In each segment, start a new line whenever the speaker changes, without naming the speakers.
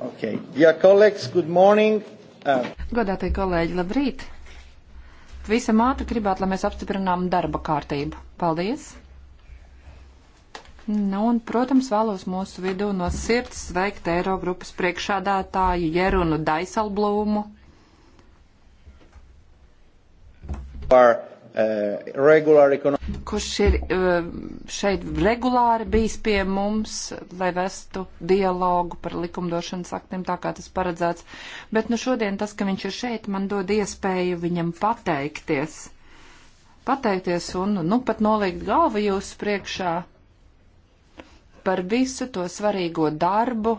Okay. Dear colleagues, good morning. Uh. Godātie kolēģi, labrīt! Visam ātri gribētu, lai mēs apstiprinām darba kārtību. Paldies! Nu, un, protams, vēlos mūsu vidū no sirds sveikt Eirogrupas priekšādātāju Jerunu Daisalblūmu. Par, uh, kurš ir eh, šeit regulāri bijis pie mums, lai vestu dialogu par likumdošanas aktiem, tā kā tas paredzēts. Bet nu šodien tas, ka viņš ir šeit, man dod iespēju viņam pateikties. Pateikties un, nu, pat nolikt galvu jūsu priekšā par visu to svarīgo darbu,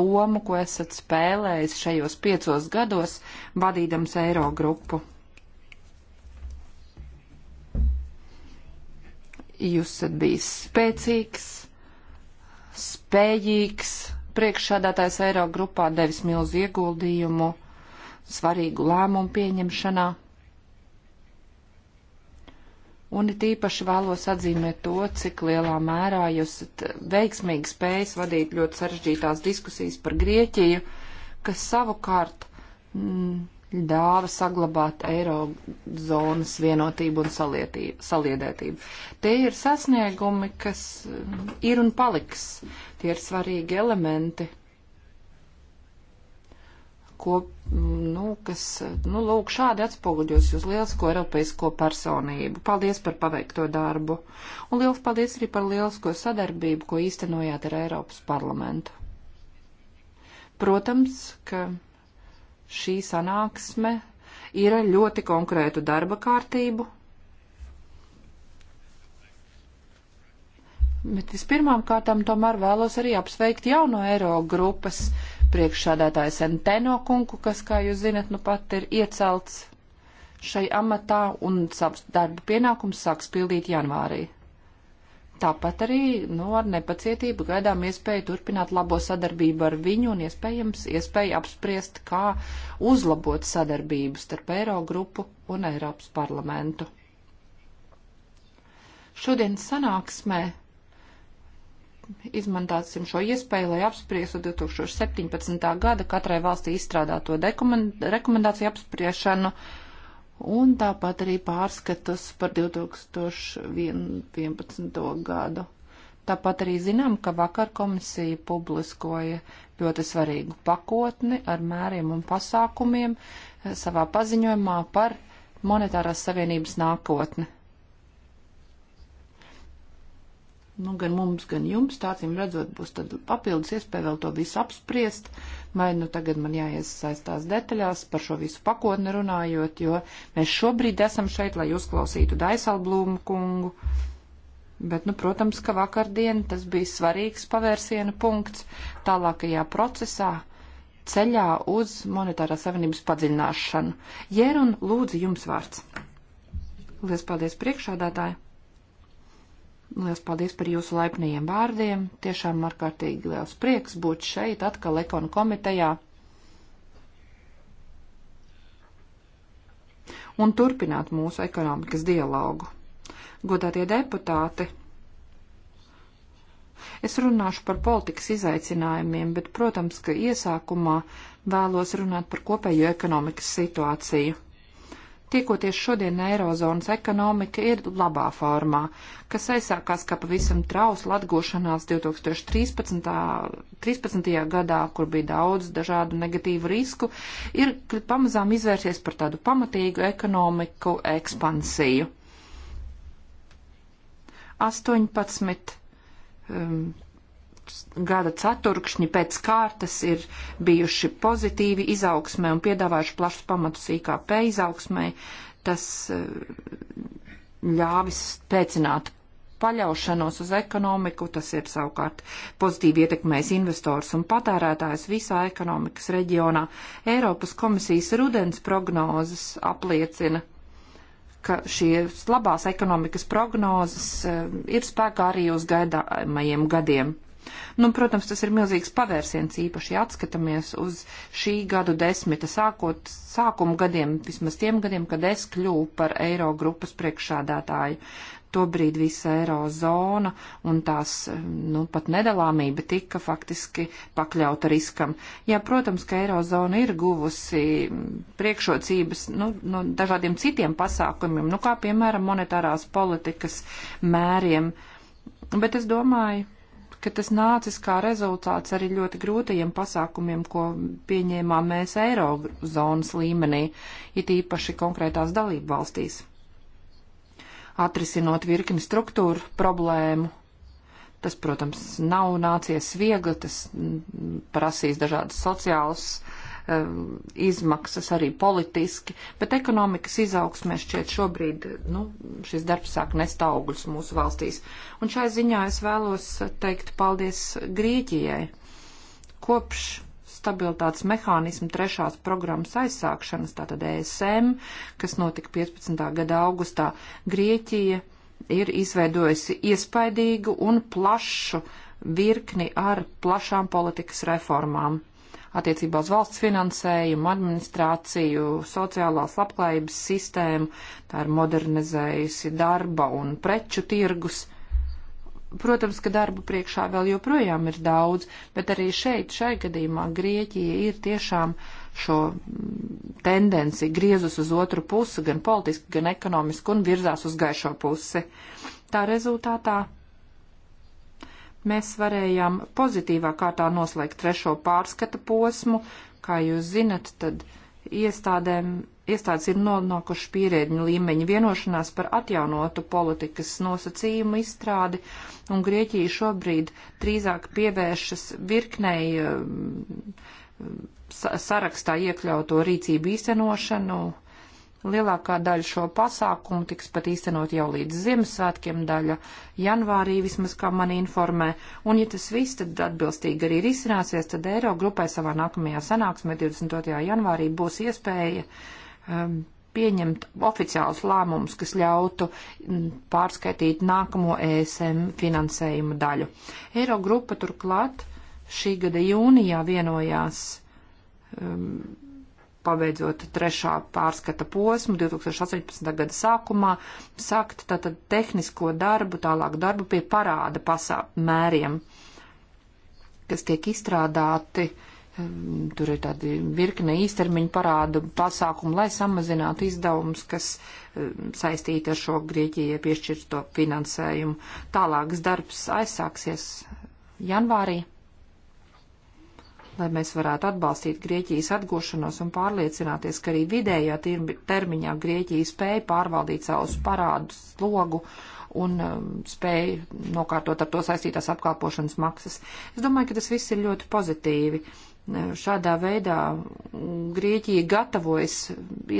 lomu, ko esat spēlējis šajos piecos gados, vadīdams Eiro grupu. Jūs esat bijis spēcīgs, spējīgs, priekšsādātājs Eiropa grupā devis milzu ieguldījumu, svarīgu lēmumu pieņemšanā. Un it īpaši vēlos atzīmēt to, cik lielā mērā jūs esat veiksmīgi spējis vadīt ļoti sarežģītās diskusijas par Grieķiju, kas savukārt. Mm, ļāva saglabāt eirozonas vienotību un saliedētību. Tie ir sasniegumi, kas mm, ir un paliks. Tie ir svarīgi elementi, ko, mm, nu, kas, nu, lūk, šādi atspoguļos jūs lielisko eiropeisko personību. Paldies par paveikto darbu. Un liels paldies arī par lielisko sadarbību, ko īstenojāt ar Eiropas parlamentu. Protams, ka šī sanāksme ir ļoti konkrētu darba kārtību. Bet vispirmām kārtām tomēr vēlos arī apsveikt jauno eiro grupas priekšsādātāju Senteno kungu, kas, kā jūs zinat, nu pat ir iecelts šai amatā un savus darba pienākumus sāks pildīt janvārī. Tāpat arī nu, ar nepacietību gaidām iespēju turpināt labo sadarbību ar viņu un iespējams iespēju apspriest, kā uzlabot sadarbību starp Eirogrupu un Eiropas parlamentu. Šodien sanāksmē izmantāsim šo iespēju, lai apspriestu 2017. gada katrai valstī izstrādāto rekomendāciju apspriešanu. Uh, un tāpat arī pārskatus par 2011. gadu. Tāpat arī zinām, ka vakar komisija publiskoja ļoti svarīgu pakotni ar mēriem un pasākumiem eh, savā paziņojumā par monetārās savienības nākotni. nu, gan mums, gan jums, tācīm redzot, būs tad papildus iespēja vēl to visu apspriest, vai nu tagad man jāiesaistās detaļās par šo visu pakotni runājot, jo mēs šobrīd esam šeit, lai uzklausītu Daisalblūmu kungu, bet, nu, protams, ka vakardien tas bija svarīgs pavērsiena punkts tālākajā procesā ceļā uz monetārā savienības padziļināšanu. Jērun, lūdzu, jums vārds. Lielas paldies priekšādātāji! Liels paldies par jūsu laipnajiem vārdiem. Tiešām ārkārtīgi liels prieks būt šeit atkal Ekonu komitejā. Un turpināt mūsu ekonomikas dialogu. Godātie deputāti, es runāšu par politikas izaicinājumiem, bet, protams, ka iesākumā vēlos runāt par kopējo ekonomikas situāciju. Tiekoties šodien Eirozonas ekonomika ir labā formā, kas aizsākās kā pavisam trausla atgošanās 2013. 13. gadā, kur bija daudz dažādu negatīvu risku, ir pamazām izvērsies par tādu pamatīgu ekonomiku ekspansiju. 18 um, gada ceturkšņi pēc kārtas ir bijuši pozitīvi izaugsmē un piedāvājuši plašus pamatus IKP izaugsmē. Tas eh, ļāvis spēcināt paļaušanos uz ekonomiku, tas ir savukārt pozitīvi ietekmējis investors un patērētājs visā ekonomikas reģionā. Eiropas komisijas rudens prognozes apliecina, ka šīs labās ekonomikas prognozes eh, ir spēkā arī uz gaidāmajiem gadiem. Nu, protams, tas ir milzīgs pavērsiens, īpaši atskatāmies uz šī gadu desmita sākot sākumu gadiem, vismaz tiem gadiem, kad es kļuvu par Eiro grupas priekšādātāju. Tobrīd visa eirozona un tās, nu, pat nedalāmība tika faktiski pakļauta riskam. Jā, protams, ka eirozona ir guvusi priekšrocības, nu, no nu, dažādiem citiem pasākumiem, nu, kā piemēram monetārās politikas mēriem, bet es domāju, ka tas nācis kā rezultāts arī ļoti grūtajiem pasākumiem, ko pieņēmām mēs Eirozonas līmenī, it īpaši konkrētās dalību valstīs. Atrisinot virkni struktūru problēmu, tas, protams, nav nācies viegli, tas mm, prasīs dažādas sociālas um, izmaksas arī politiski, bet ekonomikas izaugsmē šķiet šobrīd nu, šis darbs sāk nest augļus mūsu valstīs. Un šai ziņā es vēlos teikt paldies Grieķijai. Kopš stabilitātes mehānismu trešās programmas aizsākšanas, tātad ESM, kas notika 15. gada augustā, Grieķija ir izveidojusi iespaidīgu un plašu virkni ar plašām politikas reformām attiecībā uz valsts finansējumu, administrāciju, sociālās labklājības sistēmu, tā ir modernizējusi darba un preču tirgus. Protams, ka darba priekšā vēl joprojām ir daudz, bet arī šeit, šai gadījumā, Grieķija ir tiešām šo tendenci griezus uz otru pusi, gan politiski, gan ekonomiski, un virzās uz gaišo pusi. Tā rezultātā mēs varējām pozitīvā kārtā noslēgt trešo pārskata posmu. Kā jūs zinat, tad iestādēm, iestādes ir nonākuši pierēģiņu līmeņa vienošanās par atjaunotu politikas nosacījumu izstrādi, un Grieķija šobrīd drīzāk pievēršas virknei um, sarakstā iekļauto rīcību īstenošanu Lielākā daļa šo pasākumu tiks pat īstenot jau līdz Ziemassvētkiem, daļa janvārī vismaz, kā man informē. Un, ja tas viss tad atbilstīgi arī risināsies, tad Eiro grupai savā nākamajā sanāksmē 22. janvārī būs iespēja um, pieņemt oficiālus lēmumus, kas ļautu mm, pārskaitīt nākamo ESM finansējumu daļu. Eirogrupa turklāt šī gada jūnijā vienojās um, pabeidzot trešā pārskata posmu 2018. gada sākumā, sakt tātad tehnisko darbu, tālāk darbu pie parāda pasā mēriem, kas tiek izstrādāti. Tur ir tādi virkne īstermiņu parādu pasākumu, lai samazinātu izdevumus, kas saistīti ar šo Grieķijai piešķirto finansējumu. Tālāks darbs aizsāksies janvārī lai mēs varētu atbalstīt Grieķijas atgošanos un pārliecināties, ka arī vidējā termiņā Grieķija spēja pārvaldīt savus parādus slogu un um, spēja nokārtot ar to saistītās apkalpošanas maksas. Es domāju, ka tas viss ir ļoti pozitīvi. Uh, šādā veidā mm, Grieķija gatavojas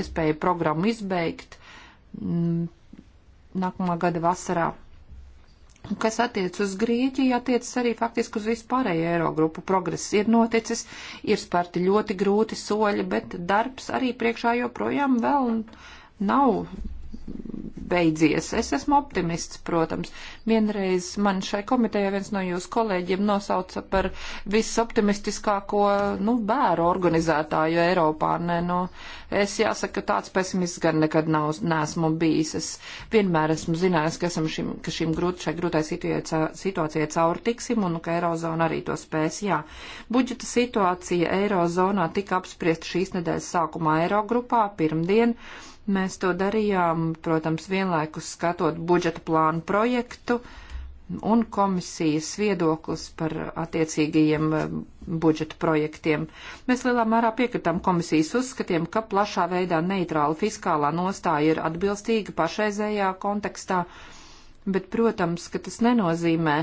iespēju programmu izbeigt mm, nākamā gada vasarā kas attiec uz Grieķiju, attiec arī faktiski uz vispārēju Eirogrupu. Progress ir noticis, ir spērti ļoti grūti soļi, bet darbs arī priekšā joprojām vēl nav beidzies. Es esmu optimists, protams. Vienreiz man šai komitejai viens no jūsu kolēģiem nosauca par visoptimistiskāko, nu, bēru organizētāju Eiropā. Ne, nu, es jāsaka, tāds pesimists gan nekad nav, nesmu bijis. Es vienmēr esmu zinājis, ka esam šim, ka šim grūt, šai grūtai situācijai cauri tiksim un ka Eirozona arī to spēs. Jā. Budžeta situācija Eirozonā tika apspriesta šīs nedēļas sākumā Eirogrupā pirmdien. Uh, Mēs to darījām, protams, vienlaikus skatot budžeta plānu projektu un komisijas viedoklis par attiecīgajiem eh, budžeta projektiem. Mēs lielā mērā piekritām komisijas uzskatiem, ka plašā veidā neitrāla fiskālā nostāja ir atbilstīga pašreizējā kontekstā, bet, protams, ka tas nenozīmē,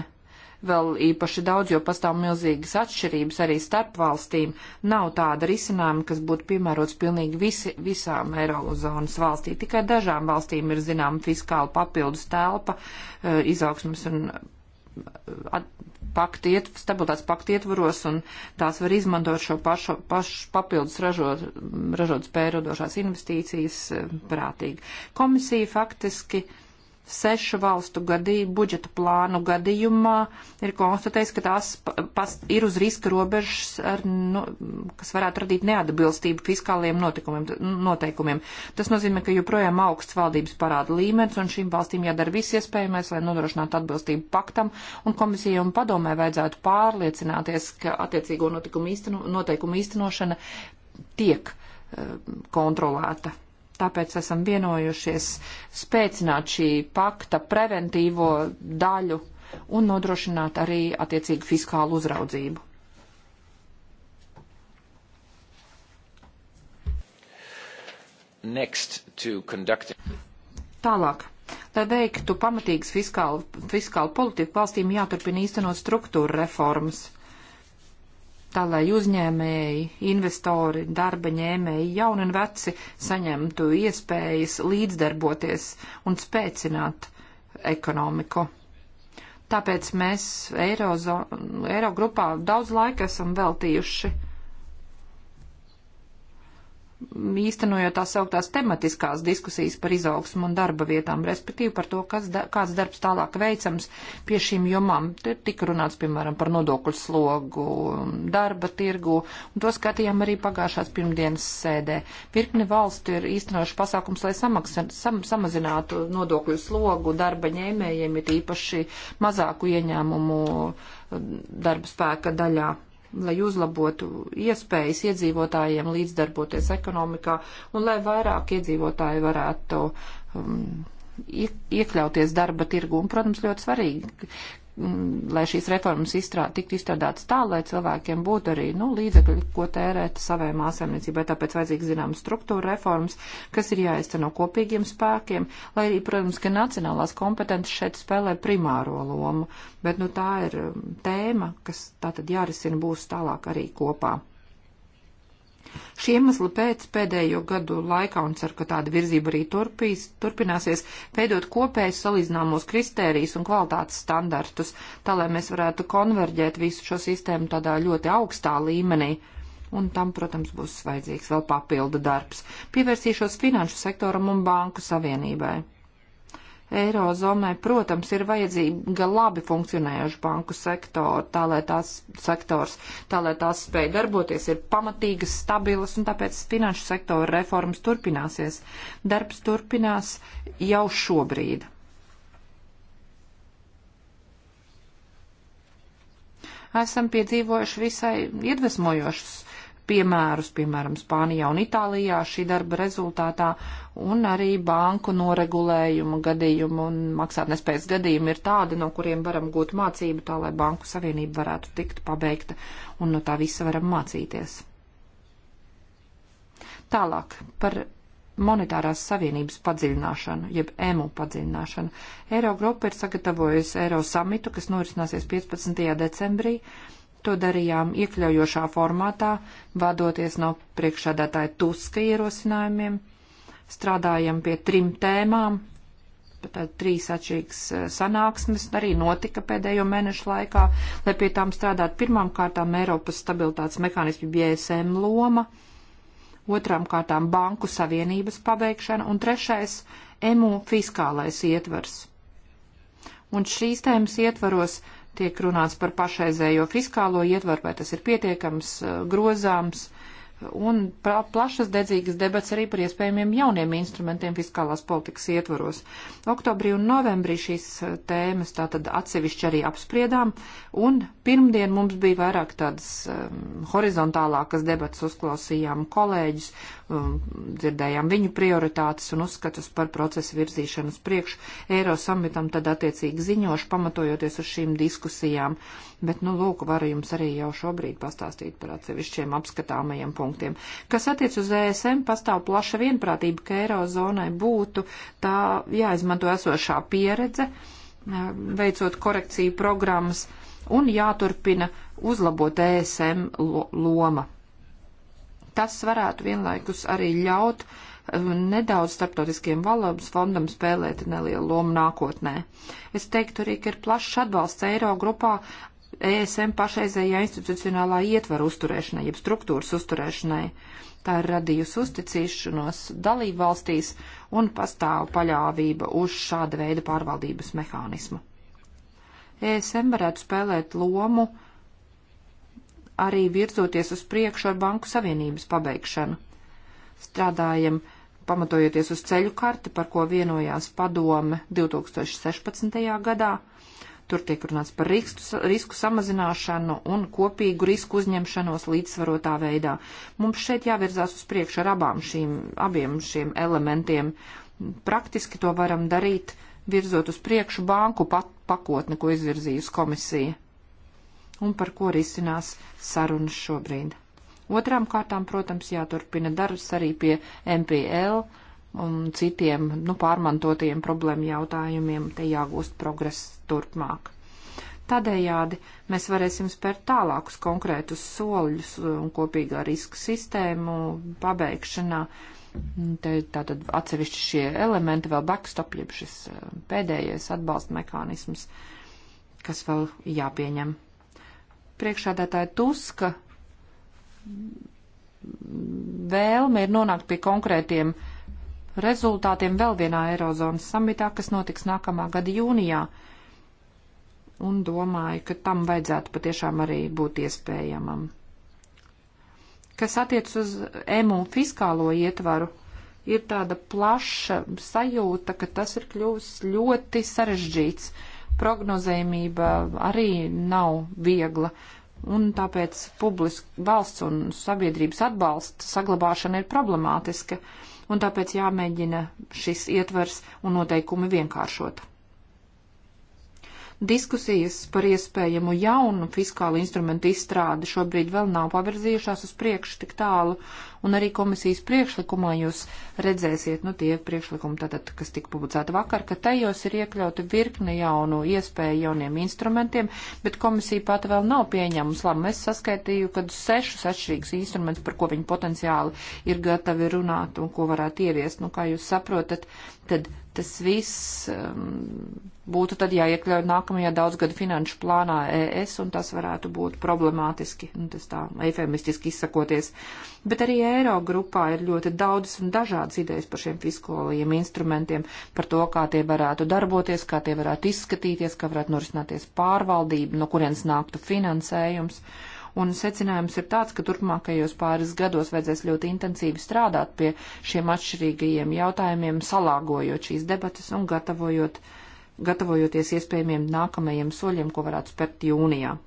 vēl īpaši daudz, jo pastāv milzīgas atšķirības arī starp valstīm. Nav tāda risinājuma, kas būtu piemērots pilnīgi visi, visām Eirozonas valstī. Tikai dažām valstīm ir zinām fiskāla papildus telpa, eh, izaugsmas un eh, pakti iet, stabilitātes pakti ietvaros, un tās var izmantot šo pašu, pašu papildus ražot, ražot spēju radošās investīcijas eh, prātīgi. Komisija faktiski uh, sešu valstu gadījumu, budžeta plānu gadījumā ir konstatējis, ka tās pas, ir uz riska robežas, ar, nu, kas varētu radīt neatbilstību fiskāliem noteikumiem. Tas nozīmē, ka joprojām augsts valdības parāda līmenis, un šīm valstīm jādara viss iespējamais, lai nodrošinātu atbilstību paktam, un komisijai un padomē vajadzētu pārliecināties, ka attiecīgo notikumu īsteno, noteikumu īstenošana tiek uh, kontrolēta. Tāpēc esam vienojušies spēcināt šī pakta preventīvo daļu un nodrošināt arī attiecīgu fiskālu uzraudzību. Conduct... Tālāk. Lai veiktu pamatīgas fiskālu, fiskālu politiku, valstīm jāturpina īstenot struktūra reformas tā lai uzņēmēji, investori, darba ņēmēji, jauni un veci saņemtu iespējas līdzdarboties un spēcināt ekonomiku. Tāpēc mēs Eirogrupā Eiro daudz laika esam veltījuši īstenojot tās augtās tematiskās diskusijas par izaugsmu un darba vietām, respektīvi par to, kas, da, kāds darbs tālāk veicams pie šīm jomām. Te tika runāts, piemēram, par nodokļu slogu, darba tirgu, un to skatījām arī pagājušās pirmdienas sēdē. Virkni valstu ir īstenojuši pasākums, lai samaksa, sam, samazinātu nodokļu slogu darba ņēmējiem, ir īpaši mazāku ieņēmumu eh, darba spēka daļā lai uzlabotu iespējas iedzīvotājiem līdzdarboties ekonomikā un lai vairāk iedzīvotāji varētu um, iekļauties darba tirgu. Un, protams, ļoti svarīgi, Mm, lai šīs reformas izstrā, tiktu izstrādātas tā, lai cilvēkiem būtu arī nu, līdzekļi, ko tērēt savai māsēmniecībai. Tāpēc vajadzīgs zināmas struktūra reformas, kas ir jāizceno kopīgiem spēkiem, lai arī, protams, ka nacionālās kompetences šeit spēlē primāro lomu. Bet nu, tā ir mm, tēma, kas tā tad jārisina būs tālāk arī kopā. Šie iemesli pēc pēdējo gadu laikā, un ceru, ka tāda virzība arī turpīs, turpināsies, veidot kopējus salīdzināmos kristērijus un kvalitātes standartus, tā lai mēs varētu konverģēt visu šo sistēmu tādā ļoti augstā līmenī un tam, protams, būs vajadzīgs vēl papildu darbs. Pievērsīšos finanšu sektoram un banku savienībai. Eirozonai, protams, ir vajadzīga labi funkcionējoša banku sektora, tā lai tās sektors, tā lai tās spēj darboties, ir pamatīgas, stabilas, un tāpēc finanšu sektora reformas turpināsies. Darbs turpinās jau šobrīd. Esam piedzīvojuši visai iedvesmojošus piemērus, piemēram, Spānijā un Itālijā šī darba rezultātā, un arī banku noregulējumu gadījumu un maksātnespējas gadījumu ir tādi, no kuriem varam gūt mācību tā, lai banku savienība varētu tikt pabeigta, un no tā visa varam mācīties. Tālāk par monetārās savienības padziļināšanu, jeb EMU padziļināšanu. Eirogrupa ir sagatavojusi Eiro samitu, kas norisināsies 15. decembrī, To darījām iekļaujošā formātā, vadoties no priekšādātāja Tuska ierosinājumiem. Strādājam pie trim tēmām, tad trīs atšķirīgas eh, sanāksmes arī notika pēdējo mēnešu laikā, lai pie tām strādātu pirmām kārtām Eiropas stabilitātes mehānismi BSM loma, otrām kārtām Banku Savienības pabeigšana un trešais EMU fiskālais ietvers. Un šīs tēmas ietvaros tiek runāts par pašreizējo fiskālo ietvaru, vai tas ir pietiekams, eh, grozāms, un plašas dedzīgas debats arī par iespējamiem jauniem instrumentiem fiskālās politikas ietvaros. Oktobrī un novembrī šīs eh, tēmas tātad atsevišķi arī apspriedām, un pirmdien mums bija vairāk tādas um, horizontālākas debatas uzklausījām kolēģis, Um, dzirdējām viņu prioritātes un uzskatus par procesu virzīšanu uz priekšu. Eiro samitam tad attiecīgi ziņošu, pamatojoties uz šīm diskusijām, bet, nu, lūk, varu jums arī jau šobrīd pastāstīt par atsevišķiem apskatāmajiem punktiem. Kas attiec uz ESM, pastāv plaša vienprātība, ka Eirozonai būtu tā jāizmanto esošā pieredze, um, veicot korekciju programmas un jāturpina uzlabot ESM loma. Tas varētu vienlaikus arī ļaut uh, nedaudz starptautiskiem valodas fondam spēlēt nelielu lomu nākotnē. Es teiktu arī, ka ir plašs atbalsts Eiro grupā ESM pašreizējā institucionālā ietvara uzturēšanai, jeb struktūras uzturēšanai. Tā ir radījusi uzticīšanos dalību valstīs un pastāv paļāvība uz šāda veida pārvaldības mehānismu. ESM varētu spēlēt lomu uh, arī virzoties uz priekšu ar Banku Savienības pabeigšanu. Strādājam pamatojoties uz ceļu karti, par ko vienojās padome 2016. gadā. Tur tiek runāts par risku, risku samazināšanu un kopīgu risku uzņemšanos līdzsvarotā veidā. Mums šeit jāvirzās uz priekšu ar abām šīm, abiem šiem elementiem. Praktiski to varam darīt, virzot uz priekšu banku pat, pakotni, ko izvirzījusi komisija un par ko risinās sarunas šobrīd. Otrām kārtām, protams, jāturpina darbs arī pie MPL un citiem nu, pārmantotajiem problēmu jautājumiem, te jāgūst progress turpmāk. Tādējādi mēs varēsim spērt tālākus konkrētus soļus uh, un kopīgā riska sistēmu pabeigšanā. Te tātad atsevišķi šie elementi vēl backstop, jeb šis uh, pēdējais atbalsta mehānisms, kas vēl jāpieņem priekšādātāja Tuska vēlme ir nonākt pie konkrētiem rezultātiem vēl vienā Eirozonas samitā, kas notiks nākamā gada jūnijā. Un domāju, ka tam vajadzētu patiešām arī būt iespējamam. Kas attiec uz emu fiskālo ietvaru, ir tāda plaša sajūta, ka tas ir kļuvis ļoti sarežģīts. Uh, prognozējumība arī nav viegla. Un tāpēc publiski valsts un sabiedrības atbalsta saglabāšana ir problemātiska, un tāpēc jāmēģina šis ietvers un noteikumi vienkāršot. Diskusijas par iespējamu jaunu fiskālu instrumentu izstrādi šobrīd vēl nav pavirzījušās uz priekšu tik tālu, un arī komisijas priekšlikumā jūs redzēsiet, nu, tie priekšlikumi, tātad, kas tika publicēti vakar, ka tajos ir iekļauti virkne jaunu iespēju jauniem instrumentiem, bet komisija pat vēl nav pieņēmusi. Labi, mēs saskaitīju, kad sešus atšķirīgus instrumentus, par ko viņi potenciāli ir gatavi runāt un ko varētu ieviest. Nu, kā jūs saprotat, tad tas viss um, būtu tad jāiekļauj nākamajā daudzgada finanšu plānā ES, un tas varētu būt problemātiski, nu, tas tā eifemistiski izsakoties. Bet arī eiro grupā ir ļoti daudz un dažādas idejas par šiem fiskālajiem instrumentiem, par to, kā tie varētu darboties, kā tie varētu izskatīties, kā varētu norisināties pārvaldība, no kurienes nāktu finansējums. Un secinājums ir tāds, ka turpmākajos pāris gados vajadzēs ļoti intensīvi strādāt pie šiem atšķirīgajiem jautājumiem, salāgojot šīs debatas un gatavojot, gatavojoties iespējamiem nākamajiem soļiem, ko varētu spērt jūnijā.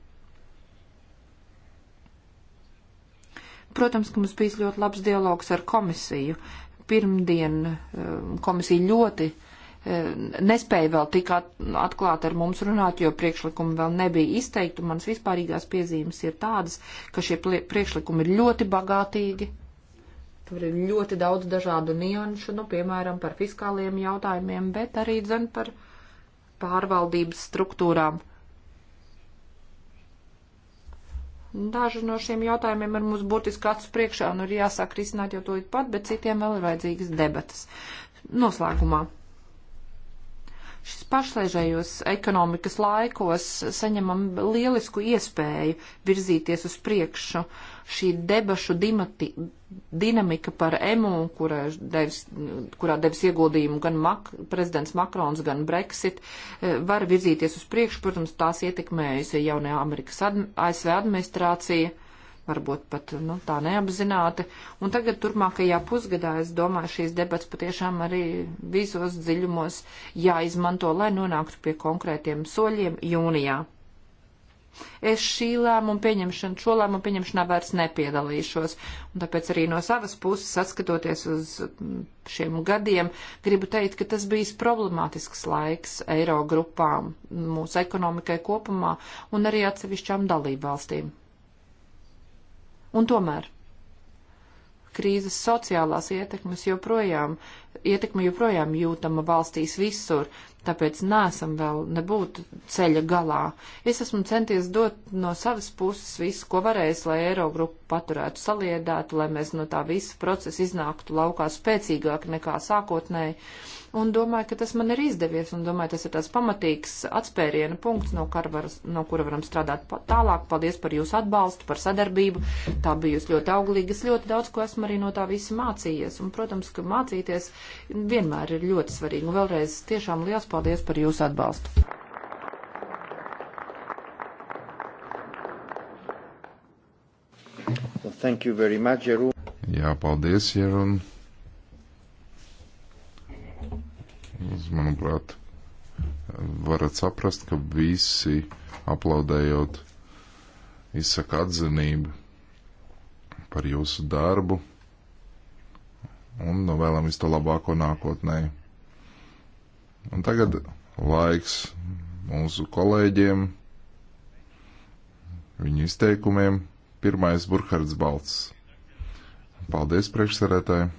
Protams, ka mums bijis ļoti labs dialogs ar komisiju. Pirmdien um, komisija ļoti um, nespēja vēl tik atklāt ar mums runāt, jo priekšlikumi vēl nebija izteikti. Mans vispārīgās piezīmes ir tādas, ka šie priekšlikumi ir ļoti bagātīgi. Tur ir ļoti daudz dažādu nianšu, nu, piemēram, par fiskāliem jautājumiem, bet arī, zin, par pārvaldības struktūrām. Uh, Daži no šiem jautājumiem ir mums būtiski acu priekšā, nu ir jāsāk risināt jau to it pat, bet citiem vēl ir vajadzīgas debatas. Noslēgumā. Šis pašreizējos ekonomikas laikos saņemam lielisku iespēju virzīties uz priekšu. Uh, šī debašu dimati, dinamika par emu, kurā devis, kurā devis ieguldījumu gan Mak, prezidents Makrons, gan Brexit, eh, var virzīties uz priekšu. Protams, tās ietekmējusi jaunajā Amerikas admi, ASV administrācija, varbūt pat nu, tā neapzināti. Un tagad turpmākajā pusgadā, es domāju, šīs debats patiešām arī visos dziļumos jāizmanto, lai nonāktu pie konkrētiem soļiem jūnijā es šī lēmuma pieņemšana, šo lēmumu pieņemšanā vairs nepiedalīšos. Un tāpēc arī no savas puses, atskatoties uz mm, šiem gadiem, gribu teikt, ka tas bijis problemātisks laiks eiro grupām, mūsu ekonomikai kopumā un arī atsevišķām dalībvalstīm. Un tomēr krīzes sociālās ietekmes joprojām ietekme joprojām jūtama valstīs visur, tāpēc nesam vēl nebūtu ceļa galā. Es esmu centies dot no savas puses visu, ko varēs, lai Eirogrupu paturētu saliedētu, lai mēs no tā visa procesa iznāktu laukā spēcīgāk nekā sākotnēji un domāju, ka tas man ir izdevies, un domāju, tas ir tāds pamatīgs atspēriena punkts, no, var, no kura varam strādāt tālāk. Paldies par jūsu atbalstu, par sadarbību. Tā bijusi ļoti auglīga. Es ļoti daudz ko esmu arī no tā visa mācījies, un, protams, ka mācīties vienmēr ir ļoti svarīgi. Un vēlreiz tiešām liels paldies par jūsu atbalstu. Well, thank you very
much, Jeroen. Jā, paldies, Jeroen. Jūs, manuprāt, varat saprast, ka visi aplaudējot izsaka atzinību par jūsu darbu un novēlam visu to labāko nākotnē. Un tagad laiks mūsu kolēģiem, viņu izteikumiem. Pirmais Burkhards Balts. Paldies priekšsarētāji.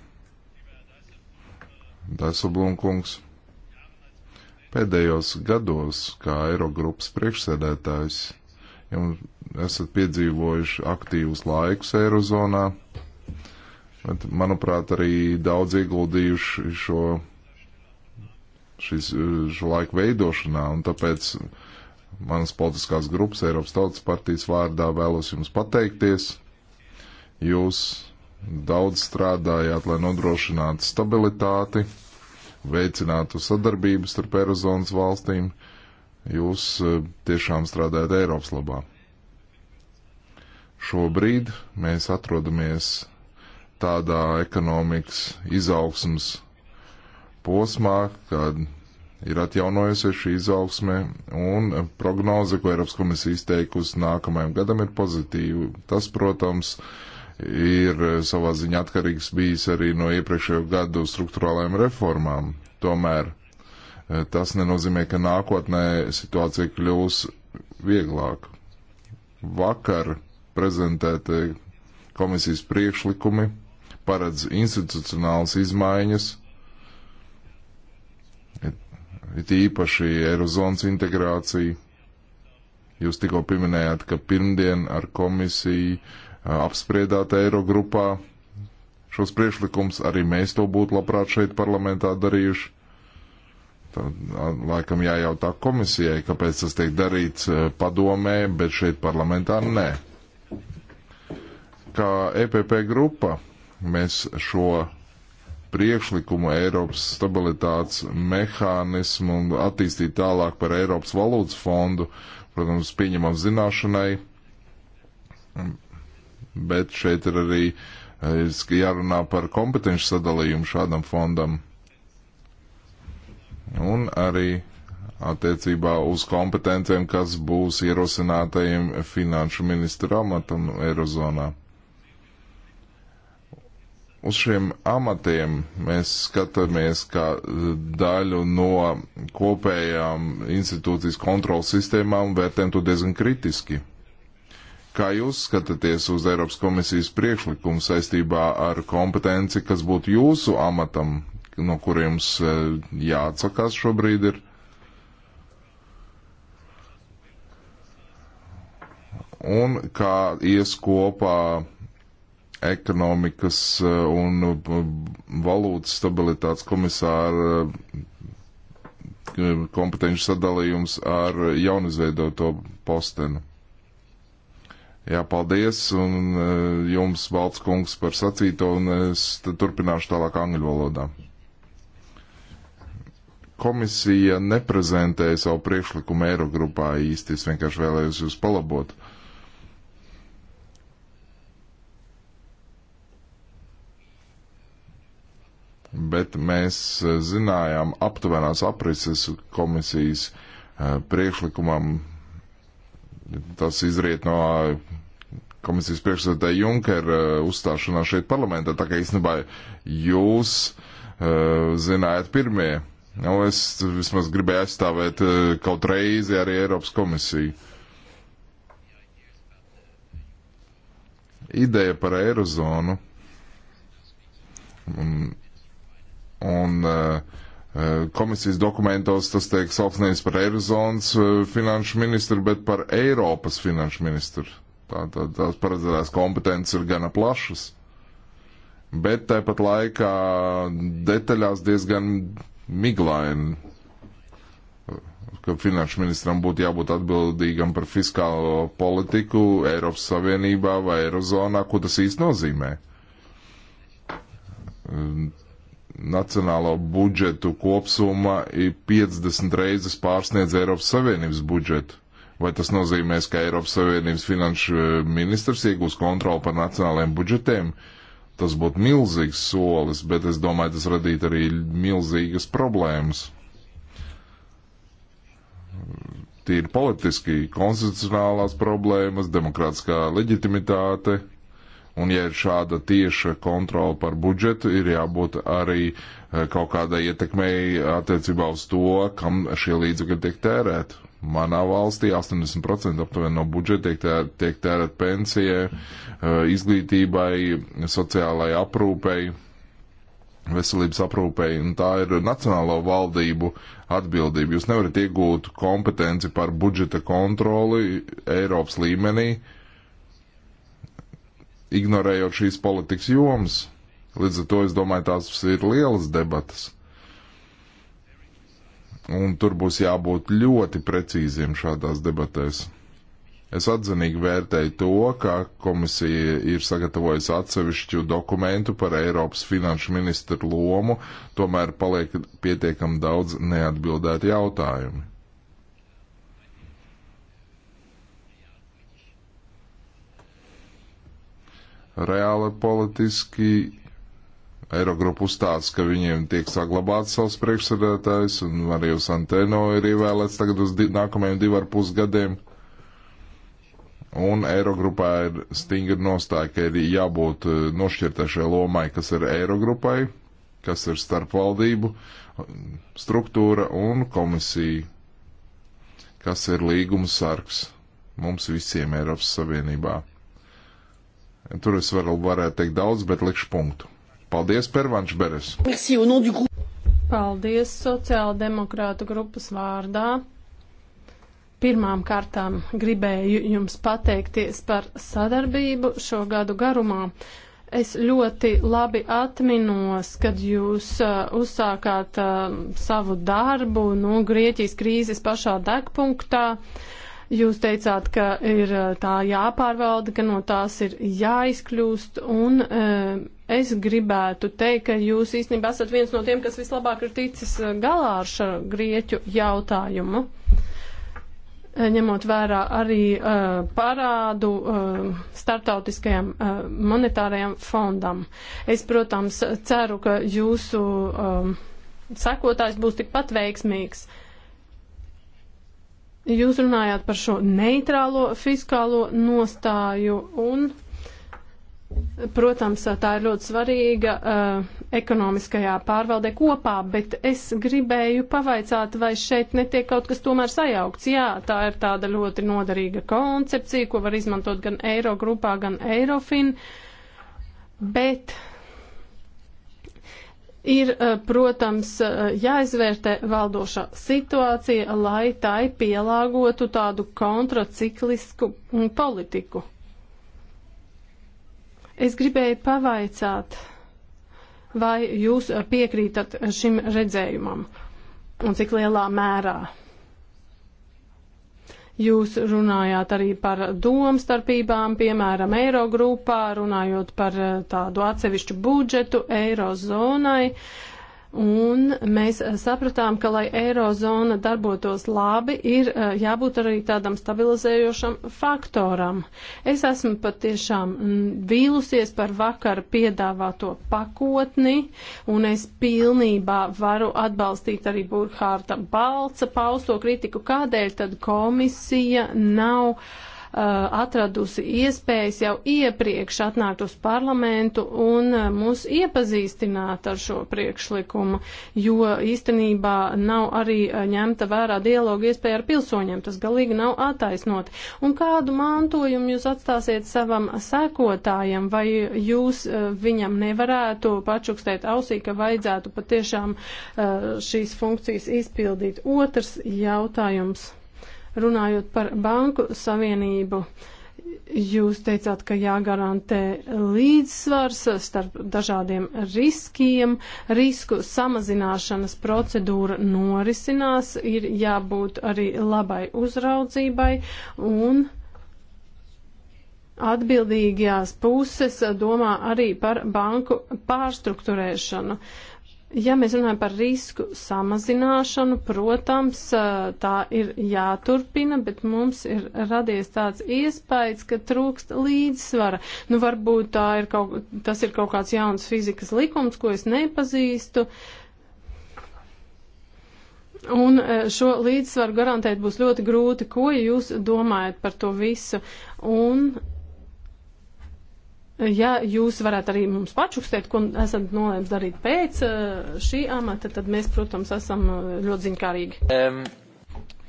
Dasu Blunkungs. Pēdējos gados, kā Eirogrupas priekšsēdētājs, ja esat piedzīvojuši aktīvus laikus Eirozonā, bet, manuprāt, arī daudz ieguldījuši šo, šis, šo laiku veidošanā, un tāpēc manas politiskās grupas, Eiropas Tautas partijas vārdā vēlos jums pateikties. Jūs daudz strādājāt, lai nodrošinātu stabilitāti veicinātu sadarbību starp Eirozonas valstīm. Jūs e, tiešām strādājat Eiropas labā. Šobrīd mēs atrodamies tādā ekonomikas izaugsmas posmā, kad ir atjaunojusies šī izaugsme, un prognoze, ko Eiropas komisija izteikusi nākamajam gadam, ir pozitīva. Tas, protams, ir ir savā ziņā atkarīgs bijis arī no iepriekšējo gadu struktūrālajām reformām. Tomēr eh, tas nenozīmē, ka nākotnē situācija kļūs vieglāk. Vakar prezentētie komisijas priekšlikumi paredz institucionālas izmaiņas, it īpaši Eirozonas integrācija. Jūs tikko pieminējāt, ka pirmdien ar komisiju uh, apspriedāt Eirogrupā šos priekšlikumus. Arī mēs to būtu labprāt šeit parlamentā darījuši. Tad laikam jājautā komisijai, kāpēc tas tiek darīts e, padomē, bet šeit parlamentā nē. Kā EPP grupa mēs šo priekšlikumu Eiropas stabilitātes mehānismu un attīstīt tālāk par Eiropas valūtas fondu, protams, pieņemam zināšanai bet šeit ir arī eh, jārunā par kompetenci sadalījumu šādam fondam. Un arī attiecībā uz kompetencijiem, kas būs ierosinātajiem finanšu ministru amatam Eirozonā. Uz šiem amatiem mēs skatāmies kā daļu no kopējām institūcijas kontrolas sistēmām, vērtējam to diezgan kritiski. Kā jūs skatāties uz Eiropas komisijas priekšlikumu saistībā ar kompetenci, kas būtu jūsu amatam, no kuriem jums e, jāatsakās šobrīd ir? Un kā ies kopā ekonomikas e, un e, valūtas stabilitātes komisāra kompetenci sadalījums ar jaunizveidoto postenu? Jā, paldies, un e, jums, Valts kungs, par sacīto, un es turpināšu tālāk angļu valodā. Komisija neprezentēja savu priekšlikumu Eirogrupā īsti, es vienkārši vēlējos jūs palabot. Bet mēs e, zinājām aptuvenās aprises komisijas e, priekšlikumam Tas izriet no komisijas priekšsēdētāja Junkera uh, uzstāšanās šeit parlamentā, tā kā īstenībā jūs uh, zinājāt pirmie. Nu, es vismaz gribēju aizstāvēt uh, kaut reizi arī Eiropas komisiju. Ideja par Eirozonu un, un uh, Eh, komisijas dokumentos tas tiek saukts nevis par Eirozonas eh, finanšu ministru, bet par Eiropas finanšu ministru. Tā, tā, tās paredzētās kompetences ir gana plašas, bet tāpat laikā detaļās diezgan miglaini eh, ka finanšu ministram būtu jābūt atbildīgam par fiskālo politiku Eiropas Savienībā vai Eirozonā, ko tas īsti nozīmē nacionālo budžetu kopsumma ir 50 reizes pārsniedz Eiropas Savienības budžetu. Vai tas nozīmēs, ka Eiropas Savienības finanšu eh, ministrs iegūs kontroli par nacionālajiem budžetiem? Tas būtu milzīgs solis, bet es domāju, tas radītu arī milzīgas problēmas. Tīri politiski, konstitucionālās problēmas, demokrātiskā leģitimitāte Un, ja ir šāda tieša kontrola par budžetu, ir jābūt arī eh, kaut kādai ietekmei attiecībā uz to, kam šie līdzekļi tiek tērēti. Manā valstī 80% aptuveni no budžeta tiek, tēr, tiek tērēt pensijai, eh, izglītībai, sociālajai aprūpei, veselības aprūpei, un tā ir nacionālo valdību atbildība. Jūs nevarat iegūt kompetenci par budžeta kontroli Eiropas līmenī, uh, ignorējot šīs politikas jomas. Līdz ar to es domāju, tās ir lielas debatas. Un tur būs jābūt ļoti precīziem šādās debatēs. Es atzinīgi vērtēju to, ka komisija ir sagatavojusi atsevišķu dokumentu par Eiropas finanšu ministru lomu, tomēr paliek pietiekam daudz neatbildētu jautājumu. reāli politiski Eirogrupa uzstāsta, ka viņiem tiek saglabāts savs priekšsēdētājs, un arī uz Anteno ir ievēlēts tagad uz di nākamajiem divu ar pus gadiem. Un Eirogrupā ir stingri nostāja, ka ir jābūt eh, nošķirtai šai lomai, kas ir Eirogrupai, kas ir starpvaldību struktūra un komisija, kas ir līguma sargs mums visiem Eiropas Savienībā. Tur es varu, varētu teikt daudz, bet likšu punktu. Paldies, Pervanš Beres.
Paldies sociāldemokrātu grupas vārdā. Pirmām kārtām gribēju jums pateikties par sadarbību šo gadu garumā. Es ļoti labi atminos, kad jūs uh, uzsākāt uh, savu darbu, nu, Grieķijas krīzes pašā degpunktā. Uh, Jūs teicāt, ka ir eh, tā jāpārvalda, ka no tās ir jāizkļūst, un eh, es gribētu teikt, ka jūs īstenībā esat viens no tiem, kas vislabāk ir ticis eh, galā ar šo grieķu jautājumu, ņemot vērā arī parādu startautiskajam monetārajam fondam. Es, protams, ceru, ka jūsu sekotājs būs tikpat veiksmīgs. Jūs runājāt par šo neitrālo fiskālo nostāju un, protams, tā ir ļoti svarīga uh, ekonomiskajā pārvaldē kopā, bet es gribēju pavaicāt, vai šeit netiek kaut kas tomēr sajaukts. Jā, tā ir tāda ļoti noderīga koncepcija, ko var izmantot gan Eirogrupā, gan Eirofin, bet Ir, eh, protams, eh, jāizvērtē valdošā situācija, lai tai pielāgotu tādu kontraciklisku mm, politiku. Es gribēju pavaicāt, vai jūs eh, piekrītat šim redzējumam un cik lielā mērā. Jūs runājāt arī par domstarpībām, piemēram, Eirogrupā, runājot par eh, tādu atsevišķu budžetu Eirozonai. Uh, un mēs eh, sapratām, ka, lai eirozona darbotos labi, ir eh, jābūt arī tādam stabilizējošam faktoram. Es esmu patiešām mm, vīlusies par vakar piedāvāto pakotni, un es pilnībā varu atbalstīt arī Burkhārta Balca pausto kritiku, kādēļ tad komisija nav Uh, atradusi iespējas jau iepriekš atnākt uz parlamentu un uh, mūs iepazīstināt ar šo priekšlikumu, jo īstenībā nav arī uh, ņemta vērā dialogu iespēja ar pilsoņiem. Tas galīgi nav attaisnot. Un kādu mantojumu jūs atstāsiet savam sekotājam, vai jūs viņam nevarētu pačukstēt ausī, ka vajadzētu patiešām šīs funkcijas izpildīt? Otrs jautājums. Runājot par banku savienību, jūs teicāt, ka jāgarantē līdzsvars starp dažādiem riskiem, risku samazināšanas procedūra norisinās, ir jābūt arī labai uzraudzībai un atbildīgajās puses domā arī par banku pārstruktūrēšanu. Uh, Ja mēs runājam par risku samazināšanu, protams, tā ir jāturpina, bet mums ir radies tāds iespējas, ka trūkst līdzsvara. Nu, varbūt ir kaut, tas ir kaut kāds jauns fizikas likums, ko es nepazīstu. Un šo līdzsvaru garantēt būs ļoti grūti. Ko jūs domājat par to visu? Un Ja jūs varētu arī mums pačukstēt, ko esat nolēmis darīt pēc eh, šī amata, tad mēs, protams, esam eh, ļoti ziņkārīgi.
Um.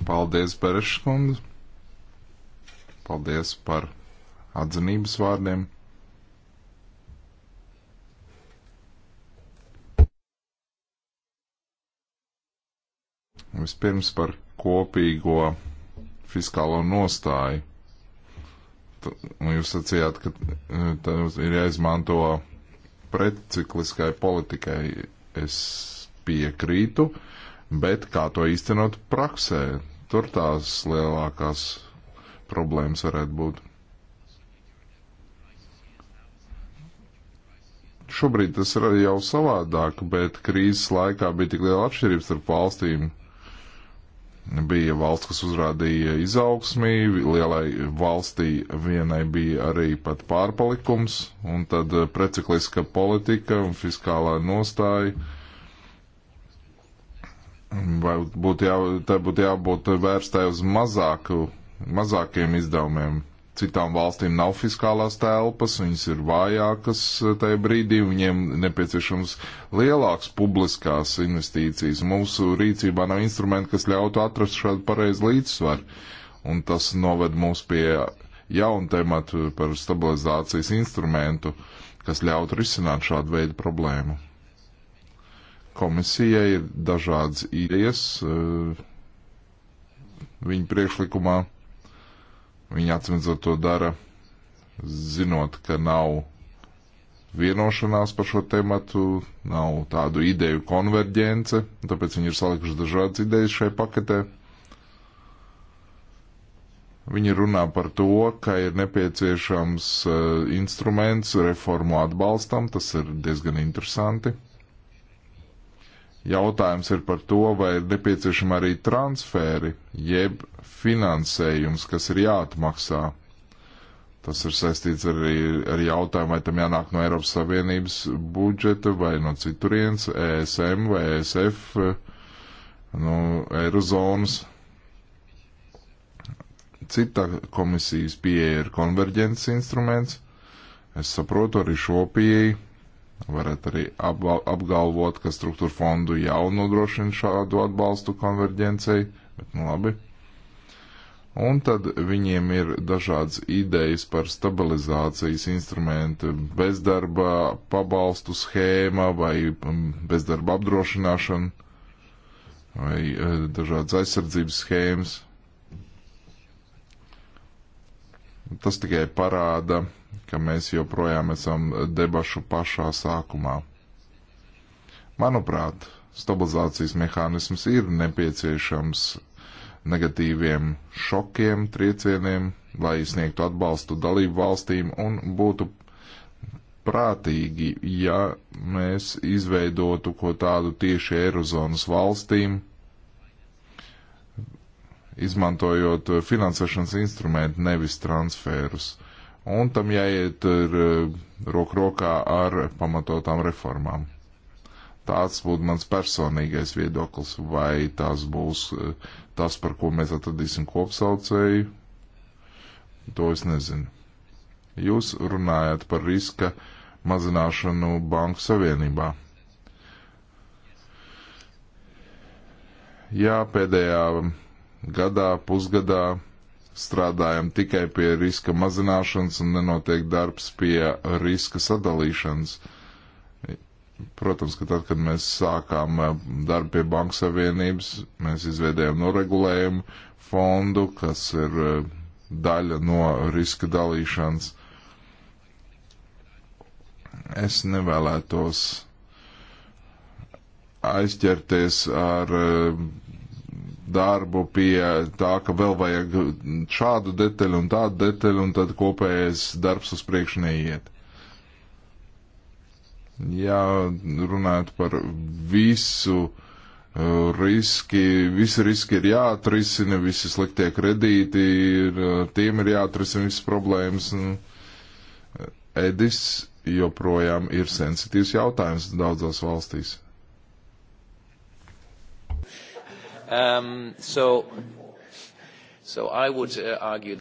Paldies, Berešs kundze. Paldies par atzinības vārdiem. Vispirms par kopīgo fiskālo nostāju Nu, jūs sacījāt, ka e, tas ir jāizmanto pretcikliskai politikai. Es piekrītu, bet kā to īstenot praksē, tur tās lielākās problēmas varētu būt. Šobrīd tas ir jau savādāk, bet krīzes laikā bija tik liela atšķirības starp valstīm, bija valsts, kas uzrādīja izaugsmī, lielai valstī vienai bija arī pat pārpalikums, un tad eh, precikliska politika un fiskālā nostāja. Vai būtu jā, tā būtu jābūt vērstai uz mazāku, mazākiem izdevumiem, Citām valstīm nav fiskālās telpas, viņas ir vājākas eh, tajā brīdī, viņiem nepieciešams lielāks publiskās investīcijas. Mūsu rīcībā nav instrumenti, kas ļautu atrast šādu pareizu līdzsvaru. Un tas noved mūs pie jaunu tematu par stabilizācijas instrumentu, kas ļautu risināt šādu veidu problēmu. Komisijai ir dažādas idejas eh, viņa priekšlikumā Viņi atsimedzot to dara, zinot, ka nav vienošanās par šo tematu, nav tādu ideju konverģence, tāpēc viņi ir salikuši dažādas idejas šai paketē. Viņi runā par to, ka ir nepieciešams uh, instruments reformu atbalstam, tas ir diezgan interesanti. Jautājums ir par to, vai ir nepieciešama arī transferi, jeb finansējums, kas ir jāatmaksā. Tas ir saistīts arī ar jautājumu, vai tam jānāk no Eiropas Savienības budžeta vai no citurienes, ESM vai ESF, no Eirozonas. Cita komisijas pieeja ir konverģences instruments. Es saprotu arī šo pieeju Varētu arī apgalvot, ka struktūra fondu jau nodrošina šādu atbalstu konverģencei, bet nu labi. Un tad viņiem ir dažādas idejas par stabilizācijas instrumentu, bezdarba pabalstu schēma vai um, bezdarba apdrošināšana vai uh, dažādas aizsardzības schēmas. Tas tikai parāda, ka mēs joprojām esam debašu pašā sākumā. Manuprāt, stabilizācijas mehānisms ir nepieciešams negatīviem šokiem, triecieniem, lai sniegtu atbalstu dalību valstīm un būtu prātīgi, ja mēs izveidotu ko tādu tieši Eirozonas valstīm, izmantojot finansēšanas instrumentu, nevis transferus un tam jāiet ir, eh, roku rokā ar pamatotām reformām. Tāds būtu mans personīgais viedoklis, vai tas būs eh, tas, par ko mēs atradīsim kopsaucēju, to es nezinu. Jūs runājat par riska mazināšanu Banku Savienībā. Jā, pēdējā gadā, pusgadā strādājam tikai pie riska mazināšanas un nenotiek darbs pie riska sadalīšanas. Protams, ka tad, kad mēs sākām eh, darbu pie Banka Savienības, mēs izveidējām noregulējumu fondu, kas ir eh, daļa no riska dalīšanas. Es nevēlētos aizķerties ar uh, darbu pie tā, ka vēl vajag šādu detaļu un tādu detaļu, un tad kopējais darbs uz priekšu neiet. Jā, runājot par visu uh, riski, visi riski ir jāatrisina, visi sliktie kredīti, ir, uh, tiem ir jāatrisina visas problēmas. Uh, Edis joprojām ir sensitīvs jautājums daudzās valstīs. Um, so, so I would uh, argue.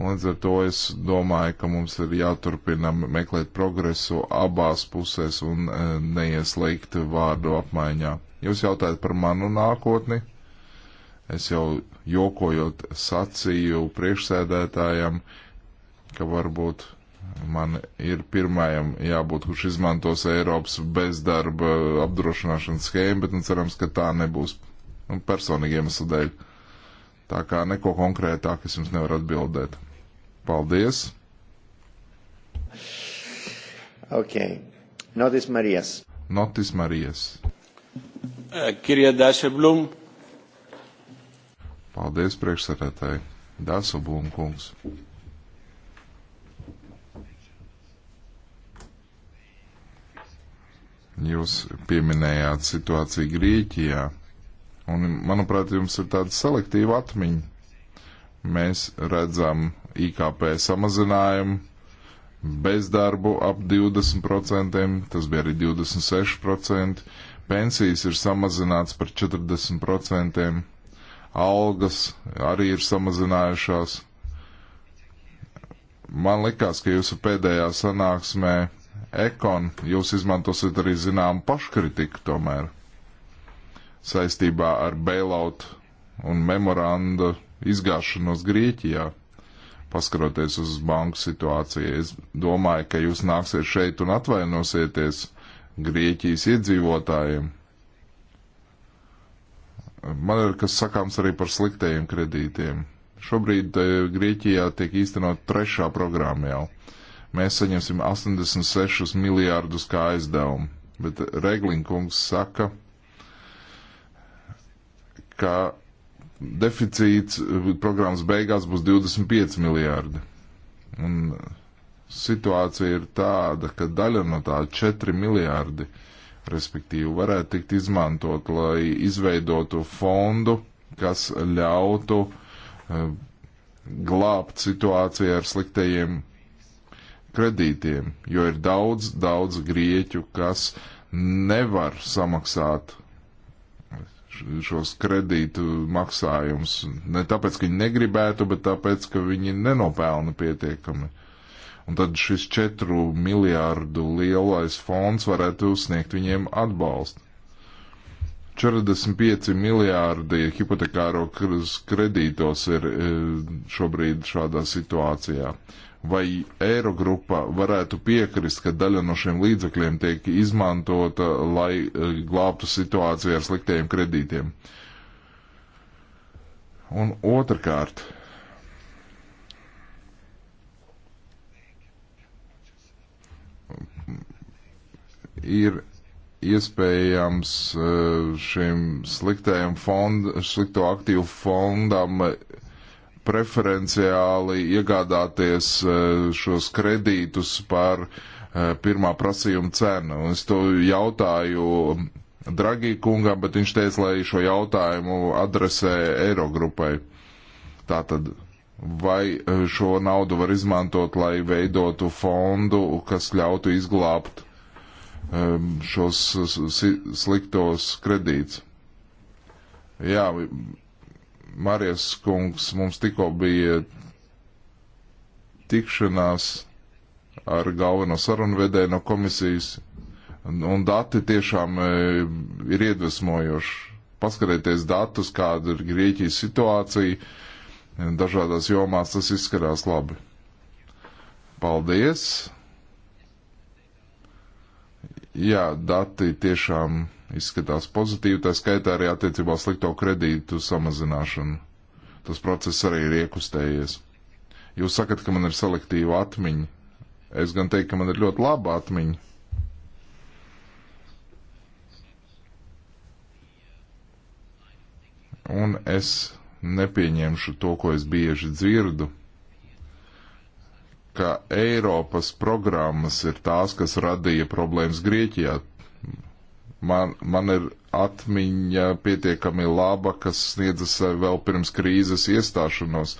Līdz ar to es domāju, ka mums ir jāturpina meklēt progresu abās pusēs un uh, neieslīgt vārdu apmaiņā. Jūs jautājat par manu nākotni? Es jau jokojot sacīju priekšsēdētājam, ka varbūt man ir pirmajam jābūt, kurš izmantos Eiropas bezdarba apdrošināšanas schēmu, bet nu cerams, ka tā nebūs un personīgiem iemeslu dēļ. Tā kā neko konkrētāk es jums nevaru atbildēt. Paldies! Ok.
Notis Marijas.
Notis Marijas.
Eh, Kirja Dašeblum.
Paldies priekšsarētāji. Dašeblum kungs. Jūs pieminējāt situāciju Grieķijā. Un, manuprāt, jums ir tāda selektīva atmiņa. Mēs redzam IKP samazinājumu, bezdarbu ap 20%, tas bija arī 26%, pensijas ir samazināts par 40%, algas arī ir samazinājušās. Man likās, ka jūsu pēdējā sanāksmē Ekon jūs izmantosiet arī zinām paškritiku tomēr saistībā ar bailout un memoranda izgāšanos Grieķijā, paskaroties uz banku situāciju. Es domāju, ka jūs nāksiet šeit un atvainosieties Grieķijas iedzīvotājiem. Man ir kas sakāms arī par sliktajiem kredītiem. Šobrīd eh, Grieķijā tiek īstenot trešā programma jau. Mēs saņemsim 86 miljārdus kā aizdevumu, bet Reglinkungs saka, ka ka deficīts eh, programmas beigās būs 25 miljārdi. Un eh, situācija ir tāda, ka daļa no tā 4 miljārdi, respektīvi, varētu tikt izmantot, lai izveidotu fondu, kas ļautu uh, glābt situāciju ar sliktajiem kredītiem, jo ir daudz, daudz grieķu, kas nevar samaksāt šos kredītu maksājumus. Ne tāpēc, ka viņi negribētu, bet tāpēc, ka viņi nenopelna pietiekami. Un tad šis četru miljārdu lielais fonds varētu sniegt viņiem atbalstu. 45 miljārdi hipotekāro kredītos ir eh, šobrīd šādā situācijā vai Eirogrupa varētu piekrist, ka daļa no šiem līdzekļiem tiek izmantota, lai eh, glābtu situāciju ar sliktiem kredītiem. Un otrkārt, ir iespējams eh, šim sliktajam fond, slikto aktīvu fondam preferenciāli iegādāties e, šos kredītus par e, pirmā prasījuma cenu. Es to jautāju Dragī kungam, bet viņš teica, lai šo jautājumu adresē Eirogrupai. Tātad, vai e, šo naudu var izmantot, lai veidotu fondu, kas ļautu izglābt šos sliktos kredītus? Jā, Marijas kungs, mums tikko bija tikšanās ar galveno sarunvedēju no komisijas, un dati tiešām e, ir iedvesmojoši. Paskatieties datus, kāda ir Grieķijas situācija, dažādās jomās tas izskatās labi. Paldies! Jā, dati tiešām izskatās pozitīvi, tā skaitā arī attiecībā slikto kredītu samazināšanu. Tas process arī ir iekustējies. Jūs sakat, ka man ir selektīva atmiņa. Es gan teiktu, ka man ir ļoti laba atmiņa. Un es nepieņemšu to, ko es bieži dzirdu ka Eiropas programmas ir tās, kas radīja problēmas Grieķijā. Man, man ir atmiņa pietiekami laba, kas sniedzas eh, vēl pirms krīzes iestāšanos,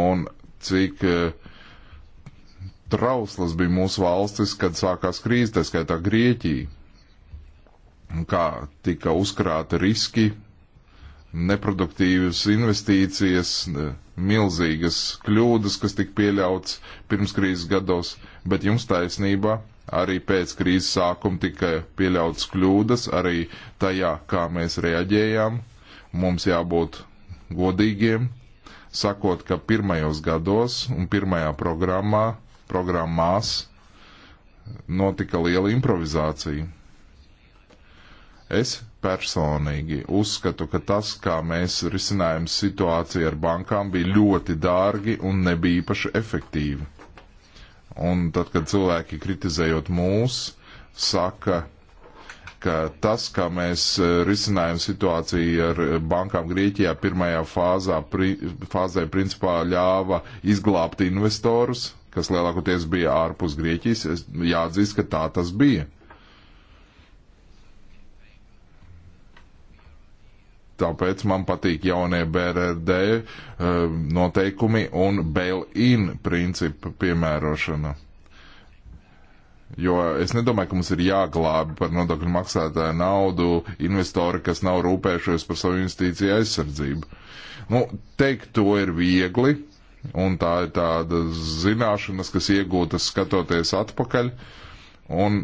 un cik eh, trauslas bija mūsu valstis, kad sākās krīze, tā skaitā Grieķija, kā tika uzkrāta riski, neproduktīvas investīcijas, milzīgas kļūdas, kas tika pieļauts pirms krīzes gados, bet jums taisnība Arī pēc krīzes sākuma tika pieļautas kļūdas, arī tajā, kā mēs reaģējām. Mums jābūt godīgiem, sakot, ka pirmajos gados un pirmajā programmā, programmās notika liela improvizācija. Es personīgi uzskatu, ka tas, kā mēs risinājām situāciju ar bankām, bija ļoti dārgi un nebija īpaši efektīvi. Un tad, kad cilvēki kritizējot mūs, saka, ka tas, kā mēs e, risinājām situāciju ar bankām Grieķijā pirmajā fāzā, pri, fāzē principā ļāva izglābt investorus, kas lielākoties bija ārpus Grieķijas, jāatzīst, ka tā tas bija. Tāpēc man patīk jaunie BRD eh, noteikumi un bail-in principu piemērošana. Jo es nedomāju, ka mums ir jāglābi par nodokļu maksātāju naudu investori, kas nav rūpējušies par savu investīciju aizsardzību. Nu, teikt to ir viegli, un tā ir tāda zināšanas, kas iegūtas skatoties atpakaļ, un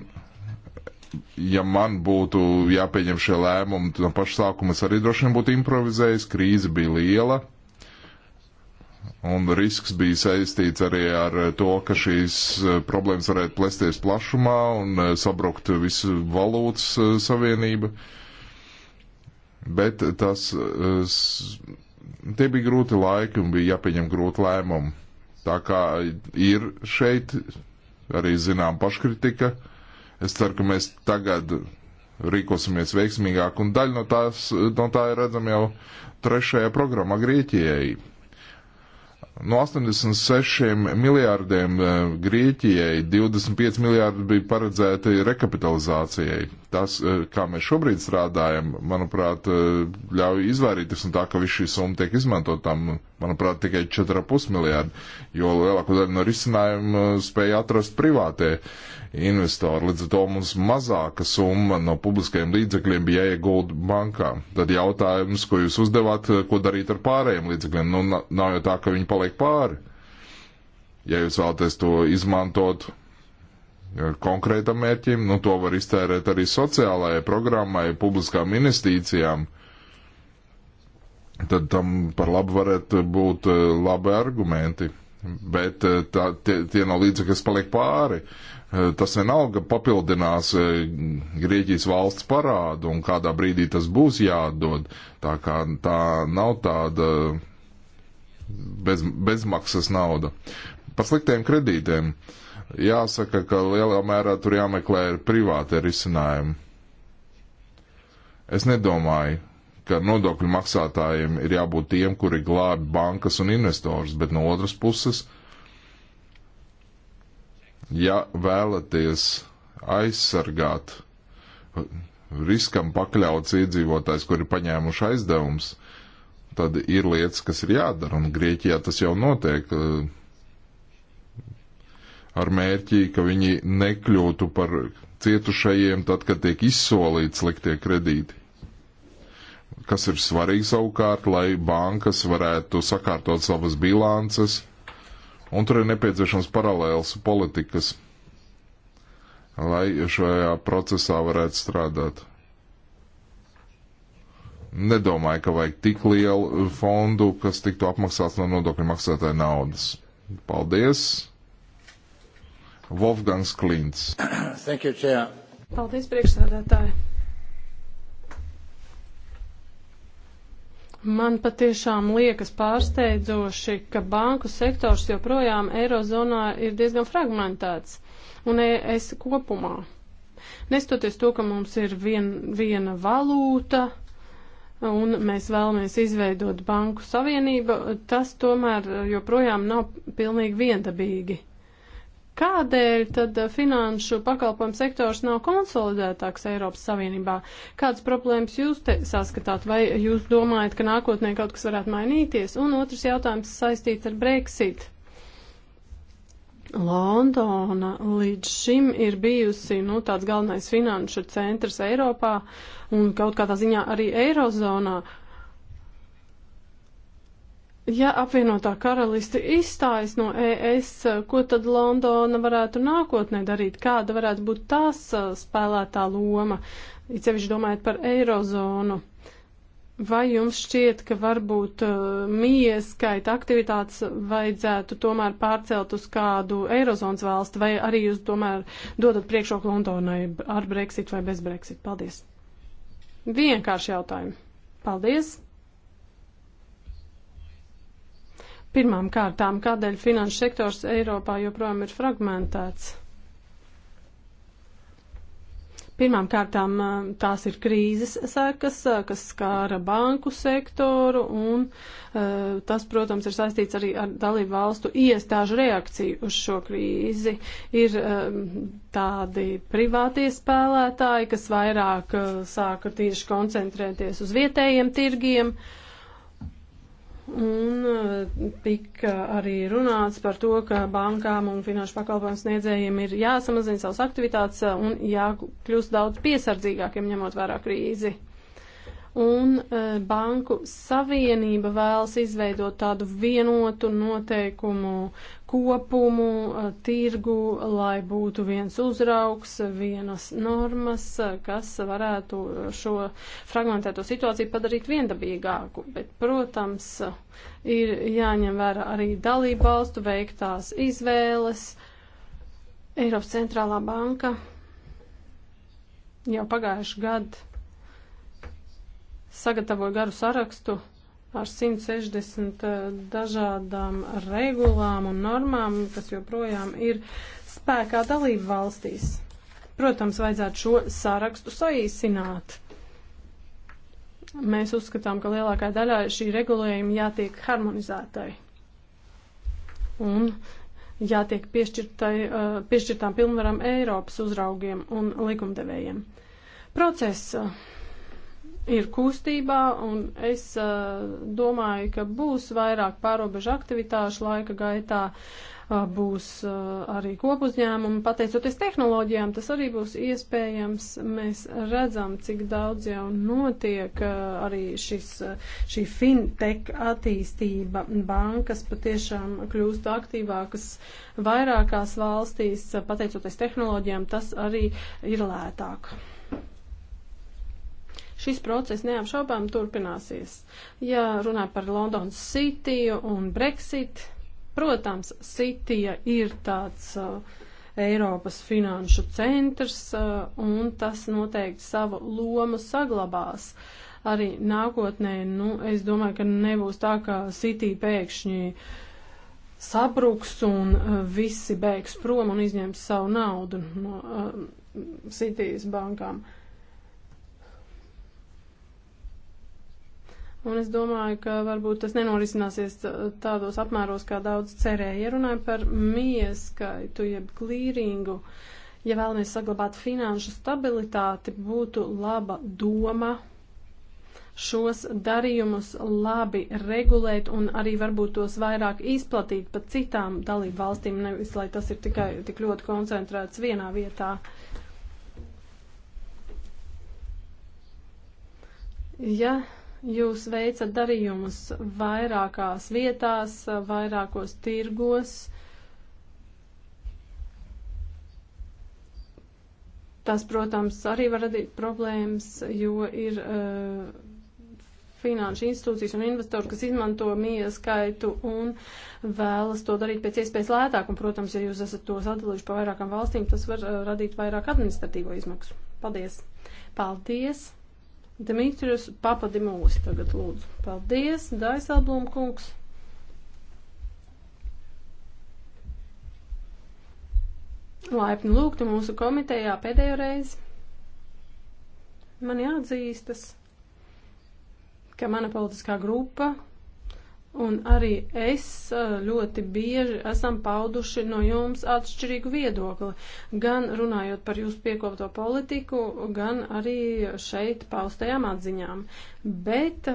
ja man būtu jāpieņem šie lēmumi, no paša sākuma es arī droši vien būtu improvizējis, krīze bija liela. Un risks bija saistīts arī ar to, ka šīs eh, problēmas varētu plēsties plašumā un eh, sabrukt visu valūtas eh, savienību. Bet tas, tie bija grūti laiki un bija jāpieņem grūti lēmumi. Tā kā ir šeit arī zinām paškritika Es ceru, ka mēs tagad rīkosimies veiksmīgāk, un daļa no, tās, no tā ir redzama jau trešajā programmā Grieķijai. No 86 miljārdiem eh, Grieķijai 25 miljārdi bija paredzēti rekapitalizācijai tas, e, kā mēs šobrīd strādājam, manuprāt, e, ļauj izvairīties no tā, ka viss šī summa tiek izmantot tam, manuprāt, tikai 4,5 miljārdi, jo lielāko daļu no risinājumu e, spēja atrast privātie investori. Līdz ar to mums mazāka summa no publiskajiem līdzekļiem bija jāiegulda bankā. Tad jautājums, ko jūs uzdevāt, ko darīt ar pārējiem līdzekļiem, nu nav jau tā, ka viņi paliek pāri. Ja jūs vēlaties to izmantot konkrētam mērķim, nu to var iztērēt arī sociālajai programmai, publiskām investīcijām, tad tam par labu varētu būt eh, labi argumenti. Bet eh, tā, tie, tie nav līdzekļi, kas paliek pāri. Eh, tas vienalga papildinās Grieķijas valsts parādu un kādā brīdī tas būs jādod. Tā kā tā nav tāda bez, bezmaksas nauda. Par sliktiem kredītiem. Uh, Jāsaka, ka lielā mērā tur jāmeklē ir privāti risinājumi. Es nedomāju, ka nodokļu maksātājiem ir jābūt tiem, kuri glābi bankas un investors, bet no otras puses, ja vēlaties aizsargāt riskam pakļauts iedzīvotājs, kuri paņēmuši aizdevums, tad ir lietas, kas ir jādara, un Grieķijā tas jau notiek. Uh, ar mērķi, ka viņi nekļūtu par cietušajiem tad, kad tiek izsolīti sliktie kredīti. Kas ir svarīgi savukārt, lai bankas varētu sakārtot savas bilances, un tur ir nepieciešams paralēls politikas, lai šajā procesā varētu strādāt. Nedomāju, ka vajag tik lielu fondu, kas tiktu apmaksāts no nodokļu maksātāja naudas. Paldies! Wolfgangs Klints. Thank you, Chair.
Paldies, priekšsādātāji. Man patiešām liekas pārsteidzoši, ka banku sektors joprojām Eirozonā ir diezgan fragmentēts un es kopumā. Nestoties to, ka mums ir vien, viena valūta, un mēs vēlamies izveidot banku savienību, tas tomēr joprojām nav pilnīgi viendabīgi. Kādēļ tad eh, finanšu pakalpojumu sektors nav konsolidētāks Eiropas Savienībā? Kādas problēmas jūs te saskatāt? Vai jūs domājat, ka nākotnē kaut kas varētu mainīties? Un otrs jautājums saistīts ar Brexit. Londona līdz šim ir bijusi nu, tāds galvenais finanšu centrs Eiropā un kaut kādā ziņā arī Eirozonā. Uh, Ja apvienotā karaliste izstājas no ES, ko tad Londona varētu nākotnē darīt? Kāda varētu būt tās spēlētā loma, it sevišķi domājot par eirozonu? Vai jums šķiet, ka varbūt mieskaita aktivitātes vajadzētu tomēr pārcelt uz kādu eirozonas valsti, vai arī jūs tomēr dodat priekšroku Londonai ar Brexit vai bez Brexit? Paldies! Vienkārši jautājumi. Paldies! Pirmām kārtām, kādēļ finanšu sektors Eiropā joprojām ir fragmentēts? Pirmām kārtām tās ir krīzes sekas, kas skāra banku sektoru, un tas, protams, ir saistīts arī ar dalību valstu iestāžu reakciju uz šo krīzi. Ir tādi privātie spēlētāji, kas vairāk sāka tieši koncentrēties uz vietējiem tirgiem. Uh, Un eh, tika arī runāts par to, ka bankām un finanšu pakalpojumu sniedzējiem ir jāsamazina savas aktivitātes eh, un jākļūst daudz piesardzīgākiem, ņemot vērā krīzi. Un eh, Banku Savienība vēlas izveidot tādu vienotu noteikumu kopumu, tirgu, lai būtu viens uzraugs, vienas normas, kas varētu šo fragmentēto situāciju padarīt viendabīgāku. Bet, protams, ir jāņem vērā arī dalību valstu veiktās izvēles. Eiropas centrālā banka jau pagājuši gadu sagatavoja garu sarakstu ar 160 eh, dažādām regulām un normām, kas joprojām ir spēkā dalību valstīs. Protams, vajadzētu šo sarakstu saīsināt. Mēs uzskatām, ka lielākā daļā šī regulējuma jātiek harmonizētai un jātiek eh, piešķirtām pilnvaram Eiropas uzraugiem un likumdevējiem. Process eh, ir kustībā, un es uh, domāju, ka būs vairāk pārobežu aktivitāšu laika gaitā, uh, būs uh, arī kopuzņēmumi. Pateicoties tehnoloģijām, tas arī būs iespējams. Mēs redzam, cik daudz jau notiek arī šis, šī fintech attīstība. Bankas patiešām kļūst aktīvākas vairākās valstīs. Pateicoties tehnoloģijām, tas arī ir lētāk. Šis process neapšaubām turpināsies. Ja runā par Londonas City un Brexit, protams, City ir tāds uh, Eiropas finanšu centrs, uh, un tas noteikti savu lomu saglabās. Arī nākotnē, nu, es domāju, ka nebūs tā, ka City pēkšņi sabruks un uh, visi bēgs prom un izņems savu naudu no uh, City's bankām. Uh, Un es domāju, ka varbūt tas nenorisināsies uh, tādos apmēros, kā daudz cerēja. Ja runājam par mieskaitu, jeb klīringu, ja vēlamies saglabāt finanšu stabilitāti, būtu laba doma šos darījumus labi regulēt un arī varbūt tos vairāk izplatīt pat citām dalību valstīm, nevis lai tas ir tikai tik ļoti koncentrēts vienā vietā. Ja jūs veicat darījumus vairākās vietās, vairākos tirgos. Tas, protams, arī var radīt problēmas, jo ir uh, finanšu institūcijas un investori, kas izmanto mieskaitu un vēlas to darīt pēc iespējas lētāk. Un, protams, ja jūs esat to sadalījuši pa vairākām valstīm, tas var uh, radīt vairāk administratīvo izmaksu. Paldies! Paldies! Dimitrius Papadimulis tagad lūdzu. Paldies, Daiselblom kungs. Laipni lūgtu mūsu komitejā pēdējo reizi. Man jāatzīstas, ka mana politiskā grupa Un arī es ļoti bieži esam pauduši no jums atšķirīgu viedokli, gan runājot par jūsu piekopto politiku, gan arī šeit paustajām atziņām. Bet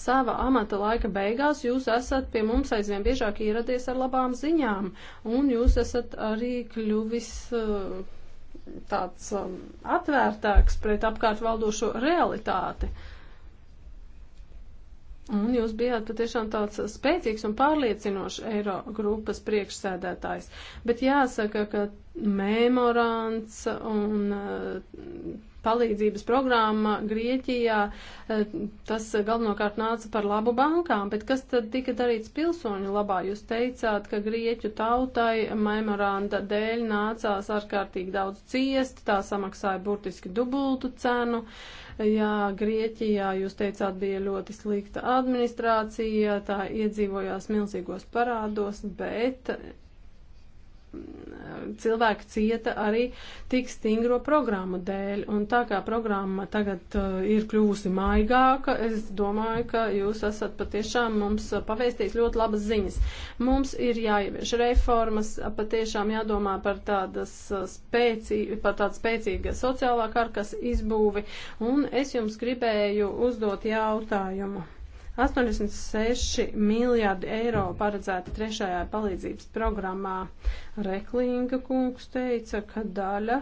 sava amata laika beigās jūs esat pie mums aizvien biežāk ieradies ar labām ziņām, un jūs esat arī kļuvis tāds atvērtāks pret apkārt valdošo realitāti. Un jūs bijāt patiešām tāds spēcīgs un pārliecinošs eiro grupas priekšsēdētājs. Bet jāsaka, ka memorants un uh, palīdzības programma Grieķijā, uh, tas galvenokārt nāca par labu bankām, bet kas tad tika darīts pilsoņu labā? Jūs teicāt, ka Grieķu tautai memoranda dēļ nācās ārkārtīgi daudz ciest, tā samaksāja burtiski dubultu cenu. Uh, Jā, Grieķijā jūs teicāt, bija ļoti slikta administrācija, tā iedzīvojās milzīgos parādos, bet cilvēki cieta arī tik stingro programmu dēļ. Un tā kā programma tagad uh, ir kļūsi maigāka, es domāju, ka jūs esat patiešām mums pavēstījis ļoti labas ziņas. Mums ir jāievieš reformas, patiešām jādomā par tādas uh, spēcī, par tādu spēcīgu sociālā karkas izbūvi. Un es jums gribēju uzdot jautājumu. 86 miljārdi eiro paredzēti trešajā palīdzības programmā. Reklinga kungs teica, ka daļa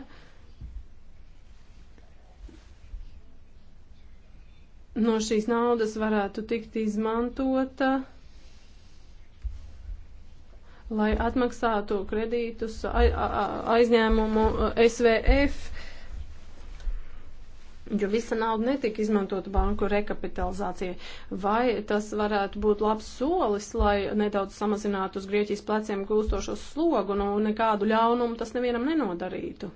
no šīs naudas varētu tikt izmantota, lai atmaksātu kredītus aizņēmumu SVF jo visa nauda netika izmantota banku rekapitalizācijai. Vai tas varētu būt labs solis, lai nedaudz samazinātu uz Grieķijas pleciem gūstošo slogu, nu nekādu ļaunumu tas nevienam nenodarītu?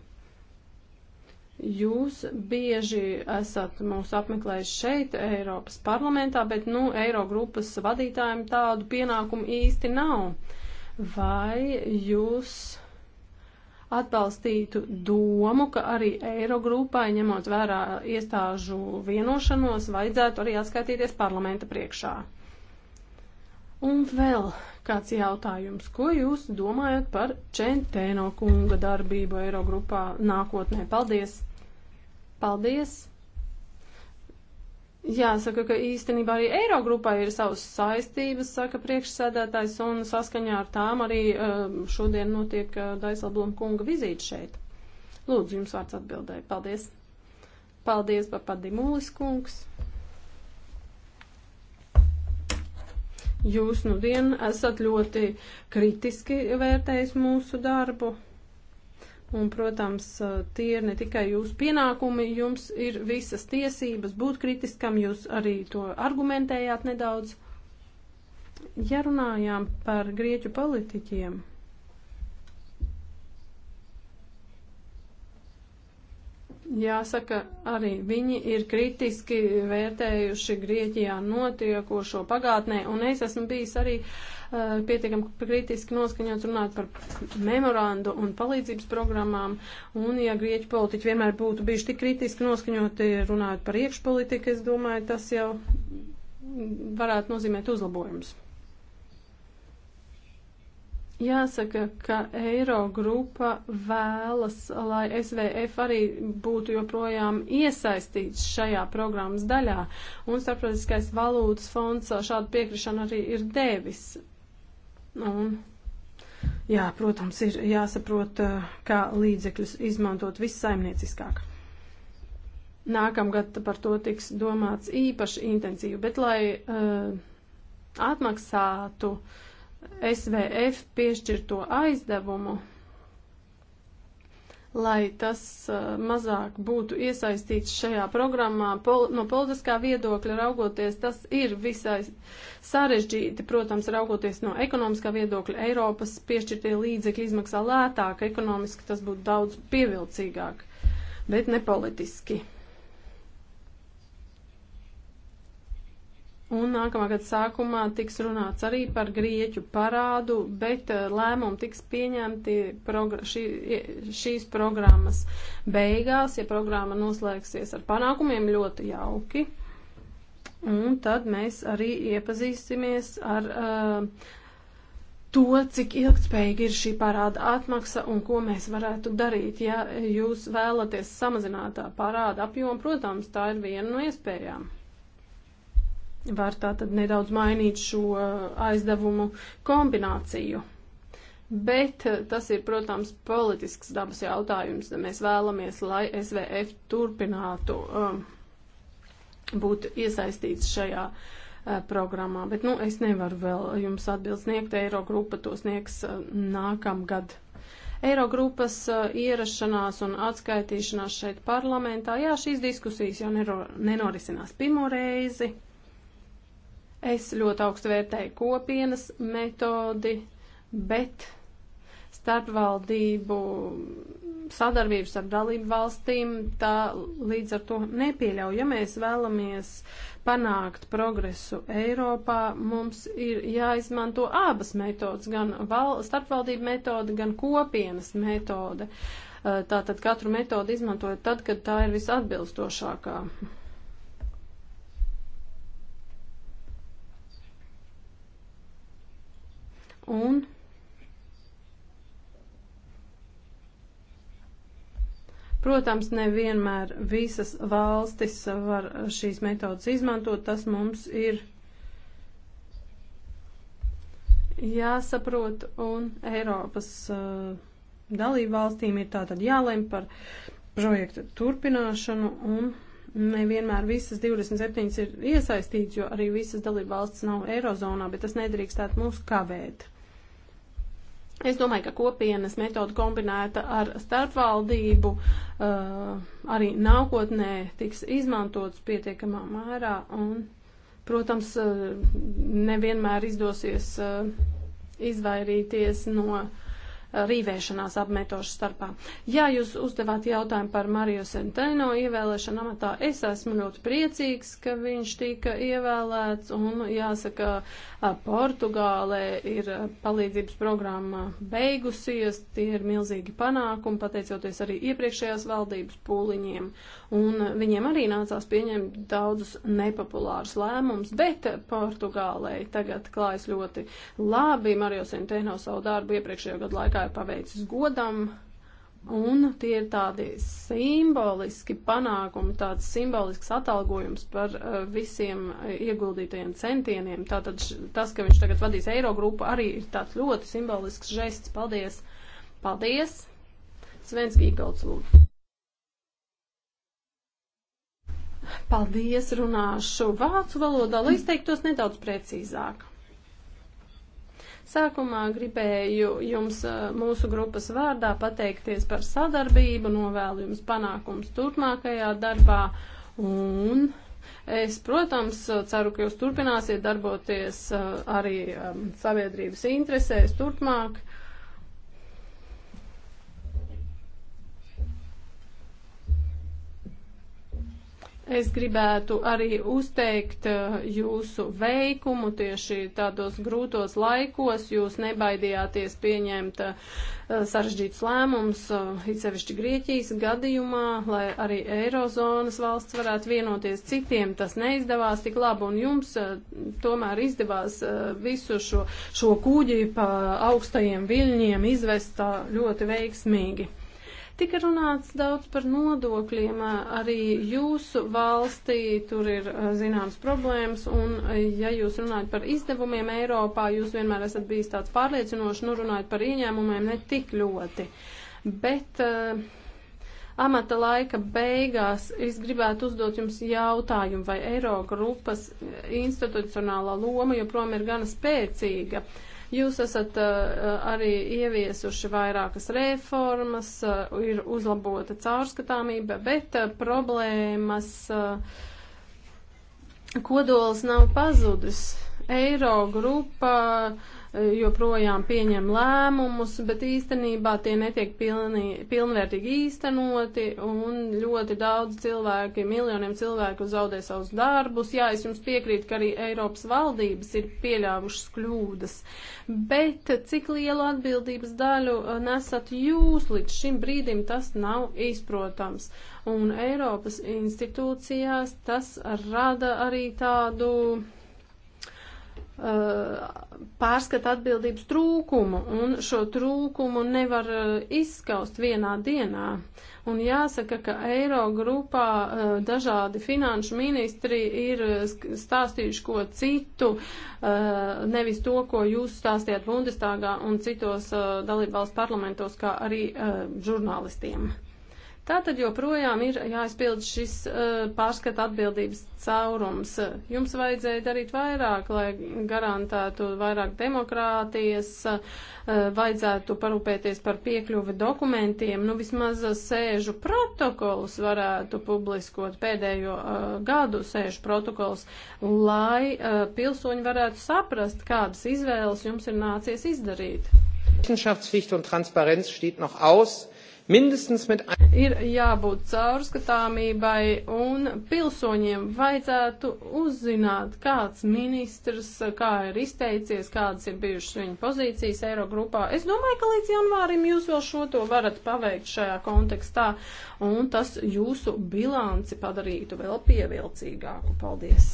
Jūs bieži esat mūs apmeklējuši šeit, Eiropas parlamentā, bet, nu, Eirogrupas vadītājiem tādu pienākumu īsti nav. Vai jūs atbalstītu domu, ka arī Eirogrupai, ņemot vērā iestāžu vienošanos, vajadzētu arī atskaitīties parlamenta priekšā. Un vēl kāds jautājums, ko jūs domājat par Čentēno kunga darbību Eirogrupā nākotnē? Paldies! Paldies! Jāsaka, ka īstenībā arī Eirogrupai ir savas saistības, saka priekšsēdētājs, un saskaņā ar tām arī um, šodien notiek uh, Daisalblom kunga vizīte šeit. Lūdzu, jums vārds atbildēja. Paldies. Paldies, Papadimulis kungs. Jūs nu dien esat ļoti kritiski vērtējis mūsu darbu. Un, protams, tie ir ne tikai jūsu pienākumi, jums ir visas tiesības būt kritiskam, jūs arī to argumentējāt nedaudz. Ja runājām par grieķu politiķiem, jāsaka, arī viņi ir kritiski vērtējuši Grieķijā notiekošo pagātnē, un es esmu bijis arī uh, Eh, pietiekami kritiski noskaņots runāt par memorandu un palīdzības programmām. Un, ja grieķu politiķi vienmēr būtu bijuši tik kritiski noskaņoti runājot par iekšpolitiku, es domāju, tas jau varētu nozīmēt uzlabojumus. Jāsaka, ka Eiro grupa vēlas, lai SVF arī būtu joprojām iesaistīts šajā programmas daļā, un starptautiskais valūtas fonds šādu piekrišanu arī ir devis. Un, nu, jā, protams, ir jāsaprot, eh, kā līdzekļus izmantot vissaimnieciskāk. Nākamgad par to tiks domāts īpaši intensīvi, bet lai uh, atmaksātu SVF piešķirto aizdevumu, lai tas uh, mazāk būtu iesaistīts šajā programmā. Pol, no politiskā viedokļa raugoties, tas ir visai sarežģīti, protams, raugoties no ekonomiskā viedokļa. Eiropas piešķirtie līdzekļi izmaksā lētāk, ekonomiski tas būtu daudz pievilcīgāk, bet ne politiski. Un nākamā gada sākumā tiks runāts arī par grieķu parādu, bet eh, lēmumi tiks pieņemti progr šī, e, šīs programmas beigās, ja programma noslēgsies ar panākumiem ļoti jauki. Un tad mēs arī iepazīsimies ar uh, to, cik ilgspējīgi ir šī parāda atmaksa un ko mēs varētu darīt. Ja jūs vēlaties samazināt parāda apjomu, protams, tā ir viena no iespējām var tātad nedaudz mainīt šo uh, aizdevumu kombināciju. Bet uh, tas ir, protams, politisks dabas jautājums. Mēs vēlamies, lai SVF turpinātu um, būt iesaistīts šajā uh, programmā. Bet, nu, es nevaru vēl jums atbilst sniegt. Eirogrupa to sniegs uh, nākamgad. Eirogrupas uh, ierašanās un atskaitīšanās šeit parlamentā. Jā, šīs diskusijas jau nero, nenorisinās pirmo reizi. Uh, Es ļoti augstu vērtēju kopienas metodi, bet starpvaldību sadarbības ar dalību valstīm, tā līdz ar to nepieļauj. Ja mēs vēlamies panākt progresu Eiropā, mums ir jāizmanto abas metodas, gan val, starpvaldību metode, gan kopienas metode. Tātad katru metodu izmantojot tad, kad tā ir visatbilstošākā. un Protams, nevienmēr visas valstis var šīs metodas izmantot, tas mums ir jāsaprot, un Eiropas uh, dalību valstīm ir tātad jālem par projektu turpināšanu, un nevienmēr visas 27 ir iesaistīts, jo arī visas dalību valstis nav Eirozonā, bet tas nedrīkstētu mūs kavēt. Es domāju, ka kopienas metoda kombinēta ar starpvaldību uh, arī nākotnē tiks izmantots pietiekamā mērā un, protams, uh, nevienmēr izdosies uh, izvairīties no uh, rīvēšanās apmetošu starpā. Jā, jūs uzdevāt jautājumu par Mario Centeno ievēlēšanu amatā. Es esmu ļoti priecīgs, ka viņš tika ievēlēts un jāsaka, Portugālē ir palīdzības programma beigusies, tie ir milzīgi panākumi, pateicoties arī iepriekšējās valdības pūliņiem. Un viņiem arī nācās pieņemt daudzus nepopulārus lēmumus, bet Portugālei tagad klājas ļoti labi. Mario Centeno savu darbu iepriekšējo gadu laikā paveicis godam. Un tie ir tādi simboliski panākumi, tāds simbolisks atalgojums par uh, visiem eh, ieguldītajiem centieniem. Tātad tas, ka viņš tagad vadīs Eirogrupu, arī ir tāds ļoti simbolisks žests. Paldies! Paldies! Svens Gīgolds lūdzu! Paldies, runāšu vācu valodā, lai izteiktos nedaudz precīzāk. Sākumā gribēju jums mūsu grupas vārdā pateikties par sadarbību, novēlu jums panākums turpmākajā darbā un es, protams, ceru, ka jūs turpināsiet darboties arī sabiedrības interesēs turpmāk. Es gribētu arī uzteikt eh, jūsu veikumu tieši tādos grūtos laikos. Jūs nebaidījāties pieņemt eh, sarežģītus lēmumus, eh, it sevišķi Grieķijas gadījumā, lai arī Eirozonas valsts varētu vienoties citiem. Tas neizdevās tik labi, un jums tomēr izdevās visu šo, šo kūģi pa augstajiem viļņiem izvest ļoti veiksmīgi. Tika runāts daudz par nodokļiem, arī jūsu valstī tur ir eh, zināmas problēmas, un eh, ja jūs runājat par izdevumiem Eiropā, jūs vienmēr esat bijis tāds pārliecinošs, nu runājat par ieņēmumiem ne tik ļoti. Bet, uh, amata laika beigās es gribētu uzdot jums jautājumu, vai Eirogrupas institucionālā loma joprojām ir gana spēcīga. Uh, Jūs esat eh, arī ieviesuši vairākas reformas, eh, ir uzlabota caurskatāmība, bet eh, problēmas kodols nav pazudis. Eiro grupa uh, joprojām pieņem lēmumus, bet īstenībā tie netiek pilnī, pilnvērtīgi īstenoti un ļoti daudz cilvēki, miljoniem cilvēku zaudē savus darbus. Jā, es jums piekrītu, ka arī Eiropas valdības ir pieļāvušas kļūdas, bet cik lielu atbildības daļu uh, nesat jūs līdz šim brīdim, tas nav izprotams. Un Eiropas institūcijās tas rada arī tādu Uh, pārskata atbildības trūkumu, un šo trūkumu nevar uh, izskaust vienā dienā. Un jāsaka, ka Eiro grupā uh, dažādi finanšu ministri ir stāstījuši ko citu, nevis to, ko jūs stāstījāt Bundestāgā un citos dalībvalsts parlamentos, kā arī žurnālistiem. Tā tad joprojām ir jāizpild šis uh, pārskata atbildības caurums. Jums vajadzēja darīt vairāk, lai garantētu vairāk demokrātijas, uh, vajadzētu parūpēties par piekļuvi dokumentiem, nu vismaz uh, sēžu protokolus varētu publiskot pēdējo uh, gadu sēžu protokolus, lai uh, pilsoņi varētu saprast, kādas izvēles jums ir nācies izdarīt.
Wissenschaftsdicht un Transparenz steht noch aus. Mindestens mit
ir jābūt caurskatāmībai un pilsoņiem vajadzētu uzzināt, kāds ministrs, kā ir izteicies, kādas ir bijušas viņa pozīcijas Eirogrupā. Es domāju, ka līdz janvārim jūs vēl šo to varat paveikt šajā kontekstā un tas jūsu bilanci padarītu vēl pievilcīgāku. Paldies!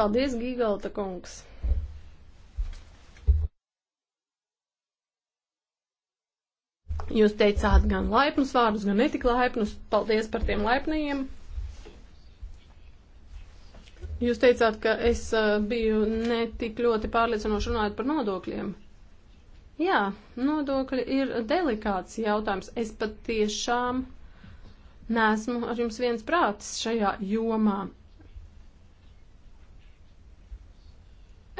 Paldies, Gigalta kungs! Jūs teicāt gan laipnus vārdus, gan netik laipnus. Paldies par tiem laipnajiem. Jūs teicāt, ka es uh, biju netik ļoti pārliecinoši runājot par nodokļiem. Jā, nodokļi ir delikāts jautājums. Es pat tiešām neesmu ar jums viens prātis šajā jomā.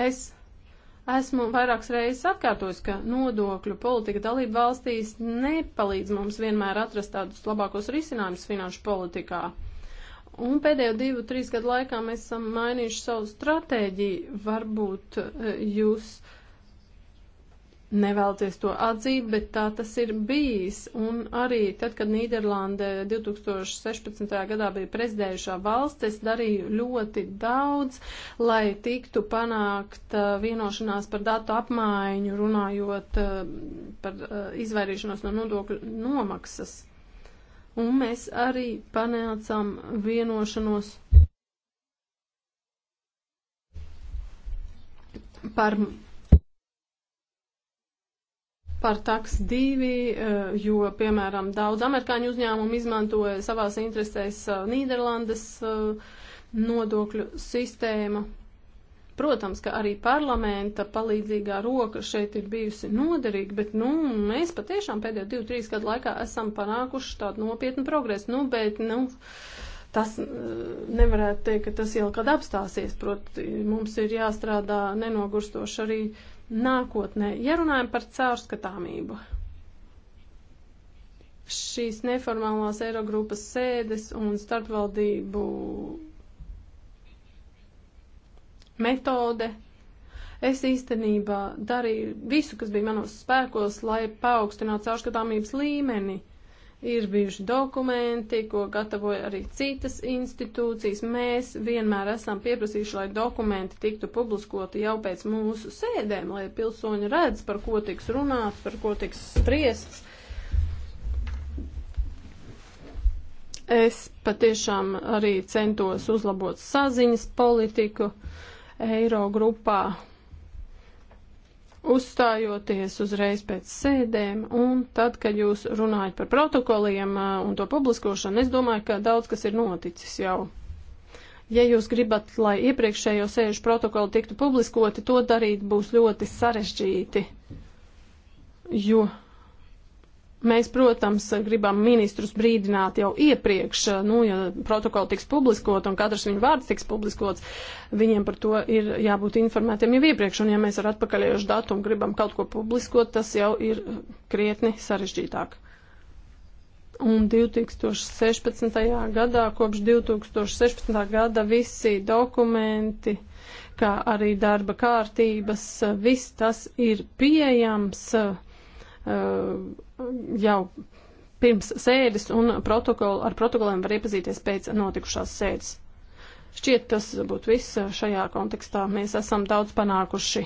Es Esmu vairākas reizes atkārtojis, ka nodokļu politika dalību valstīs nepalīdz mums vienmēr atrast tādus labākos risinājumus finanšu politikā. Un pēdējo divu, trīs gadu laikā mēs esam mainījuši savu stratēģiju. Varbūt eh, jūs nevēlaties to atzīt, bet tā tas ir bijis. Un arī tad, kad Nīderlande 2016. gadā bija prezidējušā valsts, es darīju ļoti daudz, lai tiktu panākt vienošanās par datu apmaiņu, runājot eh, par eh, izvairīšanos no nodokļu nomaksas. Un mēs arī panācām vienošanos par par taks divi, eh, jo, piemēram, daudz amerikāņu uzņēmumu izmantoja savās interesēs eh, Nīderlandes eh, nodokļu sistēmu. Protams, ka arī parlamenta palīdzīgā roka šeit ir bijusi noderīga, bet, nu, mēs patiešām pēdējo divu, trīs gadu laikā esam panākuši tādu nopietnu progresu, nu, bet, nu, tas nevarētu teikt, ka tas jau kad apstāsies, proti, mums ir jāstrādā nenogurstoši arī uh, nākotnē. Ja runājam par caurskatāmību, šīs neformālās Eirogrupas sēdes un starpvaldību metode. Es īstenībā darīju visu, kas bija manos spēkos, lai paaugstinātu caurskatāmības līmeni ir bijuši dokumenti, ko gatavoja arī citas institūcijas. Mēs vienmēr esam pieprasījuši, lai dokumenti tiktu publiskoti jau pēc mūsu sēdēm, lai pilsoņi redz, par ko tiks runāts, par ko tiks spriests. Es patiešām arī centos uzlabot saziņas politiku Eirogrupā uzstājoties uzreiz pēc sēdēm, un tad, kad jūs runājat par protokoliem un to publiskošanu, es domāju, ka daudz kas ir noticis jau. Ja jūs gribat, lai iepriekšējo sēžu protokoli tiktu publiskoti, to darīt būs ļoti sarežģīti, jo Mēs, protams, gribam ministrus brīdināt jau iepriekš, nu, ja protokoli tiks publiskot un katrs viņu vārds tiks publiskots, viņiem par to ir jābūt informētiem jau iepriekš, un ja mēs ar atpakaļējušu datumu gribam kaut ko publiskot, tas jau ir krietni sarežģītāk. Un 2016. gadā, kopš 2016. gada visi dokumenti, kā arī darba kārtības, viss tas ir pieejams. Uh, jau pirms sēdes, un protokolu, ar protokoliem var iepazīties pēc notikušās sēdes. Šķiet, tas būtu viss šajā kontekstā. Mēs esam daudz panākuši.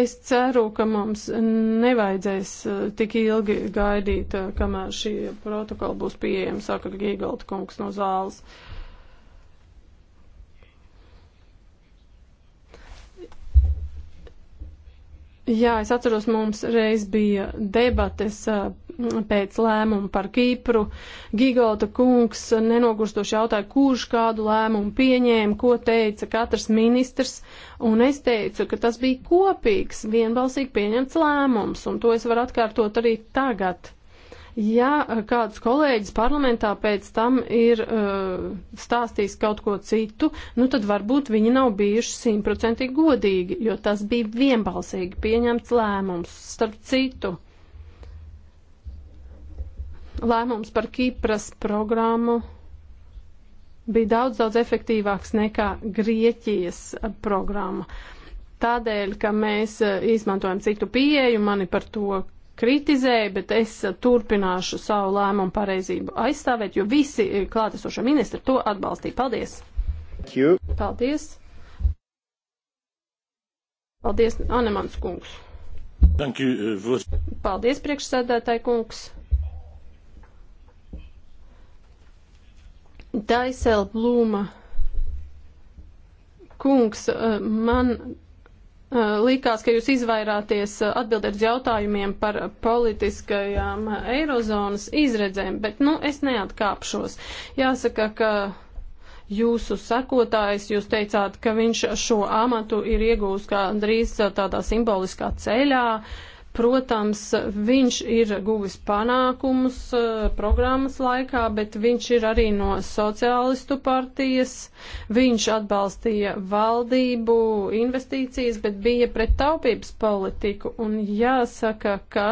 Es ceru, ka mums nevajadzēs eh, tik ilgi gaidīt, eh, kamēr šie protokoli būs pieejami, saka Gīgalta kungs no zāles. Uh, Jā, es atceros, mums reiz bija debates pēc lēmuma par Kīpru. Gigolta kungs nenogurstoši jautāja, kurš kādu lēmumu pieņēma, ko teica katrs ministrs, un es teicu, ka tas bija kopīgs, vienbalsīgi pieņemts lēmums, un to es varu atkārtot arī tagad. Ja eh, kāds kolēģis parlamentā pēc tam ir uh, stāstījis kaut ko citu, nu tad varbūt viņi nav bijuši simtprocentīgi godīgi, jo tas bija vienbalsīgi pieņemts lēmums starp citu. Lēmums par Kipras programmu bija daudz, daudz efektīvāks nekā Grieķijas eh, programma. Tādēļ, ka mēs izmantojam citu pieeju, mani par to kritizēju, bet es turpināšu savu lēmumu pareizību aizstāvēt, jo visi eh, klātesošie ministri to atbalstīja. Paldies! Paldies! Paldies, Anemans kungs!
Eh,
Paldies, priekšsēdētāji kungs! Daiselblūma kungs, eh, man Eh, likās, ka jūs izvairāties eh, atbildēt uz jautājumiem par politiskajām eh, eirozonas izredzēm, bet, nu, es neatkāpšos. Jāsaka, ka jūsu sekotājs, jūs teicāt, ka viņš šo amatu ir iegūst kā drīz tādā simboliskā ceļā. Uh, Protams, viņš ir guvis panākumus eh, programmas laikā, bet viņš ir arī no sociālistu partijas. Viņš atbalstīja valdību investīcijas, bet bija pret taupības politiku. Un jāsaka, ka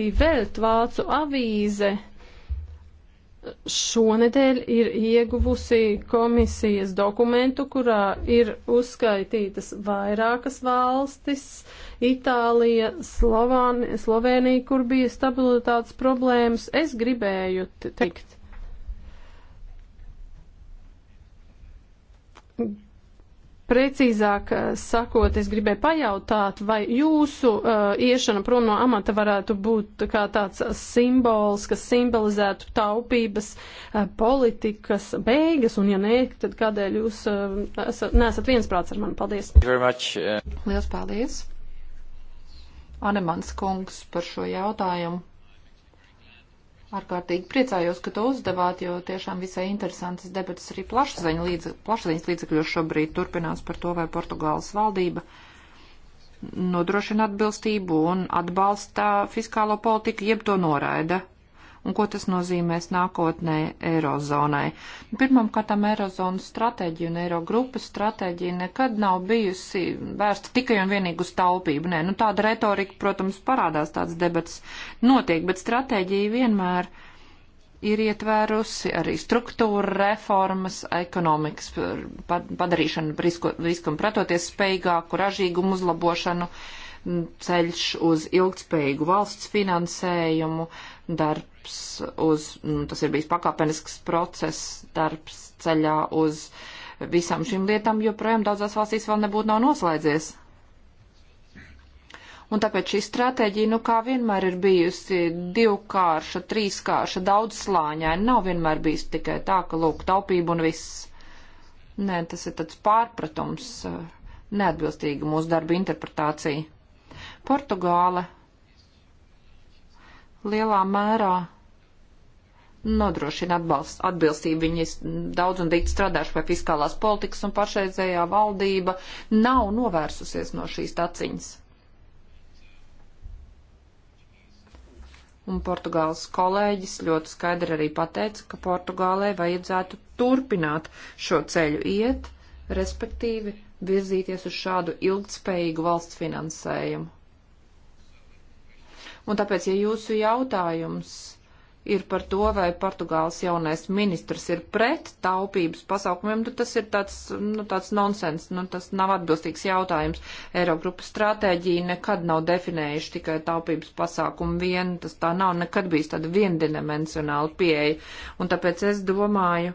Divelt vācu avīze Šonedēļ ir ieguvusi komisijas dokumentu, kurā ir uzskaitītas vairākas valstis, Itālija, Slovāni, Slovenija, kur bija stabilitātes problēmas. Es gribēju teikt. Precīzāk eh, sakot, es gribēju pajautāt, vai jūsu uh, iešana prom no amata varētu būt kā tāds simbols, kas simbolizētu taupības uh, politikas beigas, un ja nē, tad kādēļ jūs uh, esat, neesat viensprāts ar mani? Paldies!
Liels paldies! Anemans kungs par šo jautājumu. Ārkārtīgi priecājos, ka to uzdevāt, jo tiešām visai interesantas debatas arī plašsaziņas līdz, līdzekļos šobrīd turpinās par to, vai Portugāles valdība nodrošina atbilstību un atbalsta fiskālo politiku, jeb to noraida un ko tas nozīmēs nākotnē Eirozonai. Pirmkārt, Eirozonas stratēģija un Eirogrupas stratēģija nekad nav bijusi vērsta tikai un vienīgi uz taupību. Nē, nu tāda retorika, protams, parādās, tāds debats notiek, bet stratēģija vienmēr ir ietvērusi arī struktūra reformas, ekonomikas padarīšanu risku, riskam pretoties spējīgāku, ražīgumu uzlabošanu, ceļš uz ilgtspējīgu valsts finansējumu, dar, darbs uz, nu, tas ir bijis pakāpenisks process, darbs ceļā uz visām šīm lietām, joprojām daudzās valstīs vēl nebūtu nav noslēdzies. Un tāpēc šī stratēģija, nu kā vienmēr ir bijusi divkārša, trīskārša, daudzslāņaina, nav vienmēr bijis tikai tā, ka lūk, taupība un viss. Nē, tas ir tāds pārpratums, neatbilstīga mūsu darba interpretācija. Portugāle lielā mērā nodrošina atbalsts, atbilstību. Viņi daudz un dikti strādājuši pie fiskālās politikas un pašreizējā valdība nav novērsusies no šīs taciņas. Un Portugāles kolēģis ļoti skaidri arī pateica, ka Portugālē vajadzētu turpināt šo ceļu iet, respektīvi virzīties uz šādu ilgtspējīgu valsts finansējumu. Un tāpēc, ja jūsu jautājums ir par to, vai Portugāles jaunais ministrs ir pret taupības pasaukumiem, tad tas ir tāds, nu, tāds nonsens, nu, tas nav atbilstīgs jautājums. Eirogrupas stratēģija nekad nav definējuši tikai taupības pasākumu vien, tas tā nav, nekad bijis tāda viendimensionāla pieeja, un tāpēc es domāju,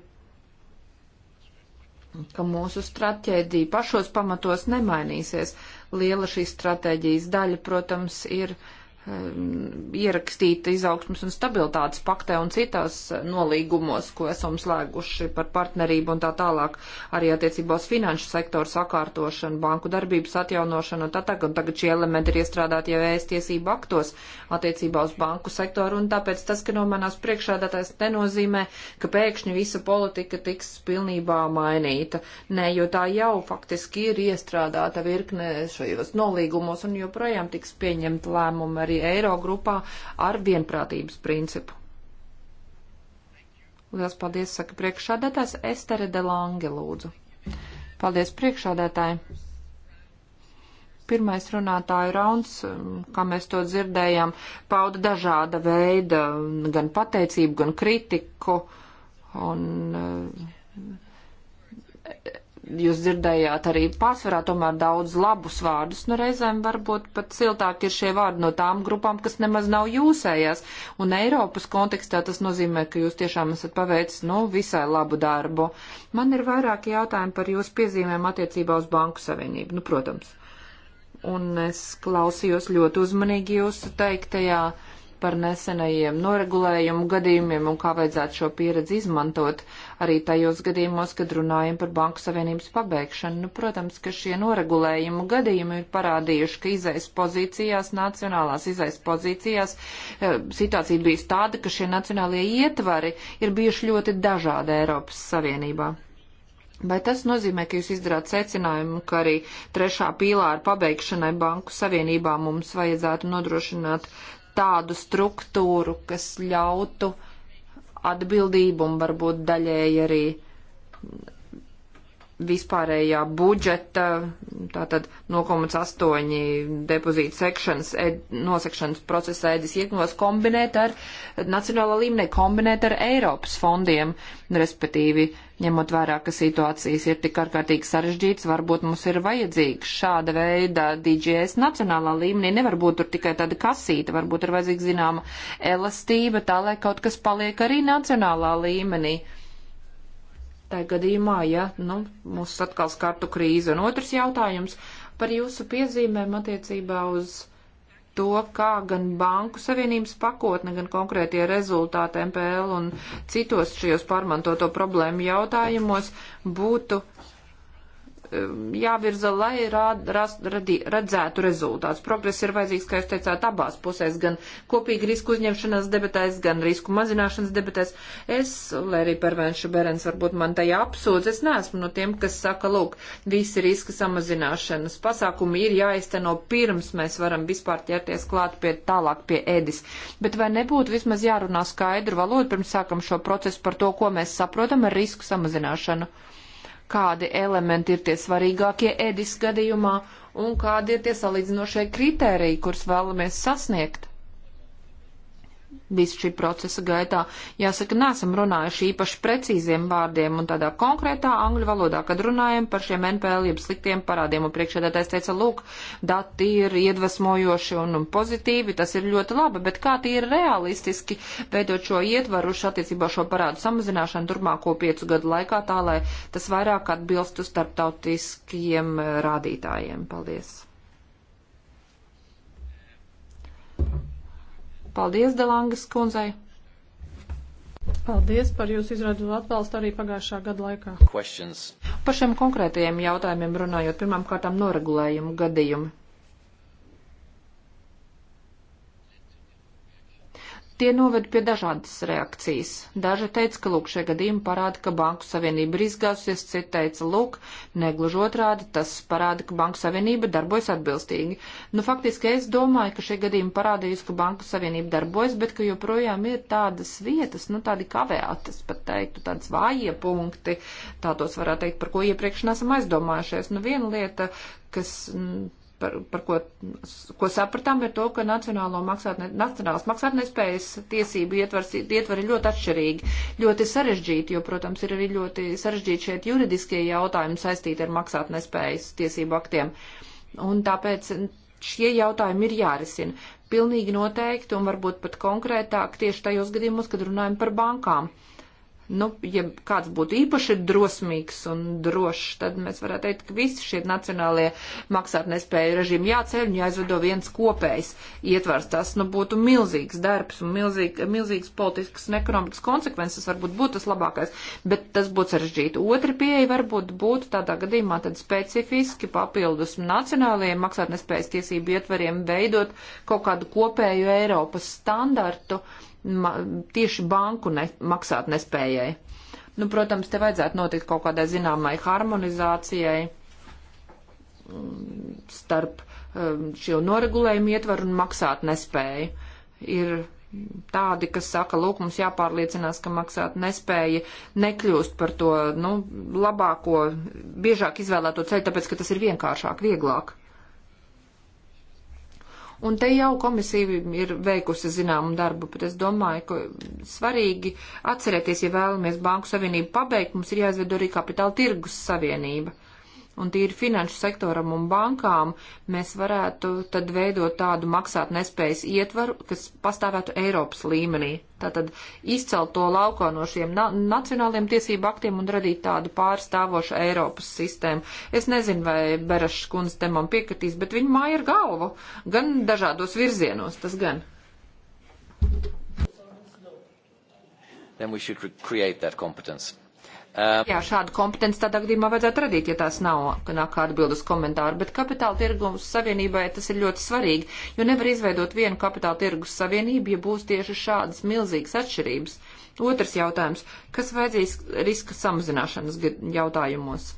ka mūsu stratēģija pašos pamatos nemainīsies. Liela šīs stratēģijas daļa, protams, ir uh, Um, ierakstīta izaugsmas un stabilitātes paktē un citās uh, nolīgumos, ko esam slēguši par partnerību un tā tālāk, arī attiecībā uz finanšu sektoru sakārtošanu, banku darbības atjaunošanu un tā tagad, un tagad šie elementi ir iestrādāti jau ēst tiesību aktos attiecībā uz banku sektoru, un tāpēc tas, ka no manās priekšādātais nenozīmē, ka pēkšņi visa politika tiks pilnībā mainīta. Nē, jo tā jau faktiski ir iestrādāta virkne šajos nolīgumos un joprojām tiks pieņemt lēmumu arī arī Eirogrupā ar vienprātības principu. Lielas paldies, saka priekšādētājs Estere de Lange, lūdzu. Paldies priekšādētāji. Pirmais runātāju rauns, kā mēs to dzirdējām, pauda dažāda veida gan pateicību, gan kritiku. Un, jūs dzirdējāt arī pārsvarā tomēr daudz labus vārdus, nu reizēm varbūt pat siltāk ir šie vārdi no tām grupām, kas nemaz nav jūsējās. Un Eiropas kontekstā tas nozīmē, ka jūs tiešām esat paveicis, nu, visai labu darbu. Man ir vairāki jautājumi par jūsu piezīmēm attiecībā uz Banku Savienību, nu, protams. Un es klausījos ļoti uzmanīgi jūsu teiktajā. Ja par nesenajiem noregulējumu gadījumiem un kā vajadzētu šo pieredzi izmantot arī tajos gadījumos, kad runājam par Banku Savienības pabeigšanu. Nu, protams, ka šie noregulējumu gadījumi ir parādījuši, ka izais pozīcijās, nacionālās izais pozīcijās eh, situācija bijis tāda, ka šie nacionālie ietvari ir bijuši ļoti dažādi Eiropas Savienībā. Vai tas nozīmē, ka jūs izdarāt secinājumu, ka arī trešā pīlāra pabeigšanai Banku Savienībā mums vajadzētu nodrošināt tādu struktūru, kas ļautu atbildību un varbūt daļēji arī vispārējā budžeta, tātad 0,8 depozīta sekšanas, ed, nosekšanas procesa ēdis ietnos kombinēt ar nacionālā līmenī, kombinēt ar Eiropas fondiem, respektīvi ņemot vērā, ka situācijas ir tik ārkārtīgi sarežģītas, varbūt mums ir vajadzīgs šāda veida DGS nacionālā līmenī, nevar būt tur tikai tāda kasīta, varbūt ir vajadzīga zināma elastība, tā lai kaut kas paliek arī nacionālā līmenī. Uh, Tā gadījumā, ja nu, mums atkal skartu krīze. Un otrs jautājums par jūsu piezīmēm attiecībā uz to, kā gan Banku Savienības pakotne, gan konkrētie rezultāti MPL un citos šajos pārmantoto problēmu jautājumos būtu Um, jāvirza, lai rād, rast, radī, redzētu rezultāts. Progress ir vajadzīgs, kā jūs teicāt, abās pusēs, gan kopīgi risku uzņemšanas debatēs, gan risku mazināšanas debatēs. Es, lai arī parvenšu Berens varbūt man tajā apsūdz, es neesmu no tiem, kas saka, lūk, visi riska samazināšanas pasākumi ir jāizteno pirms mēs varam vispār ķerties klāt pie tālāk pie ēdis. Bet vai nebūtu vismaz jārunā skaidru valodu pirms sākam šo procesu par to, ko mēs saprotam ar risku samazināšanu? kādi elementi ir tie svarīgākie edis gadījumā un kādi ir tie salīdzinošie kritēriji, kurus vēlamies sasniegt visu šī procesa gaitā. Jāsaka, nesam runājuši īpaši precīziem vārdiem un tādā konkrētā angļu valodā, kad runājam par šiem NPL jeb sliktiem parādiem. Un priekšēdētājs teica, lūk, dati ir iedvesmojoši un, un pozitīvi, tas ir ļoti labi, bet kā tie ir realistiski veidot šo ietvaru uz attiecībā šo parādu samazināšanu turpmāko piecu gadu laikā, tā lai tas vairāk atbilstu starptautiskiem eh, rādītājiem. Paldies!
Thank you. Paldies Delangas kundzei! Paldies par jūsu izrādu atbalstu arī pagājušā gada laikā.
Questions. Par šiem konkrētajiem jautājumiem runājot, pirmām kārtām noregulējumu gadījumi. Tie noved pie dažādas reakcijas. Daži teica, ka lūk, šie gadījumi parāda, ka Banku Savienība ir izgāzusies, citi teica, lūk, negluži otrādi, tas parāda, ka Banku Savienība darbojas atbilstīgi. Nu, faktiski es domāju, ka šie gadījumi parādījusi, ka Banku Savienība darbojas, bet ka joprojām ir tādas vietas, nu, tādi kavētas, pat teiktu, tādas vājie punkti, tā tos varētu teikt, par ko iepriekš nesam aizdomājušies. Nu, viena lieta, kas. Mm, par, par ko, ko sapratām, ir to, ka nacionālo maksātne, nacionālas maksātnespējas tiesību ietvars, ietvari ļoti atšķirīgi, ļoti sarežģīti, jo, protams, ir arī ļoti sarežģīti šeit juridiskie jautājumi saistīti ar maksātnespējas tiesību aktiem. Un tāpēc šie jautājumi ir jārisina. Pilnīgi noteikti un varbūt pat konkrētāk tieši tajos gadījumos, kad runājam par bankām nu, ja kāds būtu īpaši drosmīgs un drošs, tad mēs varētu teikt, ka visi šie nacionālie maksātnespēju režīmi jāceļ un jāizveido viens kopējs ietvars. Tas, nu, būtu milzīgs darbs un milzīg, milzīgs politisks un ekonomikas konsekvences varbūt būtu tas labākais, bet tas būtu sarežģīti. Otra pieeja varbūt būtu tādā gadījumā tad specifiski papildus nacionālajiem maksātnespējas tiesību ietvariem veidot kaut kādu kopēju Eiropas standartu ma, tieši banku ne, maksāt nespējai. Nu, protams, te vajadzētu notikt kaut kādai zināmai harmonizācijai mm, starp mm, šo noregulējumu ietvaru un maksāt nespēju. Ir tādi, kas saka, lūk, mums jāpārliecinās, ka maksāt nespēja nekļūst par to, nu, labāko, biežāk izvēlēto ceļu, tāpēc, ka tas ir vienkāršāk, vieglāk. Un te jau komisija ir veikusi zināmu darbu, bet es domāju, ka svarīgi atcerēties, ja vēlamies Banku Savienību pabeigt, mums ir jāizveido arī kapitāla tirgus savienība un tīri finanšu sektoram un bankām mēs varētu tad veidot tādu maksāt nespējas ietvaru, kas pastāvētu Eiropas līmenī. Tātad izcelt to laukā no šiem na nacionāliem tiesību aktiem un radīt tādu pārstāvošu Eiropas sistēmu. Es nezinu, vai Berešs kundze te man piekritīs, bet viņa māja ir galvu, gan dažādos virzienos, tas gan.
Then we should create that competence. Uh, Jā,
šādu kompetenci tādā gadījumā vajadzētu radīt, ja tās nav nāk atbildes komentāru, bet kapitāla tirgus savienībai tas ir ļoti svarīgi, jo nevar izveidot vienu kapitāla tirgus savienību, ja būs tieši šādas milzīgas atšķirības. Otrs jautājums, kas vajadzīs riska samazināšanas jautājumos?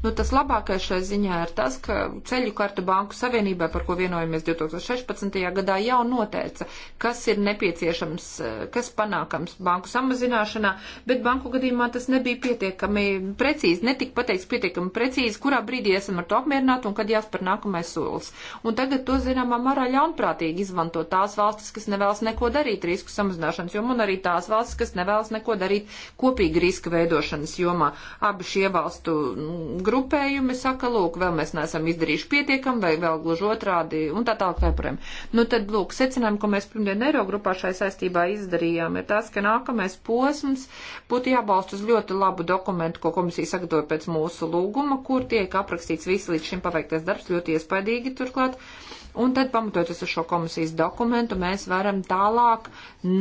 Nu, tas labākais šai ziņā ir tas, ka ceļu kartu banku savienībā, par ko vienojamies 2016. gadā, jau noteica, kas ir nepieciešams, eh, kas panākams banku samazināšanā, bet banku gadījumā tas nebija pietiekami precīzi, netika pateikts pietiekami precīzi, kurā brīdī esam ar to apmierināti un kad jāspēr nākamais solis. Un tagad to zināmā mērā ļaunprātīgi izmanto tās valstis, kas nevēlas neko darīt risku samazināšanas jomā, un arī tās valstis, kas nevēlas neko darīt kopīgi riska veidošanas jomā. Abi šie valstu nu, grupējumi saka, lūk, vēl mēs neesam izdarījuši pietiekam, vai vēl gluži otrādi, un tā tālāk joprojām. Nu, tad, lūk, secinājumi, ko mēs pirmdien Eirogrupā šai saistībā izdarījām, ir tas, ka nākamais posms būtu jābalst uz ļoti labu dokumentu, ko komisija sagatavoja pēc mūsu lūguma, kur tiek aprakstīts viss līdz šim paveiktais darbs, ļoti iespaidīgi turklāt. Uh, Un tad, pamatoties uz šo komisijas dokumentu, mēs varam tālāk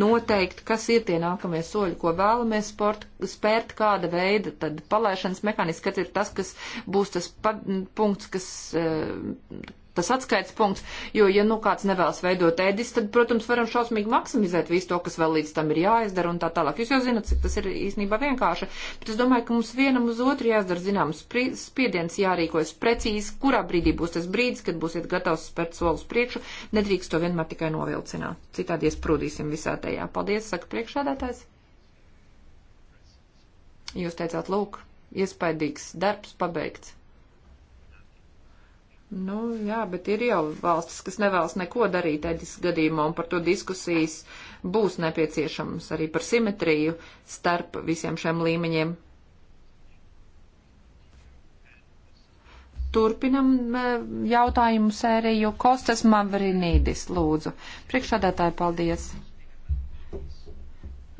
noteikt, kas ir tie nākamie soļi, ko vēlamies sport, spērt, kāda veida tad palaišanas mehānisms, kas ir tas, kas būs tas pa, punkts, kas, eh, tas atskaits punkts, jo, ja nu kāds nevēlas veidot ēdis, tad, protams, varam šausmīgi maksimizēt visu to, kas vēl līdz tam ir jāizdara un tā tālāk. Jūs jau zinat, cik tas ir īstenībā vienkārši, bet es domāju, ka mums vienam uz otru jāizdara zināms spiediens, jārīkojas precīzi, kurā brīdī būs tas brīdis, kad būsiet gatavs spērt solus priekšu, nedrīkst to vienmēr tikai novilcināt. Citādi iesprūdīsim visā tajā. Paldies, saka priekšādātājs. Jūs teicāt, lūk, iespaidīgs darbs pabeigts. Nu, jā, bet ir jau valstis, kas nevēlas neko darīt ēdis gadījumā, un par to diskusijas būs nepieciešams arī par simetriju starp visiem šiem līmeņiem. Turpinam e, jautājumu sēriju Kostas Mavrinīdis, lūdzu. Priekšādātāji, paldies!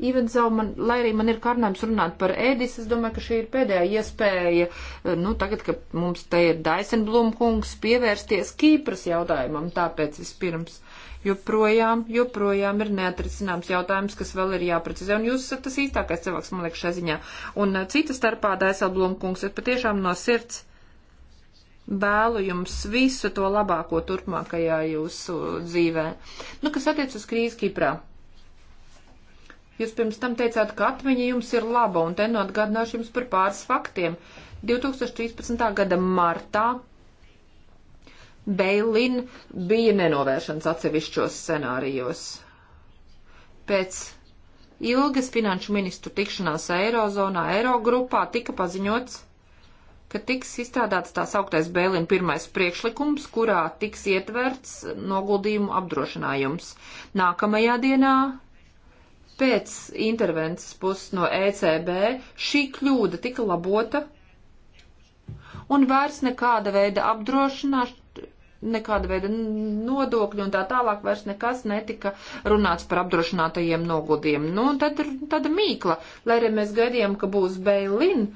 Ivedzau, man, lai arī man ir kārdinājums runāt par ēdis, es domāju, ka šī ir pēdējā iespēja, eh, nu, tagad, ka mums te ir Daisenblumkungs, pievērsties Kīpras jautājumam, tāpēc vispirms joprojām, joprojām ir neatrisināms jautājums, kas vēl ir jāprecizē. Un jūs esat tas īstākais cilvēks, man liekas, šajā ziņā. Un eh, cita starpā, Daisel Blomkungs, es patiešām no sirds vēlu jums visu to labāko turpmākajā jūsu dzīvē. Nu, kas attiec uz krīzi Kiprā. Jūs pirms tam teicāt, ka atmiņa jums ir laba, un te nu atgādināšu jums par pāris faktiem. 2013. gada martā Beilin bija nenovēršanas atsevišķos scenārijos. Pēc ilgas finanšu ministru tikšanās Eirozonā, Eirogrupā tika paziņots, ka tiks izstrādāts tā sauktais Bēlina pirmais priekšlikums, kurā tiks ietverts noguldījumu apdrošinājums. Nākamajā dienā pēc intervences puses no ECB šī kļūda tika labota un vairs nekāda veida apdrošināšana, nekāda veida nodokļi un tā tālāk vairs nekas netika runāts par apdrošinātajiem noguldījumiem. Nu, un tad ir tāda mīkla, lai arī mēs gaidījām, ka būs Beilin,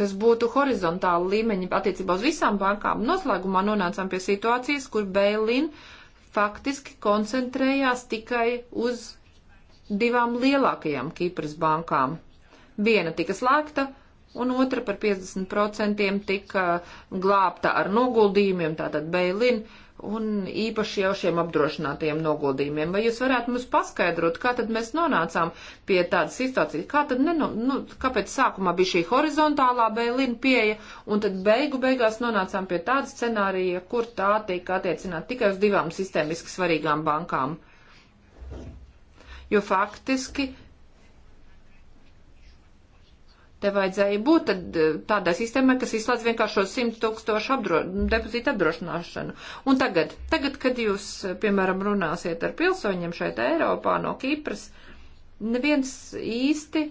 kas būtu horizontāla līmeņa attiecībā uz visām bankām. Noslēgumā nonācām pie situācijas, kur Beilin faktiski koncentrējās tikai uz divām lielākajām Kipras bankām. Viena tika slēgta, un otra par 50% tika glābta ar noguldījumiem, tātad Beilin, un īpaši jau šiem apdrošinātajiem noguldījumiem. Vai jūs varētu mums paskaidrot, kā tad mēs nonācām pie tādas situācijas, kā tad, neno, nu, kāpēc sākumā bija šī horizontālā Beilin pieeja, un tad beigu beigās nonācām pie tāda scenārija, kur tā tika attiecināt tikai uz divām sistēmiski svarīgām bankām? jo faktiski te vajadzēja būt tad, tādā sistēmā, kas izslēdz vienkāršo 100 tūkstošu apdro, depozītu apdrošināšanu. Un tagad, tagad, kad jūs, piemēram, runāsiet ar pilsoņiem šeit Eiropā no Kīpras, neviens īsti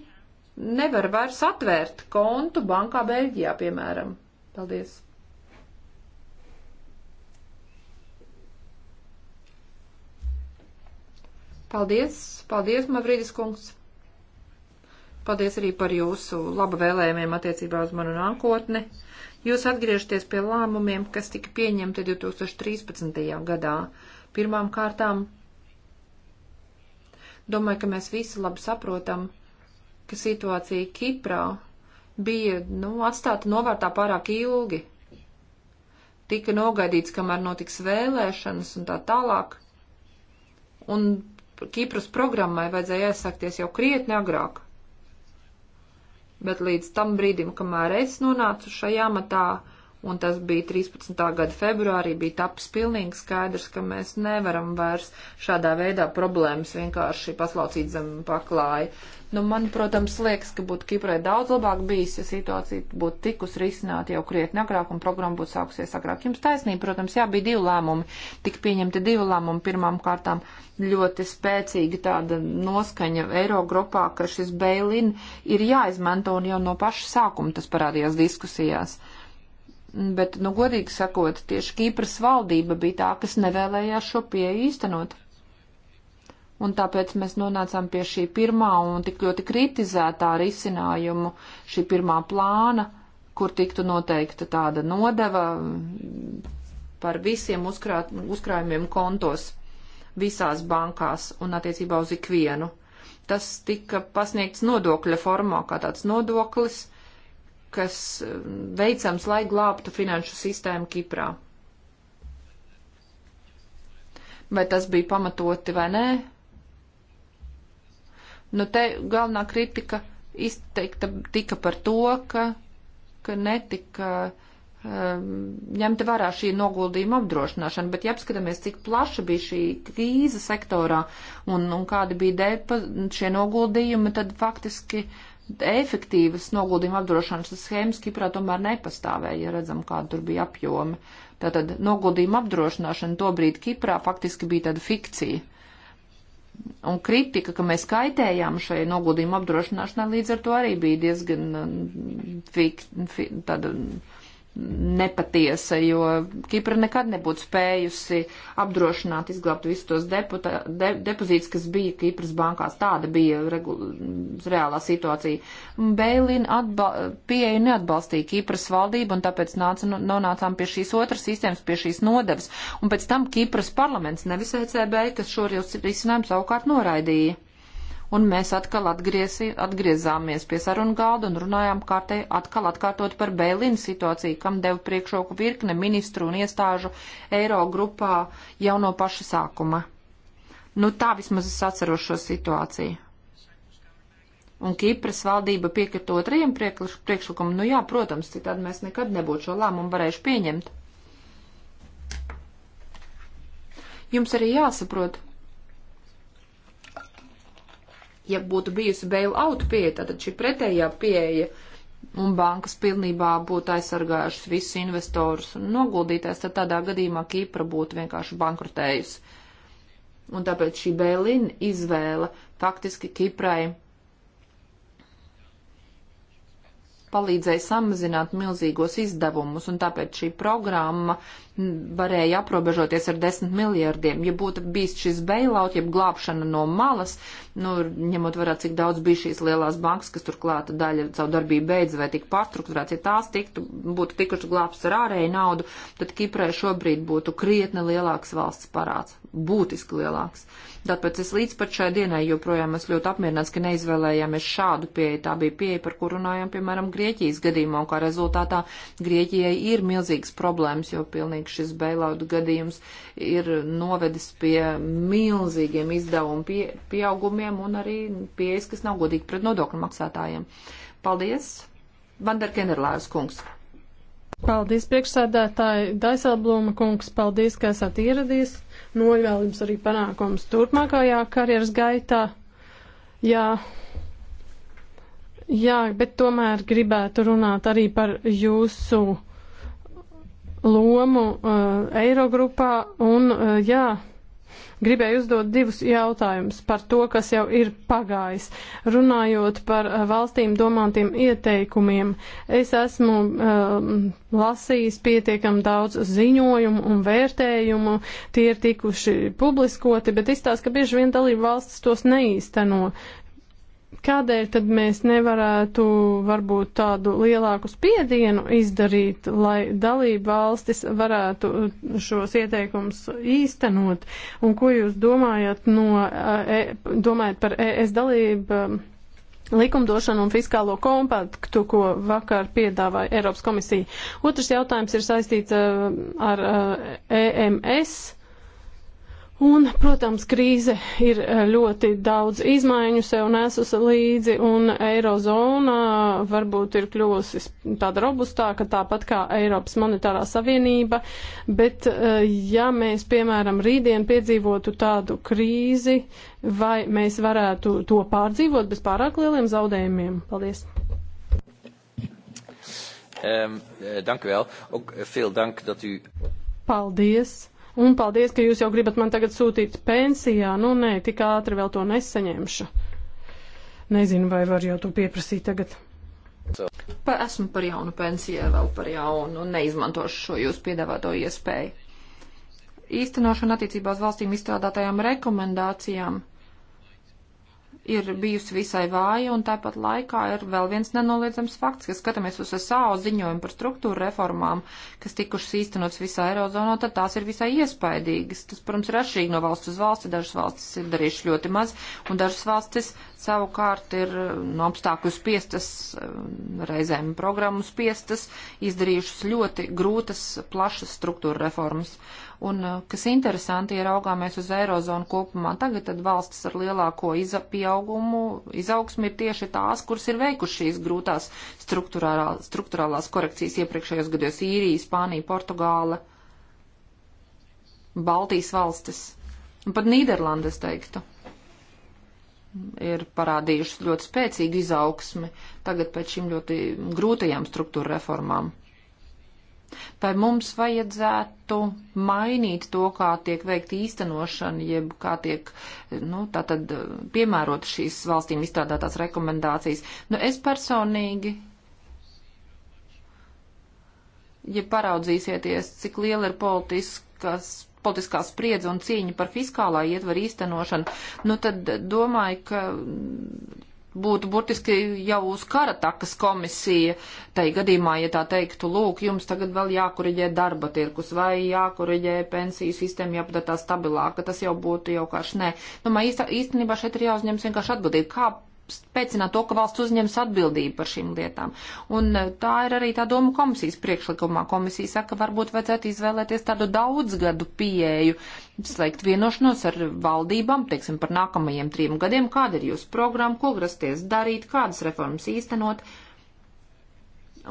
nevar vairs atvērt kontu bankā Beļģijā, piemēram. Paldies! Paldies, paldies, Mavrīdis kungs. Paldies arī par jūsu laba vēlējumiem attiecībā uz manu nākotni. Jūs atgriežaties pie lēmumiem, kas tika pieņemti 2013. gadā. Pirmām kārtām, domāju, ka mēs visi labi saprotam, ka situācija Kiprā bija, nu, atstāta novārtā pārāk ilgi. Tika nogaidīts, kamēr notiks vēlēšanas un tā tālāk un Kipras programmai vajadzēja iesākties jau krietni agrāk. Bet līdz tam brīdim, kamēr es nonācu šajā matā, un tas bija 13. gada februārī, bija taps pilnīgi skaidrs, ka mēs nevaram vairs šādā veidā problēmas vienkārši paslaucīt zem paklāja. Nu, man, protams, liekas, ka būtu Kiprai daudz labāk bijis, ja situācija būtu tikus risināta jau krietni agrāk un programma būtu sākusies agrāk. Jums taisnība, protams, jā, bija divi lēmumi, tik pieņemti divi lēmumi pirmām kārtām ļoti spēcīga tāda noskaņa Eirogrupā, ka šis bailin ir jāizmanto un jau no paša sākuma tas parādījās diskusijās. Uh, bet, nu, godīgi sakot, tieši Kīpras valdība bija tā, kas nevēlējās šo pieeju īstenot. Un tāpēc mēs nonācām pie šī pirmā un tik ļoti kritizētā risinājumu, šī pirmā plāna, kur tiktu noteikta tāda nodeva par visiem uzkrā, uzkrājumiem kontos visās bankās un attiecībā uz ikvienu. Tas tika pasniegts nodokļa formā, kā tāds nodoklis kas um, veicams, lai glābtu finanšu sistēmu Kiprā. Vai tas bija pamatoti vai nē? Nu, te galvenā kritika izteikta tika par to, ka, ka netika um, ņemta vērā šī noguldījuma apdrošināšana, bet ja apskatāmies, cik plaša bija šī krīze sektorā un, un kādi bija dēļ šie noguldījumi, tad faktiski uh, efektīvas noguldījuma apdrošināšanas schēmas Kiprā tomēr nepastāvēja, ja redzam, kāda tur bija apjoma. Tātad noguldījuma apdrošināšana tobrīd Kiprā faktiski bija tāda fikcija. Un kritika, ka mēs kaitējām šai noguldījuma apdrošināšanai, līdz ar to arī bija diezgan um, fik, fik, tāda nepatiesa, jo Kipra nekad nebūtu spējusi apdrošināt, izglābt visus tos deputā, de, depozītus, kas bija Kipras bankās. Tāda bija regu, reālā situācija. Bēlina pieeja neatbalstīja Kipras valdību, un tāpēc nāca, nonācām pie šīs otras sistēmas, pie šīs nodevas. Un pēc tam Kipras parlaments, nevis ECB, kas šo risinājumu savukārt noraidīja un mēs atkal atgriezi, atgriezāmies pie sarunu galda un runājām kārtē, atkal atkārtot par Bēlīnu situāciju, kam deva priekšroku virkne ministru un iestāžu Eiro grupā jau no paša sākuma. Nu tā vismaz es atceros šo situāciju un Kipras valdība piekrita otrajam priekšlikumam, nu jā, protams, citādi mēs nekad nebūtu šo lēmumu varējuši pieņemt. Jums arī jāsaprot, ja būtu bijusi bail-out pieeja, tad šī pretējā pieeja un bankas pilnībā būtu aizsargājušas visus investorus un noguldītājs, tad tādā gadījumā Kīpra būtu vienkārši bankrotējusi. Un tāpēc šī bail-in izvēle faktiski Kiprai palīdzēja samazināt milzīgos izdevumus, un tāpēc šī programma varēja aprobežoties ar desmit miljardiem. Ja būtu bijis šis bailout, jeb glābšana no malas, nu, ņemot vērā, cik daudz bija šīs lielās bankas, kas turklāt daļa savu darbību beidz vai tik pārstrukturēts, ja tās tiktu, būtu tikuši glābts ar ārēju naudu, tad Kiprai šobrīd būtu krietni lielāks valsts parāds, būtiski lielāks. Tāpēc es līdz pat šai dienai joprojām esmu ļoti apmierināts, ka neizvēlējāmies šādu pieeju. Tā bija pieeja, par kuru runājām, piemēram, Grieķijā. Grieķijas gadījumā, un kā rezultātā Grieķijai ir milzīgas problēmas, jo pilnīgi šis bailout gadījums ir novedis pie milzīgiem izdevumu pie, pieaugumiem un arī pieejas, kas nav godīgi pret nodokļu maksātājiem. Paldies! Vanderkenerlājas kungs!
Paldies, priekšsēdētāji Daiselblūma kungs, paldies, ka esat ieradies. Novēl jums arī panākums turpmākajā karjeras gaitā. Jā, Jā, bet tomēr gribētu runāt arī par jūsu lomu uh, Eirogrupā un, uh, jā, gribēju uzdot divus jautājumus par to, kas jau ir pagājis. Runājot par eh, valstīm domātiem ieteikumiem, es esmu um, lasījis pietiekam daudz ziņojumu un vērtējumu, tie ir tikuši publiskoti, bet izstāsta, ka bieži vien dalību valstis tos neīsteno. Kādēļ tad mēs nevarētu varbūt tādu lielāku spiedienu izdarīt, lai dalību valstis varētu uh, šos ieteikumus īstenot? Un ko jūs domājat, no, uh, e, domājat par ES dalību? Um, likumdošanu un fiskālo kompaktu, ko vakar piedāvāja Eiropas komisija. Otrs jautājums ir saistīts uh, ar EMS Un, protams, krīze ir eh, ļoti daudz izmaiņu sev nesusi līdzi, un eirozona varbūt ir kļuvusi tāda robustāka, tāpat kā Eiropas monetārā savienība, bet eh, ja mēs, piemēram, rītdien piedzīvotu tādu krīzi, vai mēs varētu to pārdzīvot bez pārāk lieliem zaudējumiem? Paldies!
Um, dank u wel. Ook veel dank dat u.
Paldies Un paldies, ka jūs jau gribat man tagad sūtīt pensijā. Nu, nē, tik ātri vēl to nesaņemšu. Nezinu, vai var jau to pieprasīt tagad. Pa, esmu par jaunu
pensiju, vēl par jaunu, neizmantošu šo jūsu piedāvāto iespēju. Īstenošana attiecībā uz valstīm izstrādātajām rekomendācijām ir bijusi visai vāja, un tāpat laikā ir vēl viens nenoliedzams fakts, ka skatāmies uz SAO ziņojumu par struktūra reformām, kas tikušas īstenots visā Eirozonā, tad tās ir visai iespaidīgas. Tas, protams, ir atšķirīgi no valsts uz valsti, dažas valstis ir darījušas ļoti maz, un dažas valstis savukārt ir no nu, apstākļu spiestas, eh, reizēm programmu spiestas, izdarījušas ļoti grūtas, plašas struktūra reformas. Uh, Un, uh, kas interesanti, ja raugāmies uz eirozonu kopumā, tagad tad valstis ar lielāko iza, pieaugumu, izaugsmi ir tieši tās, kuras ir veikušas šīs grūtās struktūrālās korekcijas iepriekšējos gados - Īrija, Spānija, Portugāla, Baltijas valstis. Un pat Nīderlanda, es teiktu, ir parādījušas ļoti spēcīgu izaugsmi tagad pēc šīm ļoti grūtajām struktūra reformām. Vai mums vajadzētu mainīt to, kā tiek veikta īstenošana, jeb kā tiek, nu, tātad eh, piemērot šīs valstīm izstrādātās rekomendācijas? Nu, es personīgi, ja paraudzīsieties, cik liela ir politiskas politiskā spriedze un cīņa par fiskālā ietvaru īstenošanu, nu tad eh, domāju, ka būtu burtiski jau uz kara takas komisija, tai gadījumā, ja tā teiktu, lūk, jums tagad vēl jākuriģē darba tirkus vai jākuriģē pensiju sistēma, jāpadara tā stabilāka, tas jau būtu jau karš. Nē, domāju, īstenībā šeit ir jāuzņems vienkārši atbildība, kā spēcināt to, ka valsts uzņems atbildību par šīm lietām. Un e, tā ir arī tā doma komisijas priekšlikumā. Komisija saka, varbūt vajadzētu izvēlēties tādu daudzgadu pieeju, slēgt vienošanos ar valdībām, teiksim, par nākamajiem trim gadiem, kāda ir jūsu programma, ko grasties darīt, kādas reformas īstenot.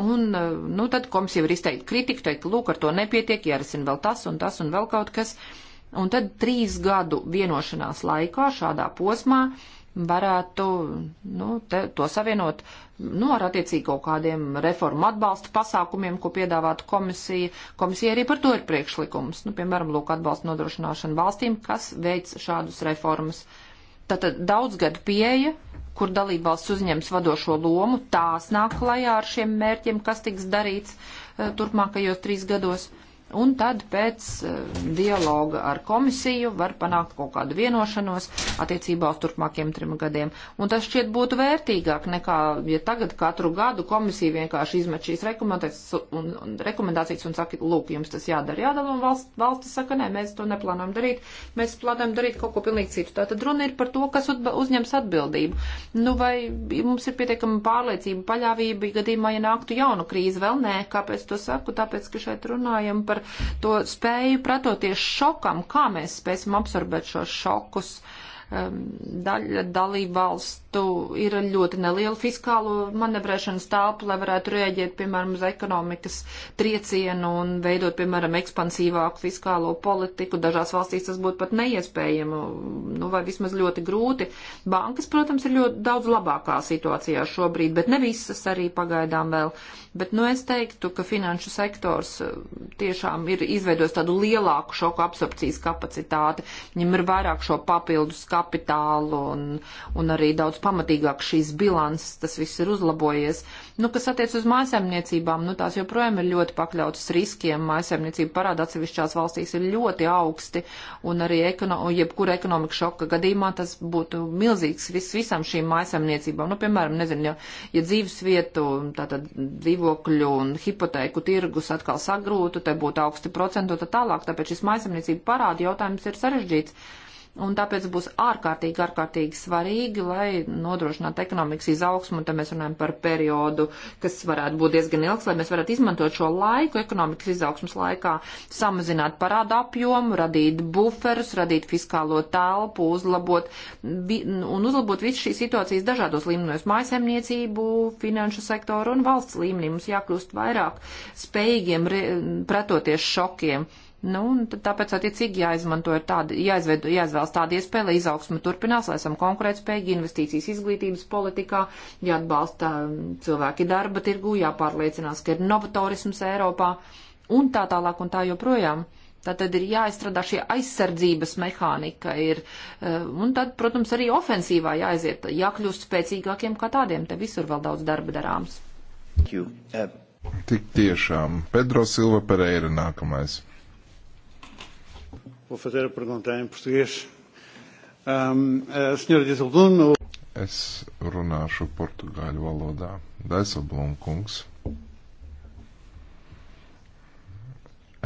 Un, e, nu, tad komisija var izteikt kritiku, teikt, lūk, ar to nepietiek, jārisina vēl tas un tas un vēl kaut kas. Un tad trīs gadu vienošanās laikā šādā posmā varētu nu, te, to savienot nu, ar attiecīgi kaut kādiem reformu atbalsta pasākumiem, ko piedāvātu komisija. Komisija arī par to ir priekšlikums. Nu, piemēram, lūk, atbalsta nodrošināšana valstīm, kas veic šādus reformas. Tātad daudzgadu pieeja, kur dalībvalsts uzņems vadošo lomu, tās nāk klajā ar šiem mērķiem, kas tiks darīts eh, turpmākajos trīs gados un tad pēc eh, dialoga ar komisiju var panākt kaut kādu vienošanos attiecībā uz turpmākiem trim gadiem. Un tas šķiet būtu vērtīgāk nekā, ja tagad katru gadu komisija vienkārši izmet šīs rekomendācijas un, un, rekomendācijas un saka, lūk, jums tas jādara, jādara, un valsts, valsts saka, nē, mēs to neplānojam darīt, mēs plānojam darīt kaut ko pilnīgi citu. Tātad runa ir par to, kas uzņems atbildību. Nu, vai mums ir pietiekama pārliecība, paļāvība gadījumā, ja nāktu jaunu krīzi, vēl nē, kāpēc to saku? Tāpēc, ka šeit runājam par par to spēju pretoties šokam, kā mēs spēsim absorbēt šos šokus. Ehm, Daļa dalību valsts tu ir ļoti neliela fiskālo manevrēšanas tālpa, lai varētu rēģēt, piemēram, uz ekonomikas triecienu un veidot, piemēram, ekspansīvāku fiskālo politiku. Dažās valstīs tas būtu pat neiespējami, nu, vai vismaz ļoti grūti. Bankas, protams, ir ļoti daudz labākā situācijā šobrīd, bet ne visas arī pagaidām vēl. Bet, nu, es teiktu, ka finanšu sektors uh, tiešām ir izveidojis tādu lielāku šoku absorpcijas kapacitāti. Viņam ir vairāk šo papildus kapitālu un, un arī daudz pamatīgāk šīs bilances, tas viss ir uzlabojies. Nu, kas attiec uz mājasemniecībām, nu, tās joprojām ir ļoti pakļautas riskiem. Mājasemniecība parāda atsevišķās valstīs ir ļoti augsti, un arī ekono, jebkura ekonomika šoka gadījumā tas būtu milzīgs ris visam šīm mājasemniecībām. Nu, piemēram, nezinu, ja, ja dzīvesvietu, tātad dzīvokļu un hipotēku tirgus atkal sagrūtu, te būtu augsti procentu, tad tālāk, tāpēc šis mājasemniecība parāda jautājums ir sarežģīts un tāpēc būs ārkārtīgi, ārkārtīgi svarīgi, lai nodrošinātu ekonomikas izaugsmu, un te mēs runājam par periodu, kas varētu būt diezgan ilgs, lai mēs varētu izmantot šo laiku ekonomikas izaugsmas laikā, samazināt parādu apjomu, radīt buferus, radīt fiskālo telpu, uzlabot un uzlabot visu šīs situācijas dažādos līmeņos - mājasemniecību, finanšu sektoru un valsts līmenī. Mums jākļūst vairāk spējīgiem pretoties šokiem Nu, tāpēc, attiecīgi, jāizmanto ir tāda, jāizveido, jāizvēlas tāda iespēja, lai izaugsme turpinās, lai esam konkurētspējīgi, investīcijas izglītības politikā, jāatbalsta um, cilvēki darba tirgu, jāpārliecinās, ka ir novatorisms Eiropā un tā tālāk un tā joprojām. Tātad ir jāizstrādā šie aizsardzības mehānika, ir, uh, un tad, protams, arī ofensīvā jāaiziet, jākļūst spēcīgākiem kā tādiem, te visur vēl daudz darba darāms.
Uh, Tik tiešām. Pedro Silva Pereira nākamais.
Vou fazer a pergunta em português. Um, a senhora Dieselblum...
Es runāšu portugāļu valodā. Dieselblum kungs.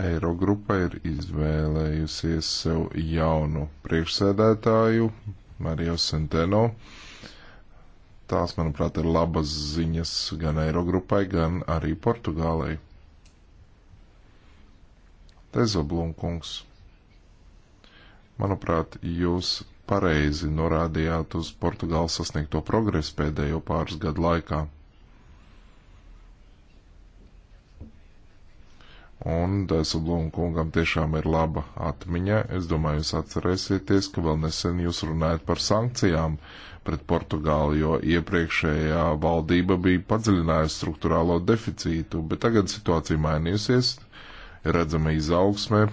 Eirogrupa ir izvēlējusies sev jaunu priekšsēdētāju, Mariju Centeno. Tās, manuprāt, ir labas ziņas gan Eirogrupai, gan arī Portugālei. Tezoblum kungs. Manuprāt, jūs pareizi norādījāt uz Portugāles sasniegto progresu pēdējo pāris gadu laikā. Un Dēsublūna kungam tiešām ir laba atmiņa. Es domāju, jūs atcerēsieties, ka vēl nesen jūs runājat par sankcijām pret Portugāli, jo iepriekšējā valdība bija padziļinājusi struktūrālo deficītu, bet tagad situācija mainījusies, redzama izaugsme,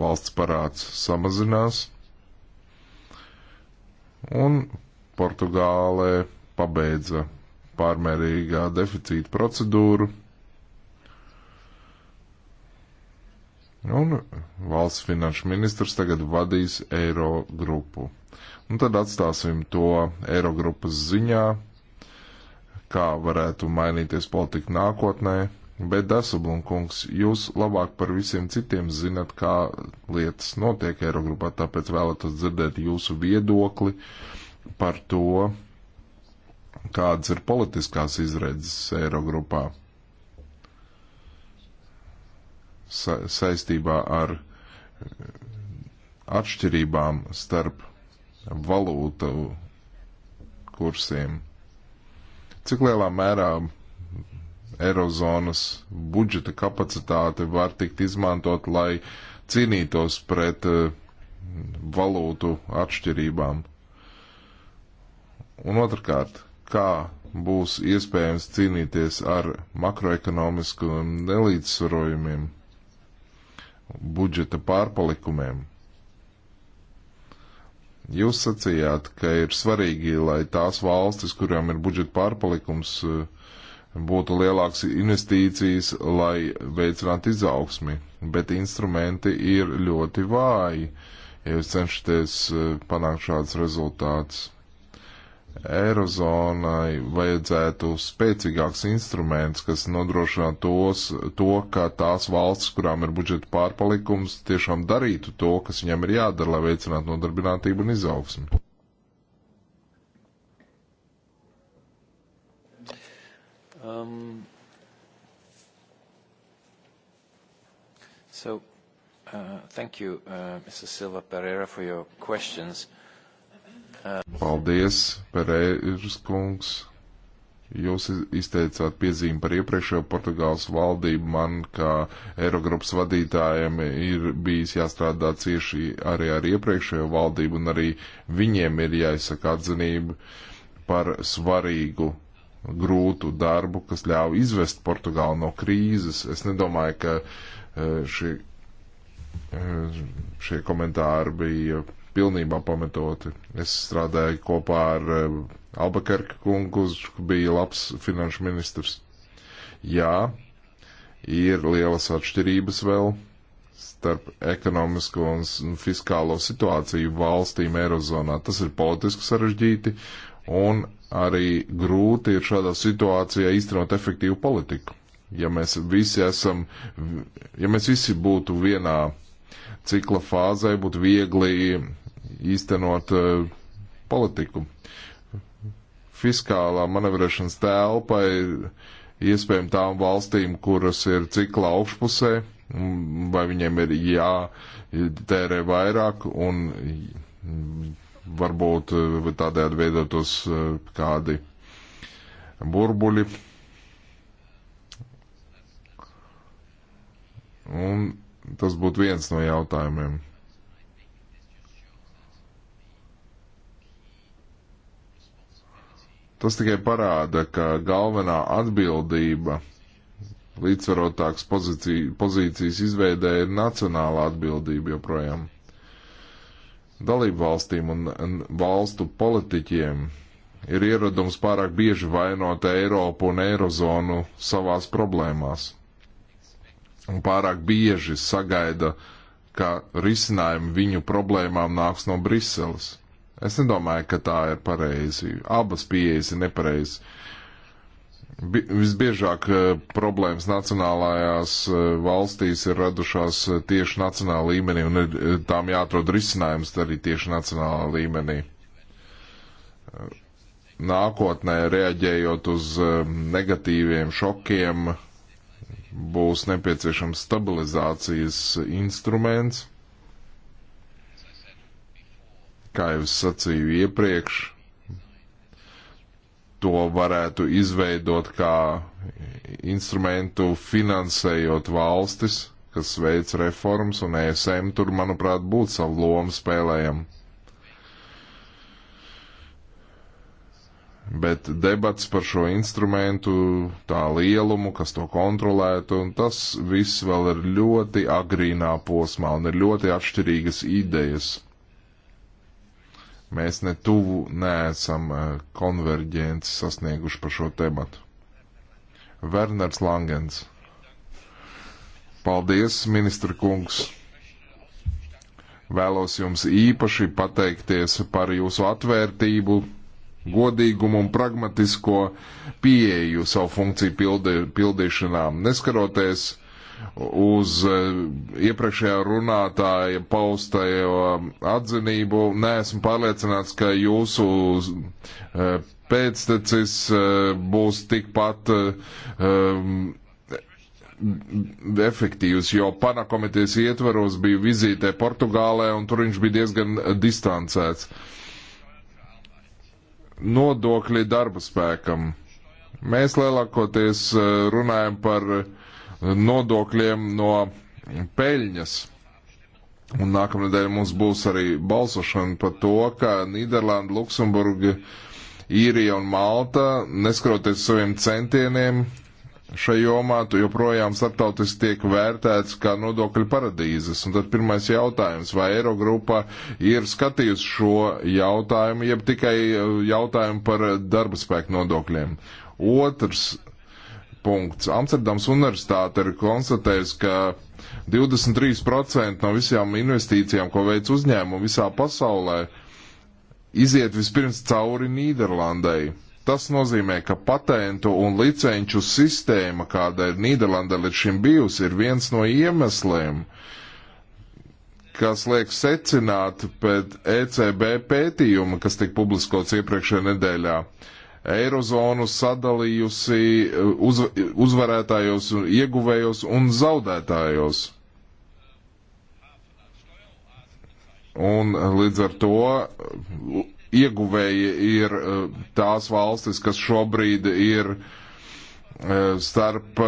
valsts parāds samazinās, un Portugālē pabeidza pārmērīgā deficīta procedūru, un valsts finanšu ministrs tagad vadīs eiro grupu. Un tad atstāsim to eiro grupas ziņā, kā varētu mainīties politika nākotnē, Bet, Dasablunkungs, jūs labāk par visiem citiem zinat, kā lietas notiek Eirogrupā, tāpēc vēlētos dzirdēt jūsu viedokli par to, kādas ir politiskās izredzes Eirogrupā sa saistībā ar eh, atšķirībām starp valūtu kursiem. Cik lielā mērā Eirozonas budžeta kapacitāte var tikt izmantot, lai cīnītos pret eh, valūtu atšķirībām. Un otrkārt, kā būs iespējams cīnīties ar makroekonomisku nelīdzsvarojumiem, budžeta pārpalikumiem? Jūs sacījāt, ka ir svarīgi, lai tās valstis, kurām ir budžeta pārpalikums, uh, būtu lielākas investīcijas, lai veicinātu izaugsmi, bet instrumenti ir ļoti vāji, ja jūs cenšaties eh, panākt šādus rezultātus. Eirozonai vajadzētu spēcīgāks instruments, kas nodrošinātu tos, to, ka tās valsts, kurām ir budžeta pārpalikums, tiešām darītu to, kas viņam ir jādara, lai veicinātu nodarbinātību un izaugsmu. So, uh, thank you, uh, Mrs. Silva Pereira, for your questions. Uh... Paldies, Pereiras kungs. Jūs izteicāt piezīmi par iepriekšējo Portugāles valdību. Man, kā Eirogrupas vadītājiem, ir bijis jāstrādā cieši arī ar iepriekšējo valdību, un arī viņiem ir jāizsaka atzinība par svarīgu grūtu darbu, kas ļauj izvest Portugālu no krīzes. Es nedomāju, ka e, šie, e, šie komentāri bija pilnībā pamatoti. Es strādāju kopā ar e, Albakerka kungu, kurš bija labs finanšu ministrs. Jā, ir lielas atšķirības vēl starp ekonomisko un fiskālo situāciju valstīm Eirozonā. Tas ir politiski sarežģīti, Un arī grūti ir šādā situācijā īstenot efektīvu politiku. Ja mēs visi esam, ja mēs visi būtu vienā cikla fāzē, būtu viegli īstenot uh, politiku. Fiskālā manevrēšanas telpa ir iespējama tām valstīm, kuras ir cikla augšpusē, vai viņiem ir jātērē vairāk un varbūt eh, tādējādi veidotos eh, kādi burbuļi. Un tas būtu viens no jautājumiem. Tas tikai parāda, ka galvenā atbildība līdzsvarotākas pozīcijas izveidē ir nacionāla atbildība joprojām. Dalību valstīm un, un valstu politiķiem ir ieradums pārāk bieži vainot Eiropu un Eirozonu savās problēmās. Un pārāk bieži sagaida, ka risinājumi viņu problēmām nāks no Briseles. Es nedomāju, ka tā ir pareizi. Abas pieejas ir nepareizas. Visbiežāk eh, problēmas nacionālajās eh, valstīs ir radušās eh, tieši nacionālā līmenī, un ir, tām jāatrod risinājums arī tieši nacionālā līmenī. Nākotnē, reaģējot uz negatīviem šokiem, būs nepieciešams stabilizācijas instruments. Kā jau es sacīju iepriekš, to varētu izveidot kā instrumentu finansējot valstis, kas veic reformas, un ESM tur, manuprāt, būtu savu lomu spēlējama. Bet debats par šo instrumentu, tā lielumu, kas to kontrolētu, un tas viss vēl ir ļoti agrīnā posmā un ir ļoti atšķirīgas idejas Mēs ne tuvu neesam eh, konverģents sasnieguši par šo tematu. Werners Langens. Paldies, ministra kungs! Vēlos jums īpaši pateikties par jūsu atvērtību, godīgumu un pragmatisko pieeju savu funkciju pildi, pildīšanām, neskaroties uz eh, iepriekšējā runātāja paustajo atzinību. Nē, esmu pārliecināts, ka jūsu eh, pēctecis eh, būs tikpat um, efektīvs, jo panakomitejas ietvaros bija vizītē Portugālē un tur viņš bija diezgan distancēts. Nodokļi darba spēkam. Mēs lielākoties runājam par uh, nodokļiem no peļņas. Un nākamnedēļ mums būs arī balsošana par to, ka Nīderlanda, Luksemburga, Īrija un Malta, neskroties saviem centieniem šajā jomā, joprojām starptautiski tiek vērtēts kā nodokļu paradīzes. Un tad pirmais jautājums, vai Eirogrupa ir skatījusi šo jautājumu, jeb tikai eh, jautājumu par darba spēku nodokļiem? Otrs punkts. Amsterdams Universitāte ir konstatējusi, ka 23% no visām investīcijām, ko veic uzņēmumi visā pasaulē, iziet vispirms cauri Nīderlandai. Tas nozīmē, ka patentu un licenču sistēma, kāda ir Nīderlanda līdz šim bijusi, ir viens no iemesliem, kas liek secināt pēc ECB pētījuma, kas tika publiskots iepriekšējā nedēļā, uh, Eirozonu sadalījusi eh, uz, uzvarētājos, ieguvējos un zaudētājos. Un līdz ar to eh, ieguvēji ir eh, tās valstis, kas šobrīd ir starp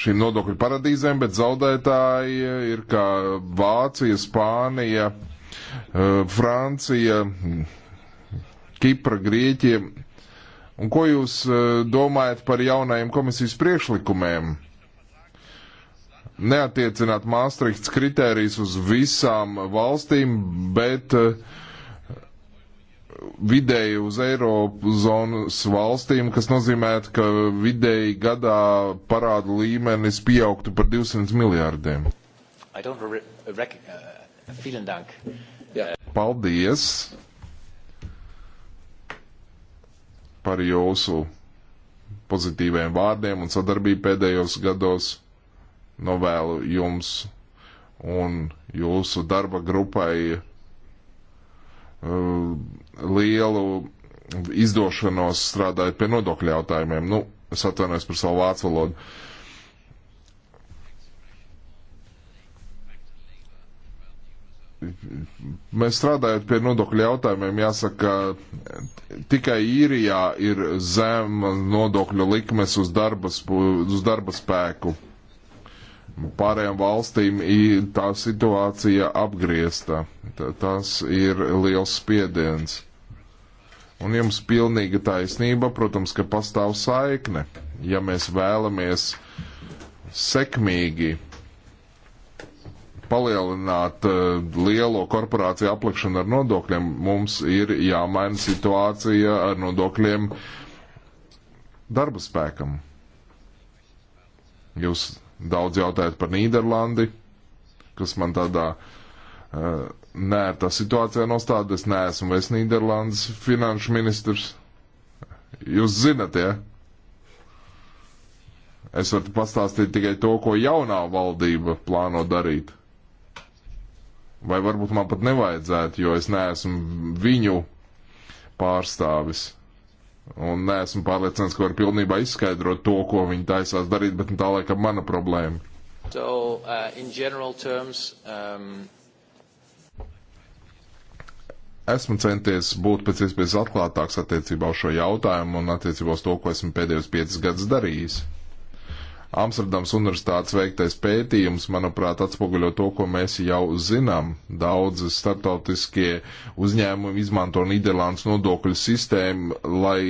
šīm nodokļu paradīzēm, bet zaudētāji ir kā Vācija, Spānija, Francija, Kipra, Grieķija. Un ko jūs e, domājat par jaunajiem komisijas priekšlikumiem? Neatiecināt Maastrichts kritērijas uz visām valstīm, bet e, vidēji uz Eirozonas valstīm, kas nozīmē, ka vidēji gadā parāda līmenis pieaugtu par 200 miljārdiem. Uh, Paldies! par jūsu pozitīviem vārdiem un sadarbību pēdējos gados. Novēlu jums un jūsu darba grupai uh, lielu izdošanos strādājot pie nodokļu jautājumiem. Nu, es atvainojos par savu vācu valodu. Uh, mēs strādājot pie nodokļu jautājumiem, jāsaka, tikai īrijā ir zema nodokļu likmes uz darba, uz darba spēku. Pārējām valstīm tā situācija apgriezta. Tas ir liels spiediens. Un jums pilnīga taisnība, protams, ka pastāv saikne. Ja mēs vēlamies sekmīgi palielināt eh, lielo korporāciju aplikšanu ar nodokļiem, mums ir jāmaina situācija ar nodokļiem darba spēkam. Jūs daudz jautājat par Nīderlandi, kas man tādā uh, nērtā situācijā nostāda. Es neesmu vairs Nīderlandes finanšu ministrs. Jūs zinat, ja? Es varu pastāstīt tikai to, ko jaunā valdība plāno darīt. Vai varbūt man pat nevajadzētu, jo es neesmu viņu pārstāvis. Un neesmu pārliecināts, ka var pilnībā izskaidrot to, ko viņi taisās darīt, bet nu, tā laikam mana problēma. So, uh, in general terms, um... Esmu centies būt pēc iespējas atklātāks attiecībā uz šo jautājumu un attiecībā uz to, ko esmu pēdējos piecus gadus darījis. Amsterdams Universitātes veiktais pētījums, manuprāt, atspoguļo to, ko mēs jau zinām. Daudzi startautiskie uzņēmumi izmanto Nīderlandes nodokļu sistēmu, lai,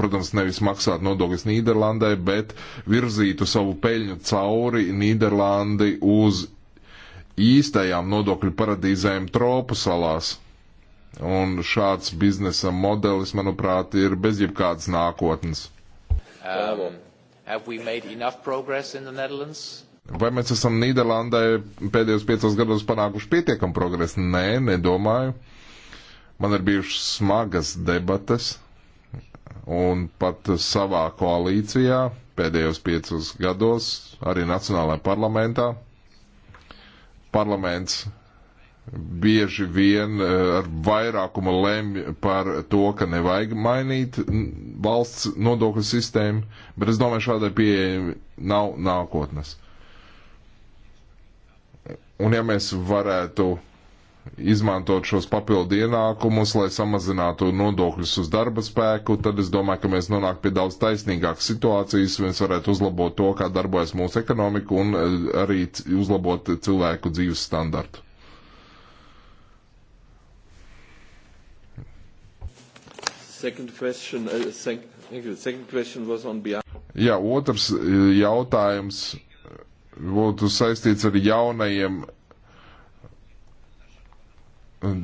protams, nevis maksātu nodokļus Nīderlandai, bet virzītu savu peļņu cauri Nīderlandi uz īstajām nodokļu paradīzēm tropu salās. Un šāds biznesa modelis, manuprāt, ir bez jebkādas nākotnes. Um. Have we made enough progress in the Netherlands? Vai mēs esam Nīderlandē pēdējos piecos gados panākuši pietiekam progresu? Nē, nedomāju. Man ir bijušas smagas debates un pat savā koalīcijā pēdējos piecos gados, arī Nacionālajā parlamentā. Parlaments bieži vien eh, ar vairākumu lemj par to, ka nevajag mainīt valsts nodokļu sistēmu, bet es domāju, šādai pieejai nav nākotnes. Un ja mēs varētu izmantot šos papildu ienākumus, lai samazinātu nodokļus uz darba spēku, tad es domāju, ka mēs nonāktu pie daudz taisnīgākas situācijas, mēs varētu uzlabot to, kā darbojas mūsu ekonomika un eh, arī uzlabot cilvēku dzīves standartu. Second question, uh, thank, thank you. Second question was on behalf. Jā, otrs uh, jautājums būtu saistīts ar jaunajiem, uh,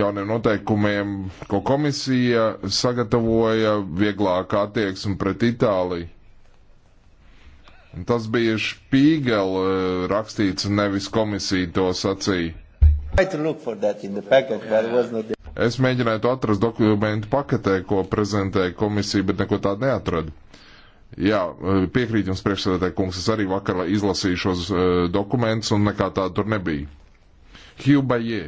jauniem noteikumiem, ko komisija sagatavoja vieglāk attieksmi pret Itāliju. Tas bija Špīgel uh, rakstīts, nevis komisija to sacīja. I tried to look for that in the packet, but it was not there. Es mēģināju to atrast dokumentu paketē, ko prezentēja komisija, bet neko tādu neatradu. Jā, piekrīt jums priekšsēdētāji kungs, es arī vakar izlasīju šos uh, dokumentus un nekā tāda tur nebija. Hjubajie.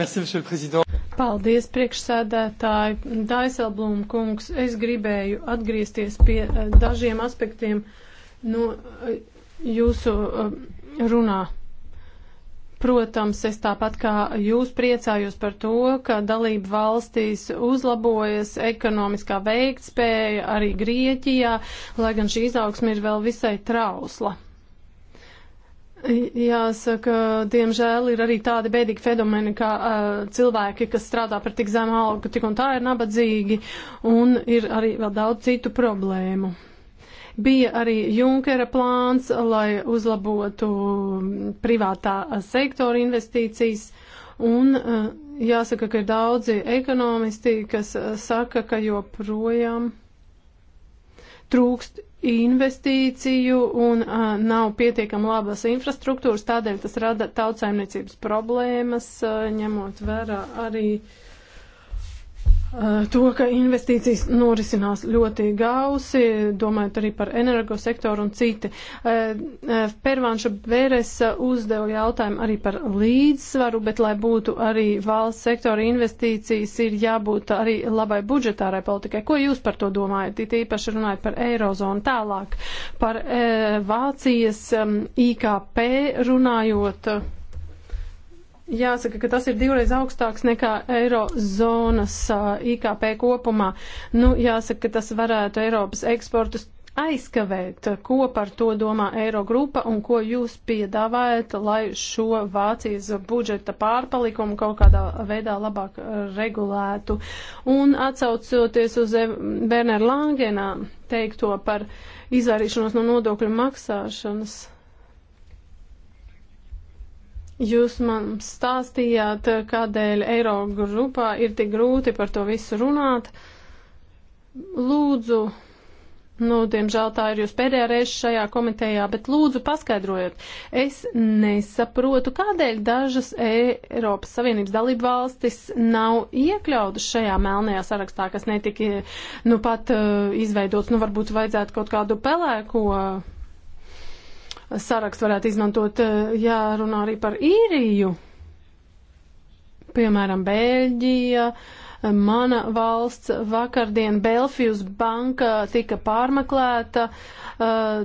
Merci, monsieur le président.
Paldies, priekšsēdētāji. Daiselblūma kungs, es gribēju atgriezties pie uh, dažiem aspektiem no uh, jūsu uh, runā. Protams, es tāpat kā jūs priecājos par to, ka dalību valstīs uzlabojas ekonomiskā veiktspēja arī Grieķijā, lai gan šī izaugsme ir vēl visai trausla. Jāsaka, diemžēl ir arī tādi bēdīgi fenomeni, kā uh, cilvēki, kas strādā par tik zemu algu, tik un tā ir nabadzīgi, un ir arī vēl daudz citu problēmu. Bija arī Junkera plāns, lai uzlabotu privātā sektora investīcijas. Un eh, jāsaka, ka ir daudzi ekonomisti, kas eh, saka, ka joprojām trūkst investīciju un uh, nav pietiekam labas infrastruktūras, tādēļ tas rada tautsaimniecības problēmas, uh, ņemot vērā arī uh, to, ka investīcijas norisinās ļoti gausi, domājot arī par energosektoru un citi. Pervānša Bēresa uzdeva jautājumu arī par līdzsvaru, bet, lai būtu arī valsts sektora investīcijas, ir jābūt arī labai budžetārai politikai. Ko jūs par to domājat? It īpaši runājot par eirozonu tālāk, par Vācijas IKP runājot. Jāsaka, ka tas ir divreiz augstāks nekā eirozonas IKP kopumā. Nu, jāsaka, ka tas varētu Eiropas eksportus aizkavēt, ko par to domā Eirogrupa un ko jūs piedāvājat, lai šo Vācijas budžeta pārpalikumu kaut kādā veidā labāk regulētu. Un atsaucoties uz Bernera Langenā teikto par izvairīšanos no nodokļu maksāšanas Jūs man stāstījāt, kādēļ Eiro grupā ir tik grūti par to visu runāt. Lūdzu, nu, diemžēl tā ir jūs pēdējā reize šajā komitejā, bet lūdzu paskaidrojiet, es nesaprotu, kādēļ dažas Eiropas Savienības dalību valstis nav iekļautas šajā melnajā sarakstā, kas netika, nu, pat uh, izveidots, nu, varbūt vajadzētu kaut kādu pelēko. Uh, sarakstu varētu izmantot, eh, jārunā arī par īriju. Piemēram, Bēļģija, eh, mana valsts vakardien Belfijas banka tika pārmeklēta. Uh,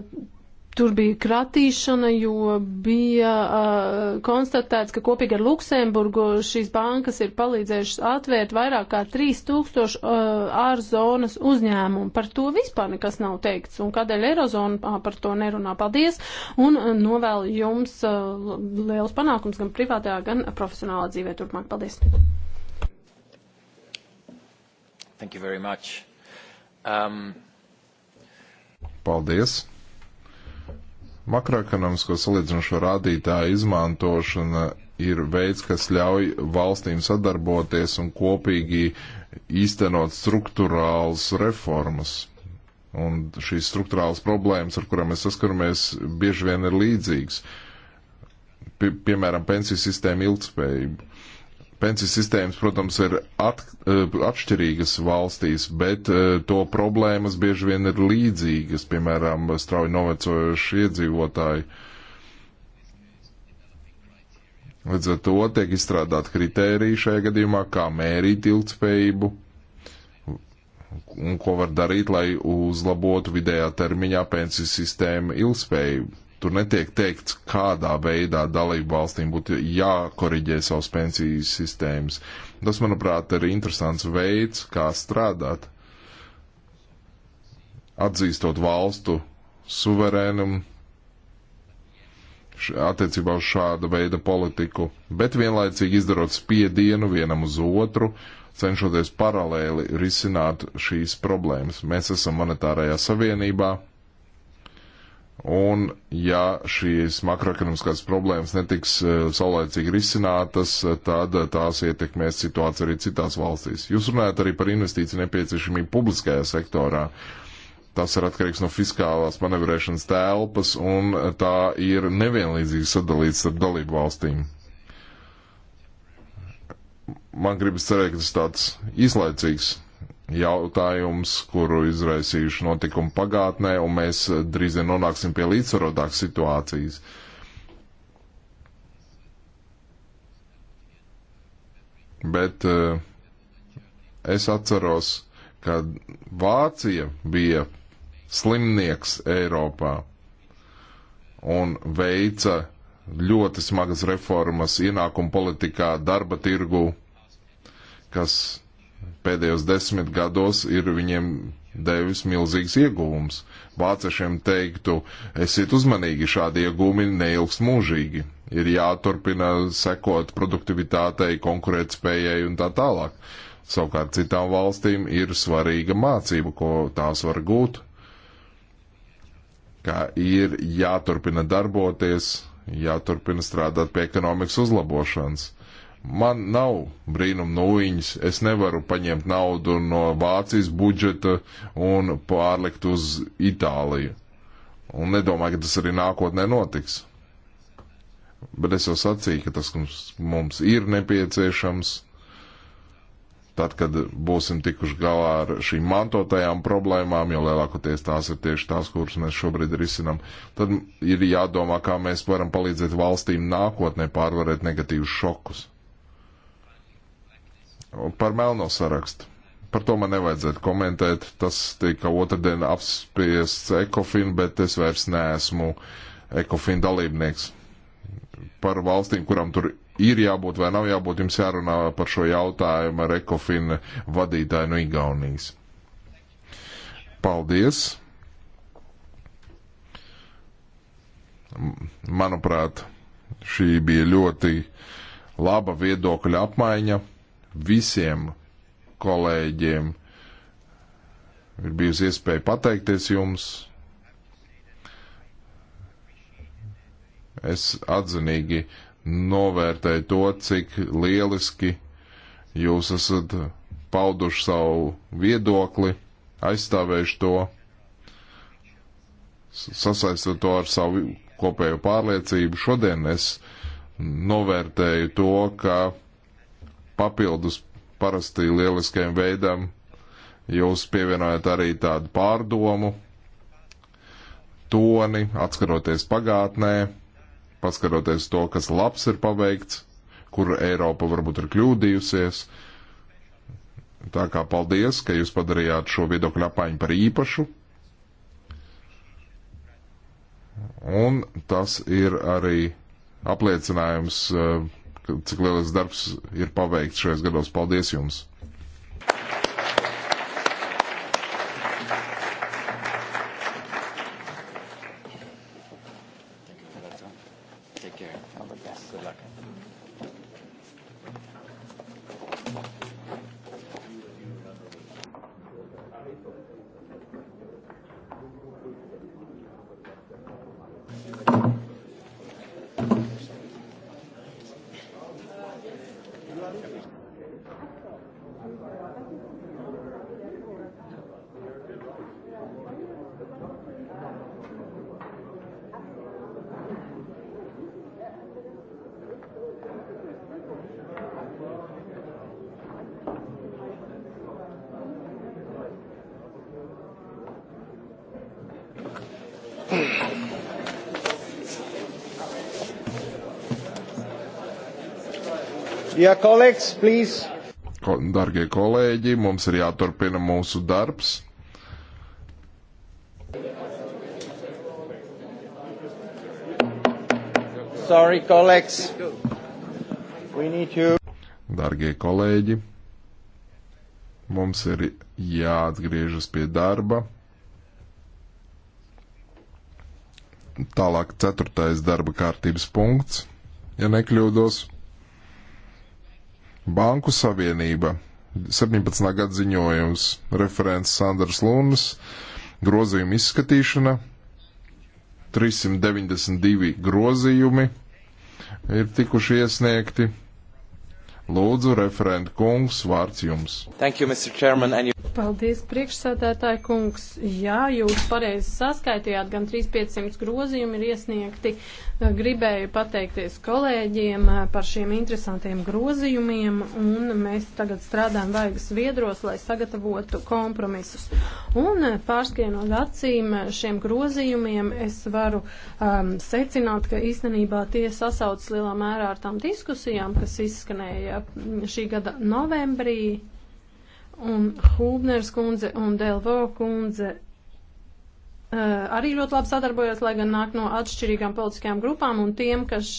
Tur bija kratīšana, jo bija uh, konstatēts, ka kopīgi ar Luksemburgu šīs bankas ir palīdzējušas atvērt vairāk kā 3000 uh, ārzonas uzņēmumu. Par to vispār nekas nav teikts, un kādēļ Eirozona par to nerunā. Paldies, un uh, novēlu jums uh, liels panākums gan privātajā, gan profesionālā dzīvē turpmāk. Paldies!
Thank you very much. Um... Paldies! Makroekonomisko salīdzinošo rādītāju izmantošana ir veids, kas ļauj valstīm sadarboties un kopīgi īstenot struktūrāls reformas. Un šīs struktūrāls problēmas, ar kurām mēs saskaramies, bieži vien ir līdzīgas. P piemēram, pensiju sistēma ilgspējība. Pensiju sistēmas, protams, ir at, eh, atšķirīgas valstīs, bet eh, to problēmas bieži vien ir līdzīgas, piemēram, strauji novecojuši iedzīvotāji. Līdz ar to tiek izstrādāt kritēriji šajā gadījumā, kā mērīt ilgspējību un ko var darīt, lai uzlabotu vidējā termiņā pensiju sistēmu ilgspējību. Tur netiek teikts, kādā veidā dalību valstīm būtu jākoriģē savas pensijas sistēmas. Tas, manuprāt, ir interesants veids, kā strādāt, atzīstot valstu suverēnumu attiecībā uz šāda veida politiku, bet vienlaicīgi izdarot spiedienu vienam uz otru, cenšoties paralēli risināt šīs problēmas. Mēs esam monetārajā savienībā, Un, ja šīs makroekonomiskās problēmas netiks e, saulēcīgi risinātas, e, tad e, tās ietekmēs situāciju arī citās valstīs. Jūs runājat arī par investīciju nepieciešamību publiskajā sektorā. Tas ir atkarīgs no fiskālās manevrēšanas telpas, un tā ir nevienlīdzīgi sadalīta starp dalību valstīm. Man gribas cerēt, ka tas tāds īslaicīgs jautājums, kuru izraisījuši notikumi pagātnē, un mēs drīz vien nonāksim pie līdzsvarotākas situācijas. Bet eh, es atceros, ka Vācija bija slimnieks Eiropā un veica ļoti smagas reformas ienākuma politikā, darba tirgu, kas pēdējos desmit gados ir viņiem devis milzīgs iegūms. Vāciešiem teiktu, esiet uzmanīgi, šādi iegūmi neilgs mūžīgi. Ir jāturpina sekot produktivitātei, konkurētspējai un tā tālāk. Savukārt citām valstīm ir svarīga mācība, ko tās var gūt, ka ir jāturpina darboties, jāturpina strādāt pie ekonomikas uzlabošanas Man nav brīnuma nūjiņas, es nevaru paņemt naudu no Vācijas budžeta un pārlikt uz Itāliju. Un nedomāju, ka tas arī nākotnē notiks. Bet es jau sacīju, ka tas mums ir nepieciešams tad, kad būsim tikuši galā ar šīm mantotajām problēmām, jo lielākoties tās ir tieši tās, kuras mēs šobrīd risinām, tad ir jādomā, kā mēs varam palīdzēt valstīm nākotnē pārvarēt negatīvus šokus. Par melno sarakstu. Par to man nevajadzētu komentēt. Tas tika otrdien apspiests ECOFIN, bet es vairs neesmu ECOFIN dalībnieks. Par valstīm, kurām tur ir jābūt vai nav jābūt, jums jārunā par šo jautājumu ar ECOFIN vadītāju no Igaunijas. Paldies! Manuprāt, šī bija ļoti laba viedokļa apmaiņa visiem kolēģiem. Ir bijusi iespēja pateikties jums. Es atzinīgi novērtēju to, cik lieliski jūs esat pauduši savu viedokli, aizstāvējuši to, sasaistot to ar savu kopējo pārliecību. Šodien es novērtēju to, ka papildus parasti lieliskajam veidam jūs pievienojat arī tādu pārdomu toni, atskaroties pagātnē, paskaroties to, kas labs ir paveikts, kur Eiropa varbūt ir kļūdījusies. Tā kā paldies, ka jūs padarījāt šo viedokļu apmaiņu par īpašu. Un tas ir arī apliecinājums uh, cik lielais darbs ir paveikts šajos gados. Paldies jums! Dear colleagues, please. Ko, dargie kolēģi, mums ir jāturpina mūsu darbs.
Sorry, colleagues. We need you.
Dargie kolēģi, mums ir jāatgriežas pie darba. Tālāk ceturtais darba kārtības punkts, ja nekļūdos. Banku savienība 17. gada ziņojums, referents Sanders Lunas, grozījuma izskatīšana, 392 grozījumi ir tikuši iesniegti. Lūdzu, referent kungs, vārds jums. Thank you, Mr. Chairman, and you...
Paldies, priekšsēdētāji kungs. Jā, jūs pareizi saskaitījāt, gan 3500 grozījumi ir iesniegti. Gribēju pateikties kolēģiem eh, par šiem interesantiem grozījumiem, un mēs tagad strādājam vaigas viedros, lai sagatavotu kompromisus. Un eh, pārskienot acīm eh, šiem grozījumiem, es varu um, secināt, ka īstenībā tie sasaucas lielā mērā ar tām diskusijām, kas izskanēja mm, šī gada novembrī Un Hūbners kundze un Delvo kundze uh, arī ļoti labi sadarbojas, lai gan nāk no atšķirīgām politiskajām grupām un tiem, kas,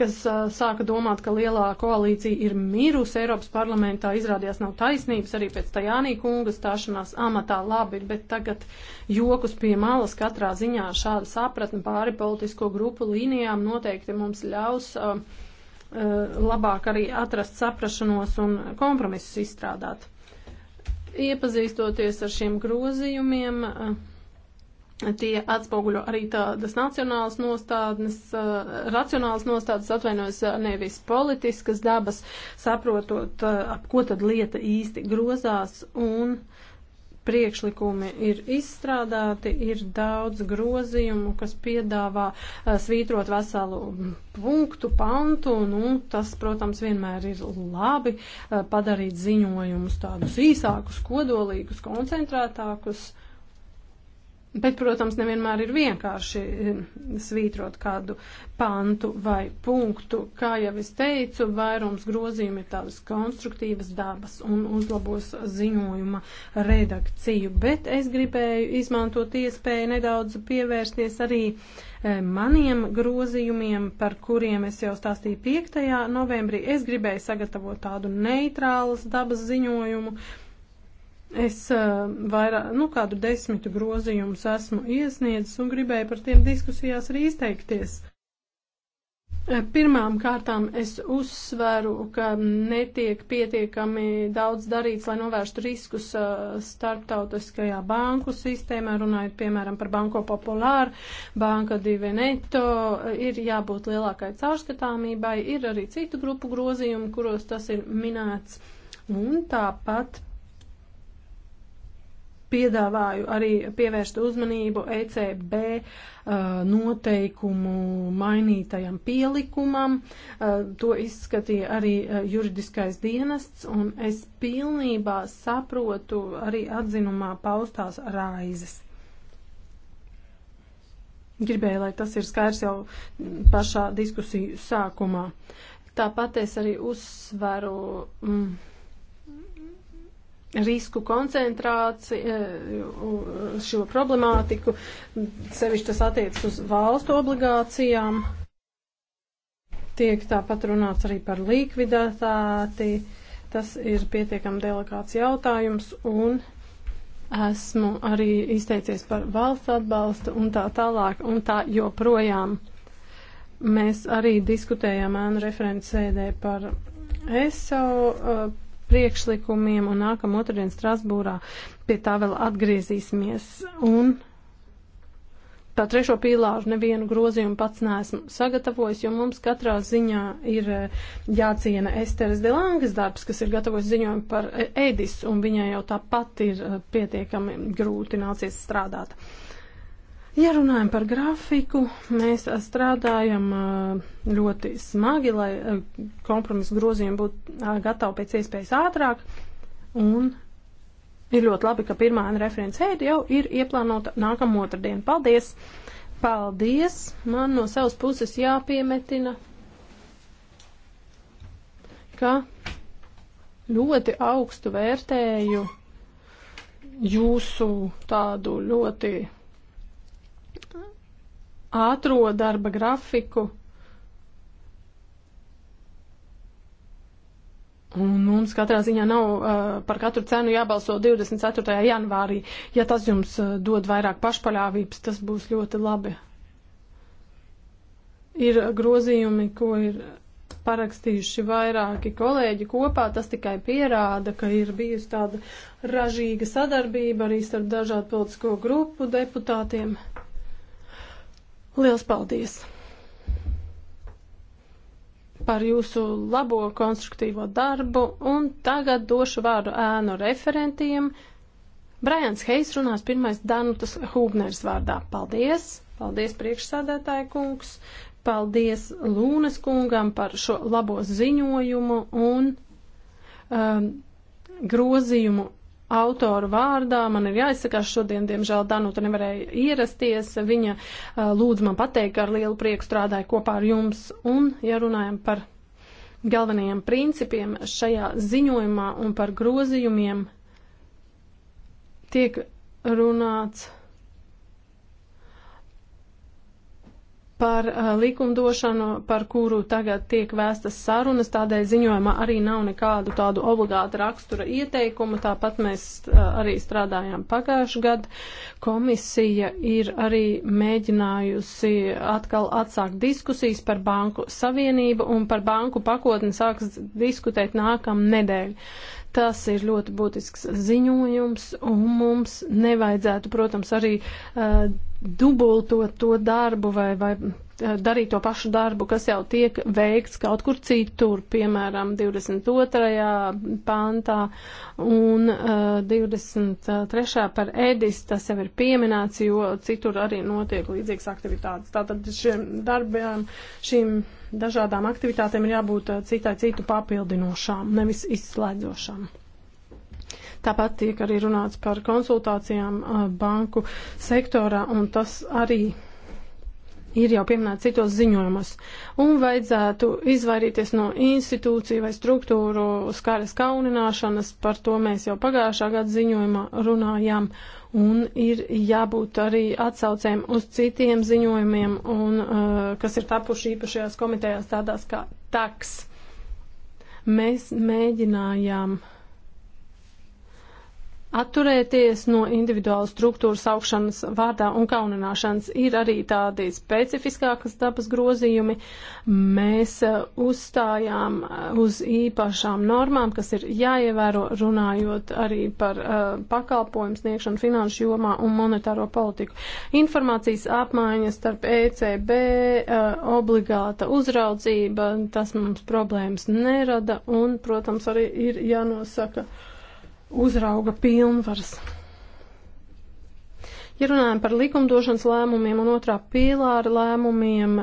kas uh, sāka domāt, ka lielā koalīcija ir mirusi Eiropas parlamentā, izrādījās nav taisnības arī pēc Tajānī kunga stāšanās amatā labi, bet tagad jokus pie malas katrā ziņā šāda sapratne pāri politisko grupu līnijām noteikti mums ļaus. Uh, labāk arī atrast saprašanos un kompromisus izstrādāt. Iepazīstoties ar šiem grozījumiem, eh, tie atspoguļo arī tādas nacionālas nostādnes, eh, racionālas nostādnes, atvainojas eh, nevis politiskas dabas, saprotot, ap ko tad lieta īsti grozās un uh, priekšlikumi ir izstrādāti, ir daudz grozījumu, kas piedāvā eh, svītrot veselu punktu, pantu, nu, tas, protams, vienmēr ir labi eh, padarīt ziņojumus tādus īsākus, kodolīgus, koncentrētākus. Bet, protams, nevienmēr ir vienkārši eh, svītrot kādu pantu vai punktu. Kā jau es teicu, vairums grozījumi ir tādas konstruktīvas dabas un uzlabos ziņojuma redakciju. Bet es gribēju izmantot iespēju nedaudz pievērsties arī eh, maniem grozījumiem, par kuriem es jau stāstīju 5. novembrī. Es gribēju sagatavot tādu neitrālas dabas ziņojumu Es uh, vairāk, nu, kādu desmitu grozījumus esmu iesniedzis un gribēju par tiem diskusijās arī izteikties. Pirmām kārtām es uzsveru, ka netiek pietiekami daudz darīts, lai novērstu riskus starptautiskajā banku sistēmā, runājot piemēram par Banko Populāru, Banka Diveneto, ir jābūt lielākai caurskatāmībai, ir arī citu grupu grozījumi, kuros tas ir minēts, un tāpat piedāvāju arī pievērst uzmanību ECB uh, noteikumu mainītajam pielikumam. Uh, to izskatīja arī uh, juridiskais dienests, un es pilnībā saprotu arī atzinumā paustās raizes. Gribēju, lai tas ir skaidrs jau pašā diskusiju sākumā. Tāpat es arī uzsveru. Mm, risku koncentrāciju, e, šo problemātiku, sevišķi tas attiec uz valstu obligācijām. Tiek tāpat runāts arī par likviditāti. Tas ir pietiekami delikāts jautājums un esmu arī izteicies par valsts atbalstu un tā tālāk un tā joprojām. Mēs arī diskutējām ēnu referents sēdē par ESO e, priekšlikumiem, un nākamā otrdien Strasbūrā pie tā vēl atgriezīsimies. Un tā trešo pīlāru nevienu grozījumu pats neesmu sagatavojis, jo mums katrā ziņā ir eh, jāciena Esteres Delangas darbs, kas ir gatavojis ziņojumu par eh, Edis, un viņai jau tāpat ir eh, pietiekami grūti nācies strādāt. Uh, Ja runājam par grafiku, mēs strādājam ļoti smagi, lai kompromisu grozījumi būtu gatavi pēc iespējas ātrāk. Un ir ļoti labi, ka pirmā referents ēda jau ir ieplānota nākamā otrdiena. Paldies! Paldies! Man no savas puses jāpiemetina, ka ļoti augstu vērtēju jūsu tādu ļoti ātro darba grafiku. Un mums katrā ziņā nav uh, par katru cenu jābalso 24. janvārī. Ja tas jums uh, dod vairāk pašpaļāvības, tas būs ļoti labi. Ir grozījumi, ko ir parakstījuši vairāki kolēģi kopā, tas tikai pierāda, ka ir bijusi tāda ražīga sadarbība arī starp dažādu politisko grupu deputātiem. Mm. Liels paldies par jūsu labo konstruktīvo darbu, un tagad došu vārdu ēnu referentiem. Brians Heis runās pirmais Danutas Hūbners vārdā. Paldies! Paldies, priekšsādātāja kungs! Paldies Lūnes kungam par šo labo ziņojumu un um, grozījumu autoru vārdā. Man ir jāizsakās šodien, diemžēl Danuta nevarēja ierasties. Viņa uh, lūdz man pateikt, ka ar lielu prieku strādāja kopā ar jums. Un, ja runājam par galvenajiem principiem šajā ziņojumā un par grozījumiem, tiek runāts. par uh, likumdošanu, par kuru tagad tiek vēstas sarunas, tādēļ ziņojumā arī nav nekādu tādu obligātu rakstura ieteikumu. Tāpat mēs uh, arī strādājām pagājušajā gadā. Komisija ir arī mēģinājusi atkal atsākt diskusijas par banku savienību un par banku pakotni sāks diskutēt nākam nedēļ. Tas ir ļoti būtisks ziņojums, un mums nevajadzētu, protams, arī uh, dubultot to darbu vai, vai eh, darīt to pašu darbu, kas jau tiek veikts kaut kur citur, piemēram, 22. pāntā un uh, eh, 23. par Edis, tas jau ir pieminēts, jo citur arī notiek līdzīgas aktivitātes. Tātad šiem darbiem, šīm dažādām aktivitātēm ir jābūt eh, citai citu papildinošām, nevis izslēdzošām. Tāpat tiek arī runāts par konsultācijām uh, banku sektorā, un tas arī ir jau pieminēts citos ziņojumos, un vajadzētu izvairīties no institūciju vai struktūru skaras kaunināšanas, par to mēs jau pagājušā gada ziņojumā runājām, un ir jābūt arī atsaucēm uz citiem ziņojumiem, un, uh, kas ir tapuši īpašajās komitejās tādās kā taks. Mēs mēģinājām uh, atturēties no individuālas struktūras augšanas vārdā un kaunināšanas. Ir arī tādi specifiskākas dabas grozījumi. Mēs eh, uzstājām eh, uz īpašām normām, kas ir jāievēro runājot arī par uh, pakalpojumu sniegšanu finanšu jomā un monetāro politiku. Informācijas apmaiņas starp ECB, uh, obligāta uzraudzība, tas mums problēmas nerada un, protams, arī ir jānosaka. Uh, uzrauga pilnvaras. Ja runājam par likumdošanas lēmumiem un otrā pīlāra lēmumiem,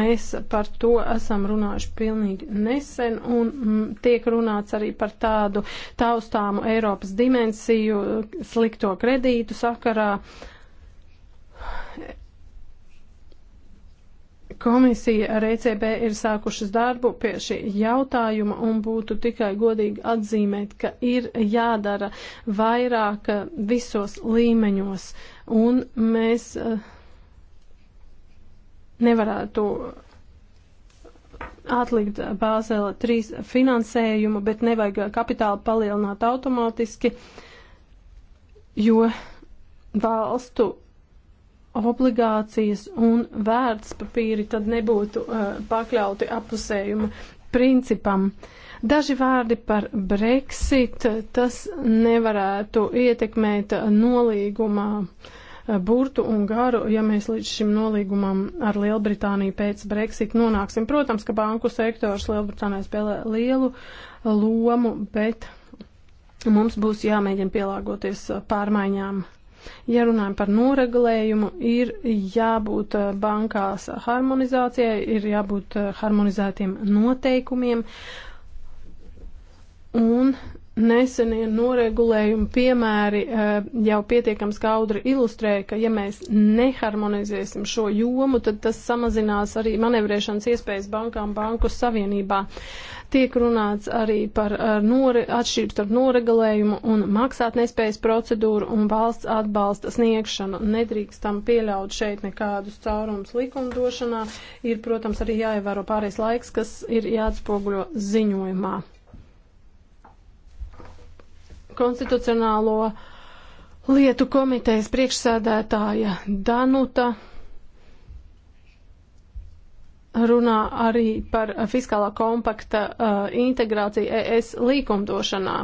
mēs par to esam runājuši pilnīgi nesen un m, mm, tiek runāts arī par tādu taustāmu Eiropas dimensiju slikto kredītu sakarā. Uh, Komisija ar ECB ir sākušas darbu pie šī jautājuma un būtu tikai godīgi atzīmēt, ka ir jādara vairāk visos līmeņos un mēs eh, nevarētu atlikt Bāzela 3 finansējumu, bet nevajag kapitālu palielināt automātiski, jo valstu obligācijas un vērtspapīri tad nebūtu uh, pakļauti apusējuma principam. Daži vārdi par Brexit, tas nevarētu ietekmēt nolīgumā uh, burtu un garu, ja mēs līdz šim nolīgumam ar Lielbritāniju pēc Brexit nonāksim. Protams, ka banku sektors Lielbritānijā spēlē lielu lomu, bet mums būs jāmēģina pielāgoties uh, pārmaiņām Ja runājam par noregulējumu, ir jābūt eh, bankās harmonizācijai, ir jābūt eh, harmonizētiem noteikumiem. Un nesenie noregulējumi piemēri eh, jau pietiekams kaudri ilustrēja, ka ja mēs neharmonizēsim šo jomu, tad tas samazinās arī manevrēšanas iespējas bankām banku savienībā. Uh, Tiek runāts arī par eh, nore, atšķirību starp noregulējumu un maksātnespējas procedūru un valsts atbalsta sniegšanu. Nedrīkstam pieļaut šeit nekādus caurums likumdošanā. Ir, protams, arī jāievēro pārējais laiks, kas ir jāatspoguļo ziņojumā. Konstitucionālo lietu komitejas priekšsēdētāja Danuta runā arī par fiskālā kompakta uh, integrāciju ES līkumdošanā.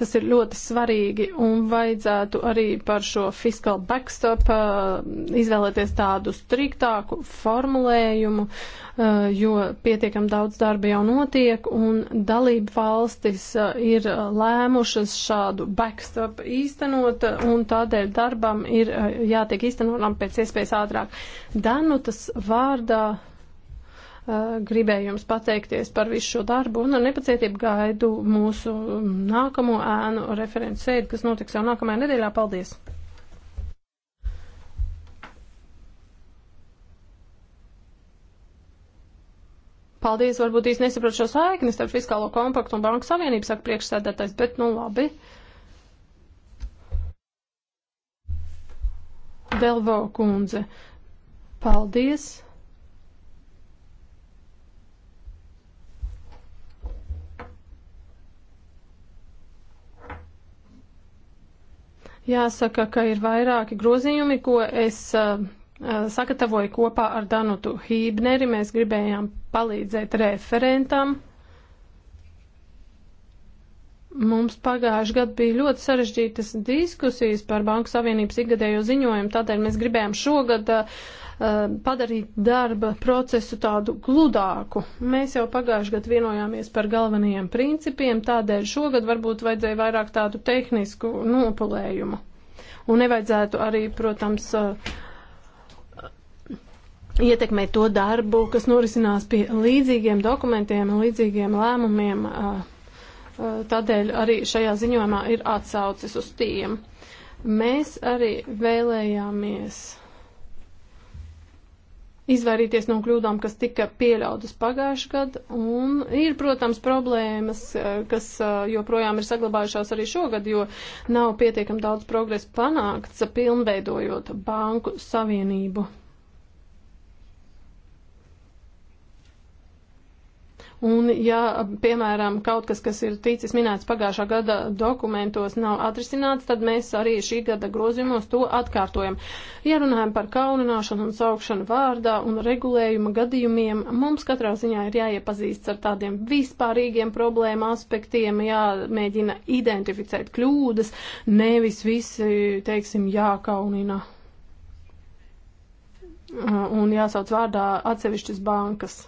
Tas ir ļoti svarīgi un vajadzētu arī par šo fiskal backstop uh, izvēlēties tādu striktāku formulējumu, uh, jo pietiekam daudz darba jau notiek un dalība valstis uh, ir uh, lēmušas šādu backstop īstenot uh, un tādēļ darbam ir uh, jātiek īstenotam pēc iespējas ātrāk. Danutas vārdā gribēju jums pateikties par visu šo darbu un ar nepacietību gaidu mūsu nākamo ēnu referents sēdi, kas notiks jau nākamajā nedēļā. Paldies! Paldies, varbūt īsti nesapratu šo saikni starp fiskālo kompaktu un banku savienību, saka priekšsēdētājs, bet nu labi. Delvo kundze, paldies! Jāsaka, ka ir vairāki grozījumi, ko es uh, uh, sagatavoju kopā ar Danutu Hībneri. Mēs gribējām palīdzēt referentam. Mums pagājuši gadu bija ļoti sarežģītas diskusijas par Banku Savienības ikgadējo ziņojumu, tādēļ mēs gribējām šogad uh, Um, padarīt darba procesu tādu gludāku. Mēs jau pagājuši gadu vienojāmies par galvenajiem principiem, tādēļ šogad varbūt vajadzēja vairāk tādu tehnisku nopulējumu. Un nevajadzētu arī, protams, uh, ietekmēt to darbu, kas norisinās pie līdzīgiem dokumentiem un līdzīgiem lēmumiem. Uh, uh, tādēļ arī šajā ziņojumā ir atsaucis uz tiem. Mēs arī vēlējāmies izvairīties no kļūdām, kas tika pieļautas pagājušajā gadā. Un ir, protams, problēmas, eh, kas eh, joprojām ir saglabājušās arī šogad, jo nav pietiekam daudz progresa panākts, pilnveidojot banku savienību. Un ja, piemēram, kaut kas, kas ir ticis minēts pagājušā gada dokumentos, nav atrisināts, tad mēs arī šī gada grozījumos to atkārtojam. Ja runājam par kaunināšanu un saukšanu vārdā un regulējuma gadījumiem, mums katrā ziņā ir jāiepazīstas ar tādiem vispārīgiem problēmu aspektiem, jāmēģina identificēt kļūdas, nevis visi, teiksim, jākaunina un jāsauc vārdā atsevišķas bankas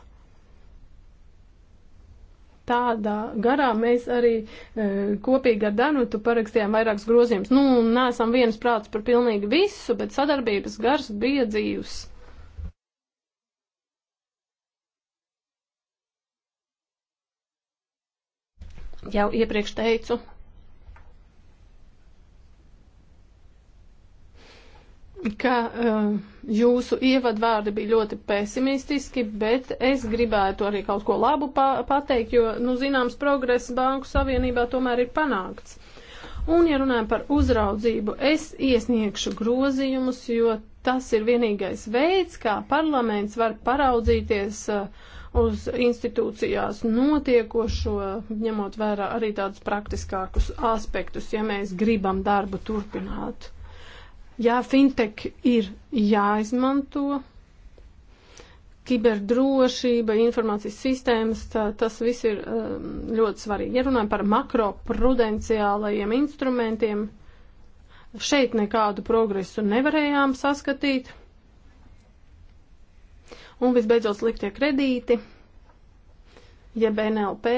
tādā garā mēs arī e, kopīgi ar Danutu parakstījām vairākus grozījumus. Nu, nesam vienas prāts par pilnīgi visu, bet sadarbības gars bija dzīvs. Jau iepriekš teicu. ka uh, Jūsu ievadvārdi bija ļoti pesimistiski, bet es gribētu arī kaut ko labu pa pateikt, jo, nu, zināms, progress Banku Savienībā tomēr ir panākts. Un, ja runājam par uzraudzību, es iesniegšu grozījumus, jo tas ir vienīgais veids, kā parlaments var paraudzīties uh, uz institūcijās notiekošo, ņemot vērā arī tādus praktiskākus aspektus, ja mēs gribam darbu turpināt. Jā, fintech ir jāizmanto. Kiberdrošība, informācijas sistēmas, tā, tas viss ir um, ļoti svarīgi. Ja runājam par makroprudenciālajiem instrumentiem, šeit nekādu progresu nevarējām saskatīt. Un visbeidzot sliktie kredīti, jeb NLP.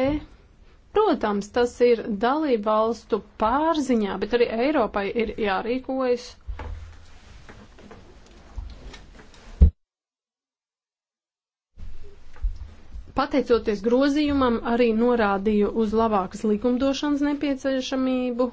Protams, tas ir dalību valstu pārziņā, bet arī Eiropai ir jārīkojas Pateicoties grozījumam, arī norādīju uz labākas likumdošanas nepieciešamību.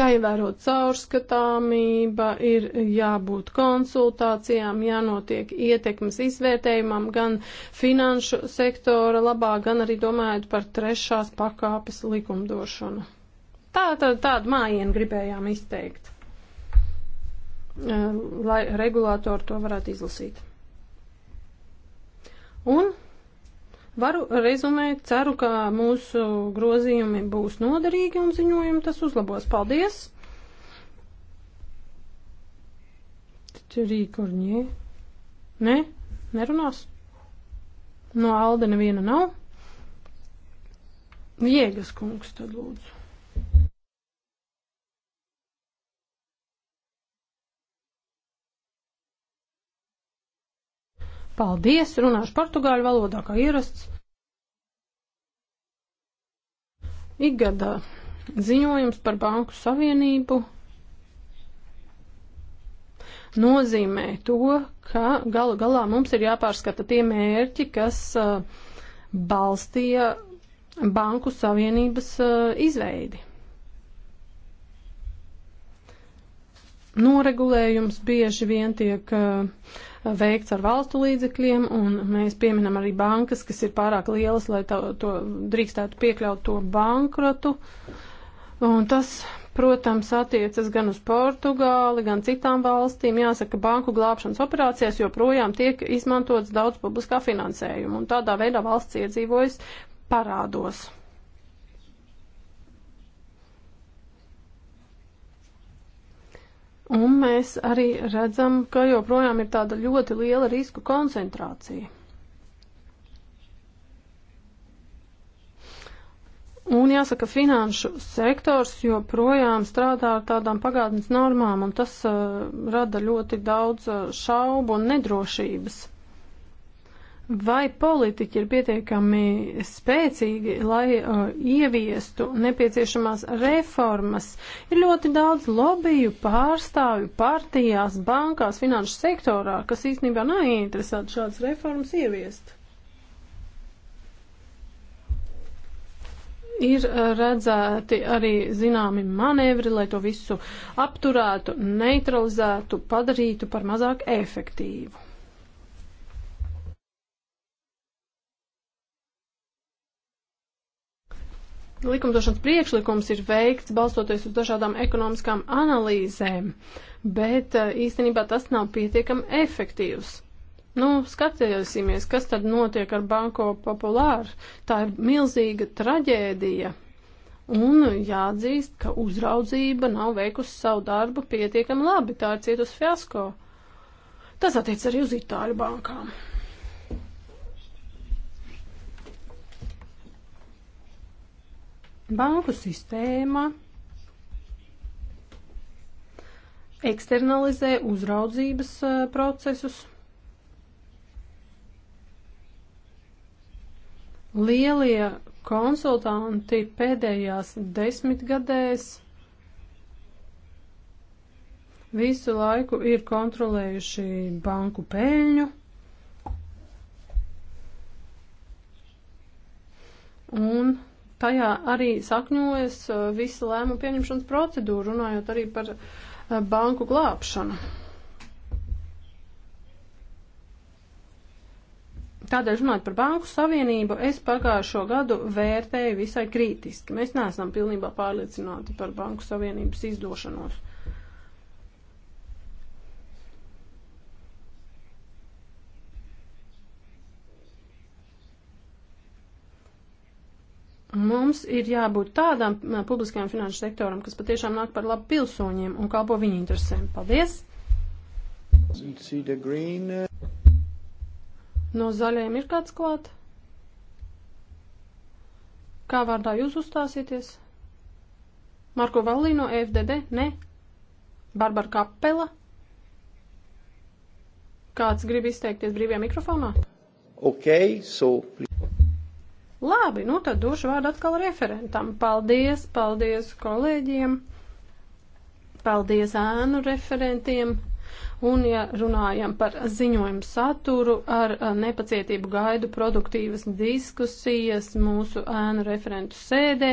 Jāievēro caurskatāmība, ir jābūt konsultācijām, jānotiek ietekmes izvērtējumam gan finanšu sektora labā, gan arī domājot par trešās pakāpes likumdošanu. Tā, tā, tādu mājienu gribējām izteikt, eh, lai regulātori to varētu izlasīt. Un varu rezumēt, ceru, ka mūsu grozījumi būs noderīgi un ziņojumi tas uzlabos. Paldies! Rīkorņie. Nē, ne? nerunās. No Alde neviena nav. Jēgas kungs tad lūdzu. Paldies, runāšu portugāļu valodā, kā ierasts. Ikgadā ziņojums par Banku Savienību nozīmē to, ka galu galā mums ir jāpārskata tie mērķi, kas uh, balstīja Banku Savienības uh, izveidi. Noregulējums bieži vien tiek uh, veikts ar valstu līdzekļiem, un mēs pieminam arī bankas, kas ir pārāk lielas, lai to, to drīkstētu piekļaut to bankrotu. Un tas, protams, attiecas gan uz Portugāli, gan citām valstīm. Jāsaka, banku glābšanas operācijās joprojām tiek izmantots daudz publiskā finansējuma, un tādā veidā valsts iedzīvojas parādos. Un mēs arī redzam, ka joprojām ir tāda ļoti liela risku koncentrācija. Un jāsaka, finanšu sektors joprojām strādā ar tādām pagātnes normām, un tas uh, rada ļoti daudz eh, šaubu un nedrošības. Vai politiķi ir pietiekami spēcīgi, lai uh, ieviestu nepieciešamās reformas? Ir ļoti daudz lobiju, pārstāvju partijās, bankās, finanšu sektorā, kas īstenībā nav interesēti šādas reformas ieviest. ir uh, redzēti arī zināmi manevri, lai to visu apturētu, neutralizētu, padarītu par mazāk efektīvu. likumdošanas priekšlikums ir veikts balstoties uz dažādām ekonomiskām analīzēm, bet eh, īstenībā tas nav pietiekami efektīvs. Nu, skatījāsimies, kas tad notiek ar Banko Populāru. Tā ir milzīga traģēdija. Un jāatzīst, ka uzraudzība nav veikusi savu darbu pietiekami labi. Tā ir cietusi fiasko. Tas attiec arī uz Itāļu bankām. Banku sistēma eksternalizē uzraudzības procesus. Lielie konsultanti pēdējās desmitgadēs visu laiku ir kontrolējuši banku peļņu. Un tajā arī sakņojas uh, visa lēmuma pieņemšanas procedūra, runājot arī par uh, banku glābšanu. Tādēļ runāt par banku savienību, es pagājušo gadu vērtēju visai kritiski. Mēs neesam pilnībā pārliecināti par banku savienības izdošanos. Mums ir jābūt tādam publiskajam finanšu sektoram, kas patiešām nāk par labu pilsoņiem un kalpo viņu interesēm. Paldies! No zaļajiem ir kāds klāt? Kā vārdā jūs uzstāsieties? Marko Vallī no FDD? Ne? Barbara Kapela? Kāds grib izteikties brīvajā mikrofonā?
Ok, so...
Labi, nu tad došu vārdu atkal referentam. Paldies, paldies kolēģiem, paldies ēnu referentiem. Un, ja runājam par ziņojumu saturu, ar nepacietību gaidu produktīvas diskusijas mūsu ēnu referentu sēdē,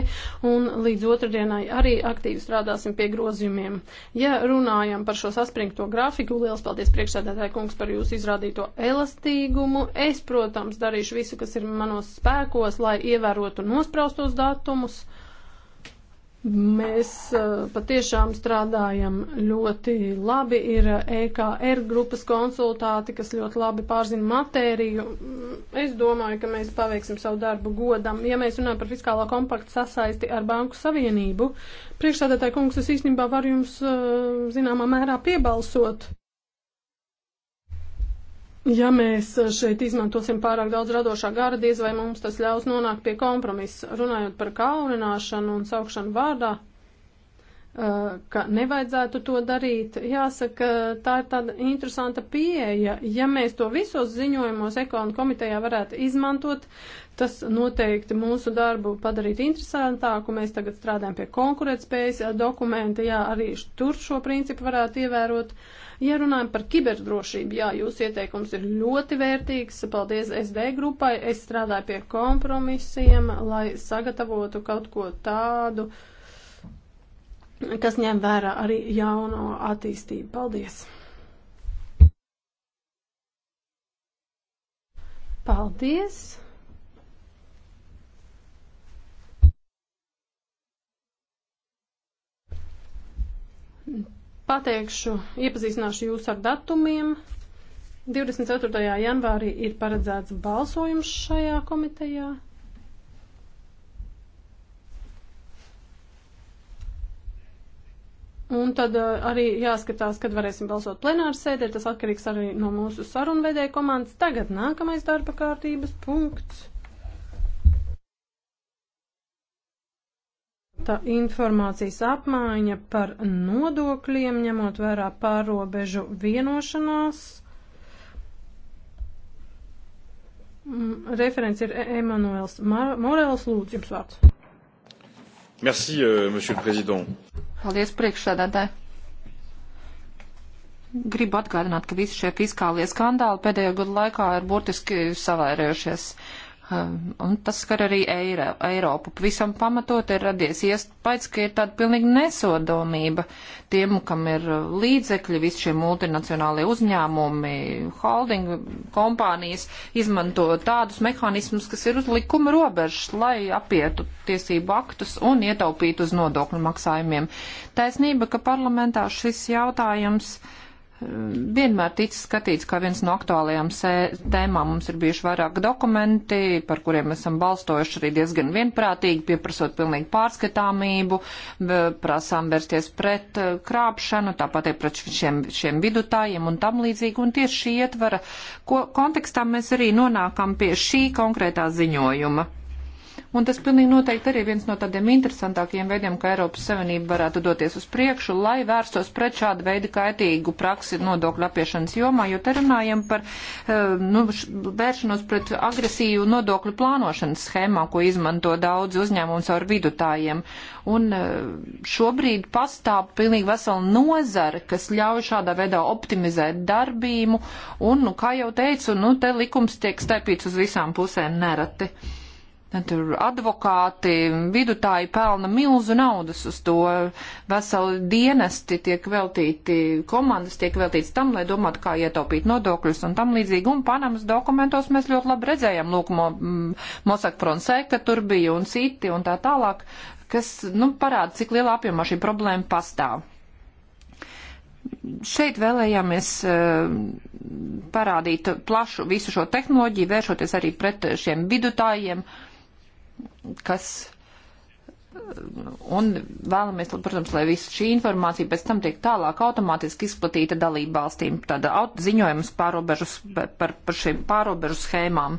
un līdz otrdienai arī aktīvi strādāsim pie grozījumiem. Ja runājam par šo saspringto grafiku, liels paldies priekšsēdētāji kungs par jūsu izrādīto elastīgumu. Es, protams, darīšu visu, kas ir manos spēkos, lai ievērotu nospraustos datumus. Mēs eh, patiešām strādājam ļoti labi. Ir EKR eh, e grupas konsultāti, kas ļoti labi pārzina matēriju. Es domāju, ka mēs paveiksim savu darbu godam. Ja mēs runājam par fiskālo kompaktu sasaisti ar Banku Savienību, priekšstādātāji kungs, es īstenībā varu jums eh, zināmā mērā piebalsot. Ja mēs šeit izmantosim pārāk daudz radošā gara, diez vai mums tas ļaus nonākt pie kompromisa, runājot par kaunināšanu un saukšanu vārdā, eh, ka nevajadzētu to darīt. Jāsaka, tā ir tāda interesanta pieeja. Ja mēs to visos ziņojumos ekonu komitejā varētu izmantot, tas noteikti mūsu darbu padarītu interesantāku. Mēs tagad strādājam pie konkurētspējas dokumenta, jā, arī tur šo principu varētu ievērot. Uh, Ja runājam par kiberdrošību, jā, jūs ieteikums ir ļoti vērtīgs. Paldies SD grupai. Es strādāju pie kompromisiem, lai sagatavotu kaut ko tādu, kas ņem vērā arī jauno attīstību. Paldies! Paldies! Pateikšu, iepazīstināšu jūs ar datumiem. 24. janvārī ir paredzēts balsojums šajā komitejā. Un tad uh, arī jāskatās, kad varēsim balsot plenāru sēdē. Tas atkarīgs arī no mūsu sarunvedēja komandas. Tagad nākamais darba kārtības punkts. tā informācijas apmaiņa par nodokļiem, ņemot vērā pārobežu vienošanās. Mm, referents ir e- Emanuels Morels. Lūdzu, jums vārds.
Merci, euh, monsieur le président.
Paldies, priekšsēdētāji. Gribu atgādināt, ka visi šie fiskālie skandāli pēdējo gadu laikā ir burtiski savairējušies. Uh, Um, un tas skar arī Eiro, Eiropu. Pavisam pamatot ir radies iespējas, ka ir tāda pilnīgi nesodomība tiem, kam ir līdzekļi, visi šie multinacionālie uzņēmumi, holdingu kompānijas izmanto tādus mehānismus, kas ir uz likuma robežas, lai apietu tiesību aktus un ietaupītu uz nodokļu maksājumiem. Taisnība, ka parlamentā šis jautājums. Uh, vienmēr ticis skatīts kā viens no aktuālajām tēmām. Mums ir bijuši vairāk dokumenti, par kuriem esam balstojuši arī diezgan vienprātīgi, pieprasot pilnīgi pārskatāmību, prasām vērsties pret eh, krāpšanu, tāpat ir pret šiem, šiem vidutājiem un tam līdzīgi. Un tieši šī ietvara ko, kontekstā mēs arī nonākam pie šī konkrētā ziņojuma. Un tas pilnīgi noteikti arī viens no tādiem interesantākiem veidiem, kā Eiropas Savienība varētu doties uz priekšu, lai vērstos pret šādu veidu kaitīgu praksi nodokļu apiešanas jomā, jo te runājam par eh, nu, vēršanos pret agresīvu nodokļu plānošanas schēmā, ko izmanto daudz uzņēmums ar vidutājiem. Un eh, šobrīd pastāv pilnīgi vesela nozara, kas ļauj šādā veidā optimizēt darbību, un, nu, kā jau teicu, nu, te likums tiek stepīts uz visām pusēm nereti. Tur advokāti, vidutāji pelna milzu naudas uz to, veseli dienesti tiek veltīti, komandas tiek veltīts tam, lai domātu, kā ietaupīt nodokļus un tam līdzīgi. Un Panamas dokumentos mēs ļoti labi redzējām, lūk, Mo, Mosak Fronseika tur bija un citi un tā tālāk, kas, nu, parāda, cik lielā apjomā šī problēma pastāv. Šeit vēlējāmies eh, parādīt plašu visu šo tehnoloģiju, vēršoties arī pret šiem vidutājiem. Uh, kas un vēlamies, protams, lai visu šī informācija pēc tam tiek tālāk automātiski izplatīta dalību valstīm, tāda ziņojums pārobežus, par, par šīm pārobežu schēmām.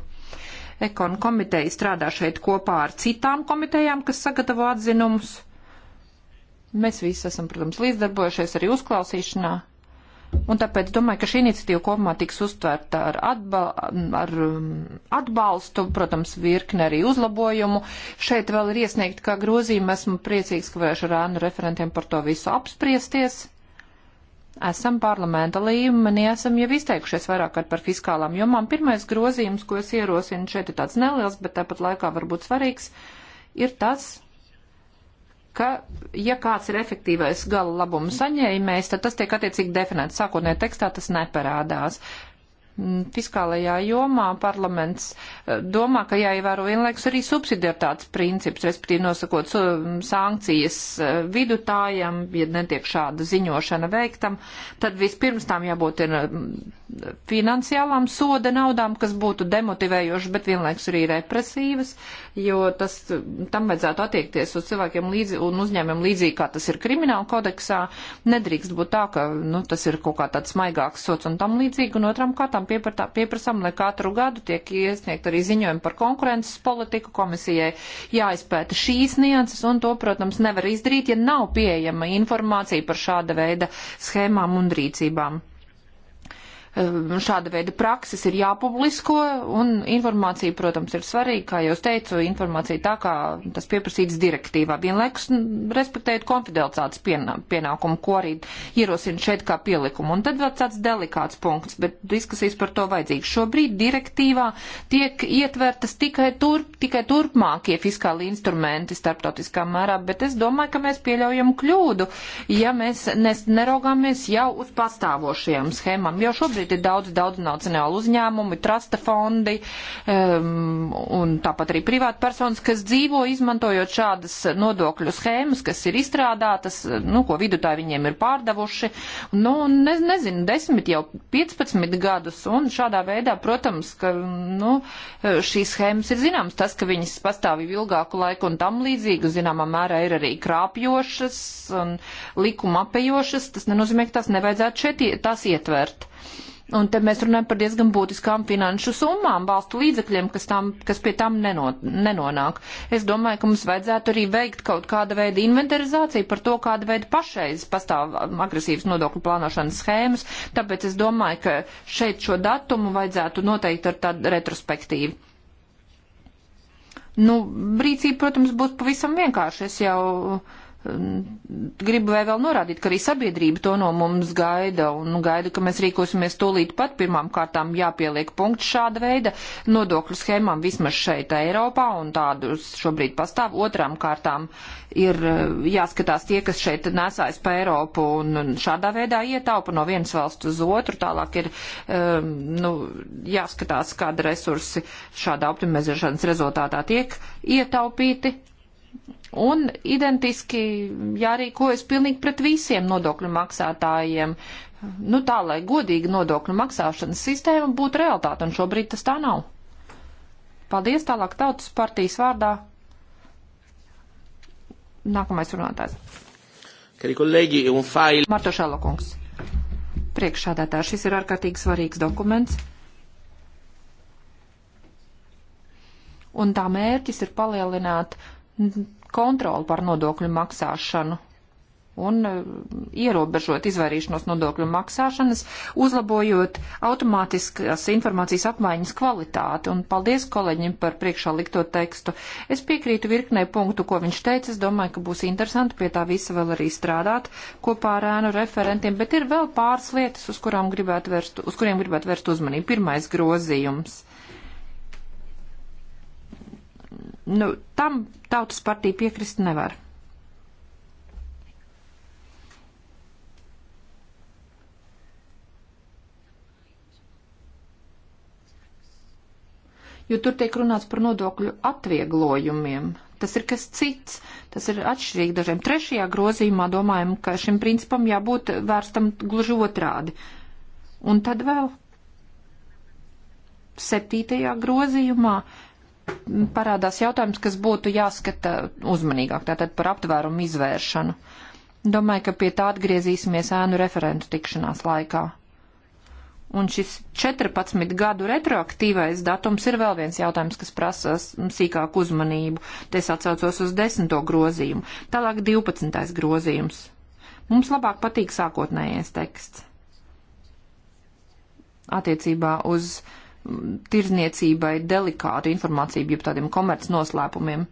Ekon komiteja strādā šeit kopā ar citām komitejām, kas sagatavo atzinumus. Mēs visi esam, protams, līdzdarbojušies arī uzklausīšanā. Un tāpēc domāju, ka šī iniciatīva kopumā tiks uztvērta ar, atbal ar um, atbalstu, protams, virkni arī uzlabojumu. Šeit vēl ir iesniegt kā grozījumi. Esmu priecīgs, ka varēšu ar ēnu referentiem par to visu apspriesties. Esam parlamenta līmenī, esam jau izteikušies vairāk kārt par fiskālām jomām. Pirmais grozījums, ko es ierosinu, šeit ir tāds neliels, bet tāpat laikā varbūt svarīgs, ir tas, ka, ja kāds ir efektīvais gala labuma saņēmējs, tad tas tiek attiecīgi definēts. Sākotnējā tekstā tas neparādās. Mm, fiskālajā jomā parlaments eh, domā, ka jāievēro vienlaikus arī subsidiartāts princips, respektīvi nosakot sankcijas eh, vidutājam, ja netiek šāda ziņošana veiktam, tad vispirms tām jābūt ir mm, finansiālām soda naudām, kas būtu demotivējošas, bet vienlaikus arī represīvas. Uh, jo tas, tam vajadzētu attiekties uz cilvēkiem līdzi, un uzņēmiem līdzīgi, kā tas ir krimināla kodeksā. Nedrīkst būt tā, ka nu, tas ir kaut kā tāds maigāks sots un tam līdzīgi, un otram kārtām pieprasām, lai katru gadu tiek iesniegt arī ziņojumi par konkurences politiku komisijai, jāizpēta šīs nianses, un to, protams, nevar izdarīt, ja nav pieejama informācija par šāda veida schēmām un rīcībām. Ehm, šāda veida prakses ir jāpublisko, un informācija, protams, ir svarīga, kā jau teicu, informācija tā, kā tas pieprasīts direktīvā. Vienlaikus respektējot konfidenciāts pienākumu, ko arī ierosina šeit kā pielikumu. Un tad vēl tāds delikāts punkts, bet diskusijas par to vajadzīgs. Šobrīd direktīvā tiek ietvertas tikai, turp, tikai turpmākie fiskāli instrumenti starptautiskā mērā, bet es domāju, ka mēs pieļaujam kļūdu, ja mēs neraugāmies jau uz pastāvošajām schēmām. Jo šobrīd šeit ir daudz, daudz nacionālu uzņēmumu, trusta fondi um, un tāpat arī privātpersonas, kas dzīvo izmantojot šādas nodokļu schēmas, kas ir izstrādātas, nu, ko vidutāji viņiem ir pārdevuši, nu, ne, nezinu, 10 jau 15 gadus, un šādā veidā, protams, ka, nu, šīs schēmas ir zināmas, tas, ka viņas pastāvīja ilgāku laiku un tam līdzīgi, zināmā mērā ir arī krāpjošas un likuma apējošas, tas nenozīmē, ka tās nevajadzētu šeit tās ietvert. Un te mēs runājam par diezgan būtiskām finanšu summām, valstu līdzekļiem, kas, tam, kas pie tam nenot, nenonāk. Es domāju, ka mums vajadzētu arī veikt kaut kāda veida inventarizāciju par to, kāda veida pašreiz pastāv um, agresīvas nodokļu plānošanas schēmas. Tāpēc es domāju, ka šeit šo datumu vajadzētu noteikt ar tādu retrospektīvu. Nu, rīcība, protams, būs pavisam vienkārši. Es jau uh, gribu vai vēl norādīt, ka arī sabiedrība to no mums gaida un gaida, ka mēs rīkosimies tūlīt pat pirmām kārtām jāpieliek punkts šāda veida nodokļu schēmām vismaz šeit Eiropā un tādus šobrīd pastāv. Otrām kārtām ir eh, jāskatās tie, kas šeit nesājas pa Eiropu un šādā veidā ietaupa no vienas valsts uz otru. Tālāk ir um, nu, jāskatās, kāda resursi šāda optimizēšanas rezultātā tiek ietaupīti Un identiski jārīkojas pilnīgi pret visiem nodokļu maksātājiem. Nu tā, lai godīga nodokļu maksāšanas sistēma būtu realitāte, un šobrīd tas tā nav. Paldies tālāk tautas partijas vārdā. Nākamais runātājs. Marto Šalokungs. Priekšādātā šis ir ārkārtīgi svarīgs dokuments. Un tā mērķis ir palielināt kontroli par nodokļu maksāšanu un e, ierobežot izvairīšanos nodokļu maksāšanas, uzlabojot automātiskās informācijas apmaiņas kvalitāti. Un paldies kolēģim par priekšā likto tekstu. Es piekrītu virknē punktu, ko viņš teica. Es domāju, ka būs interesanti pie tā visa vēl arī strādāt kopā ar ēnu referentiem, bet ir vēl pāris lietas, uz, gribētu vērst, uz kuriem gribētu vērst uzmanību. Pirmais grozījums Nu, tam tautas partija piekrist nevar. jo tur tiek runāts par nodokļu atvieglojumiem. Tas ir kas cits, tas ir atšķirīgi dažiem. Trešajā grozījumā domājam, ka šim principam jābūt vērstam gluži otrādi. Un tad vēl septītajā grozījumā parādās jautājums, kas būtu jāskata uzmanīgāk, tātad par aptvērumu izvēršanu. Domāju, ka pie tā atgriezīsimies ēnu referentu tikšanās laikā. Un šis 14 gadu retroaktīvais datums ir vēl viens jautājums, kas prasa sīkāku uzmanību. Te es atcaucos uz 10. grozījumu, tālāk 12. grozījums. Mums labāk patīk sākotnējais teksts. Attiecībā uz uh, tirzniecībai delikātu informāciju, jeb tādiem komerc noslēpumiem.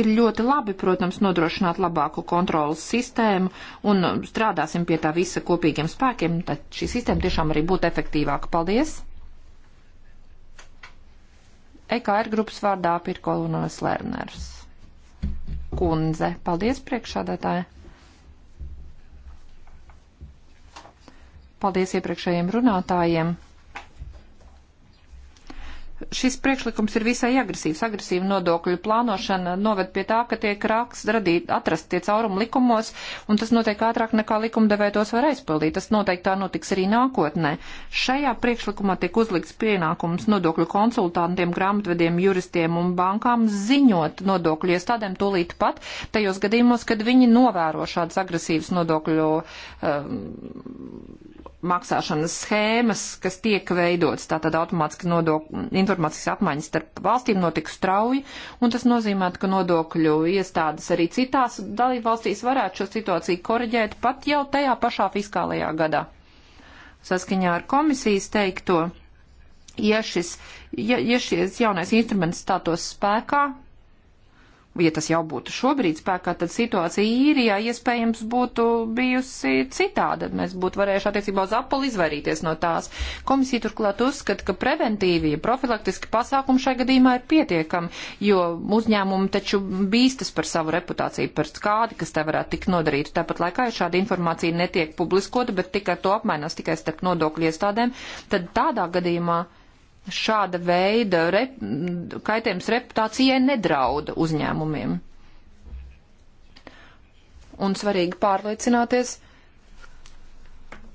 Ir ļoti labi, protams, nodrošināt labāku kontrolas sistēmu un strādāsim pie tā visa kopīgiem spēkiem, tad šī sistēma tiešām arī būtu efektīvāka. Paldies! EKR grupas vārdā Pirko Lunas Lerners. Kundze, paldies priekšādātāji! Paldies iepriekšējiem runātājiem. Šis priekšlikums ir visai agresīvs. Agresīva nodokļu plānošana noved pie tā, ka tiek rāks radīt, atrast tie caurumi likumos, un tas notiek ātrāk nekā likumdevē tos var aizpildīt. Tas noteikti tā notiks arī nākotnē. Šajā priekšlikumā tiek uzlikts pienākums nodokļu konsultantiem, grāmatvediem, juristiem un bankām ziņot nodokļu iestādēm tūlīt pat tajos gadījumos, kad viņi novēro šādas agresīvas nodokļu. Um, maksāšanas schēmas, kas tiek veidotas, tātad automātiski nodok, informācijas apmaiņas starp valstīm notika strauji, un tas nozīmē, ka nodokļu iestādes arī citās dalībvalstīs varētu šo situāciju koreģēt pat jau tajā pašā fiskālajā gadā. Saskaņā ar komisijas teikto, ja, šis, ja, ja šis jaunais instruments stātos spēkā, ja tas jau būtu šobrīd spēkā, tad situācija īrijā iespējams būtu bijusi citāda. Mēs būtu varējuši attiecībā uz Apple izvairīties no tās. Komisija turklāt uzskata, ka preventīvi, ja profilaktiski pasākumi šai gadījumā ir pietiekami, jo uzņēmumi taču bīstas par savu reputāciju, par skādi, kas te varētu tikt nodarīta. Tāpat laikā, ja šāda informācija netiek publiskota, bet tikai to apmainās tikai starp nodokļu iestādēm, tad tādā gadījumā šāda veida rep, kaitējums reputācijai nedrauda uzņēmumiem. Un svarīgi pārliecināties,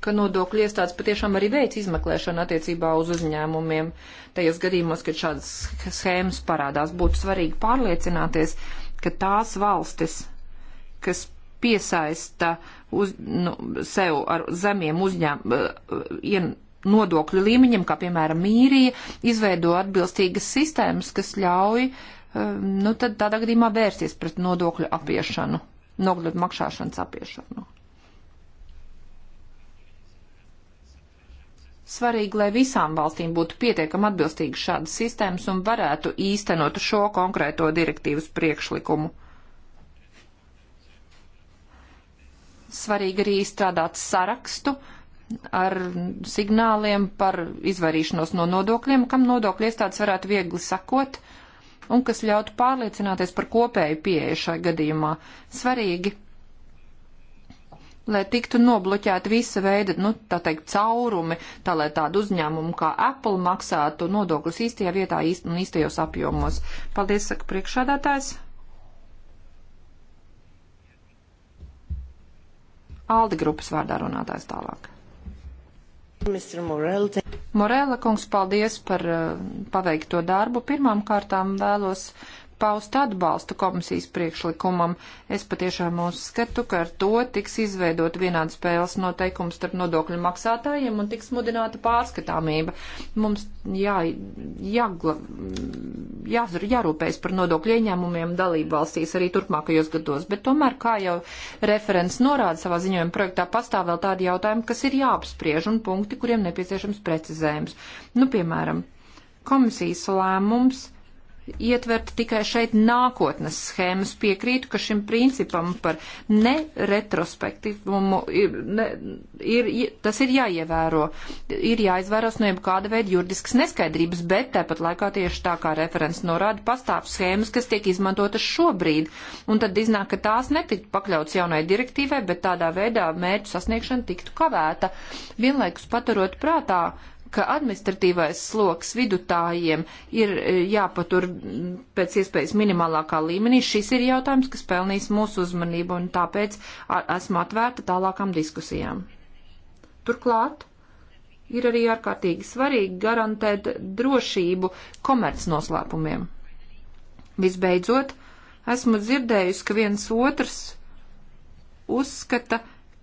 ka nodokļu iestādes patiešām arī veic izmeklēšanu attiecībā uz uzņēmumiem. Tajos gadījumos, kad šādas schēmas parādās, būtu svarīgi pārliecināties, ka tās valstis, kas piesaista uz, nu, sev ar zemiem uzņēmumiem, nodokļu līmeņiem, kā piemēram īrija, izveido atbilstīgas sistēmas, kas ļauj, eh, nu tad tādā gadījumā vērsties pret nodokļu apiešanu, nodokļu maksāšanas apiešanu. Svarīgi, lai visām valstīm būtu pietiekami atbilstīgas šādas sistēmas un varētu īstenot šo konkrēto direktīvas priekšlikumu. Svarīgi arī izstrādāt sarakstu, uh, ar signāliem par izvairīšanos no nodokļiem, kam nodokļu iestādes varētu viegli sakot un kas ļautu pārliecināties par kopēju pieeju šai gadījumā. Svarīgi, lai tiktu nobloķēti visa veida, nu, tā teikt, caurumi, tā lai tādu uzņēmumu kā Apple maksātu nodokļus īstajā vietā īst, un īstajos apjomos. Paldies, saka priekšādātājs. Aldi grupas vārdā runātājs tālāk. Morēla kungs, paldies par eh, paveikto darbu. Pirmām kārtām vēlos paust atbalstu komisijas priekšlikumam. Es patiešām uzskatu, ka ar to tiks izveidot vienāds spēles noteikums starp nodokļu maksātājiem un tiks mudināta pārskatāmība. Mums jā, jāgla, jā, jārūpējas par nodokļu ieņēmumiem dalību valstīs arī turpmākajos gados, bet tomēr, kā jau referents norāda savā ziņojuma projektā, pastāv vēl tādi jautājumi, kas ir jāapspriež un punkti, kuriem nepieciešams precizējums. Nu, piemēram, komisijas lēmums ietvert tikai šeit nākotnes schēmas. Piekrītu, ka šim principam par neretrospektivumu ir, ne, ir, tas ir jāievēro. Ir jāizvērās no jebkāda veida juridiskas neskaidrības, bet tāpat laikā tieši tā kā referents norāda, pastāv schēmas, kas tiek izmantotas šobrīd. Un tad iznāk, ka tās netiktu pakļauts jaunai direktīvai, bet tādā veidā mērķu sasniegšana tiktu kavēta. Vienlaikus paturot prātā, ka administratīvais sloks vidutājiem ir e, jāpatur pēc iespējas minimālākā līmenī. Šis ir jautājums, kas pelnīs mūsu uzmanību, un tāpēc esmu atvērta tālākām diskusijām. Turklāt ir arī ārkārtīgi svarīgi garantēt drošību komerc noslēpumiem. Visbeidzot, esmu dzirdējusi, ka viens otrs uzskata,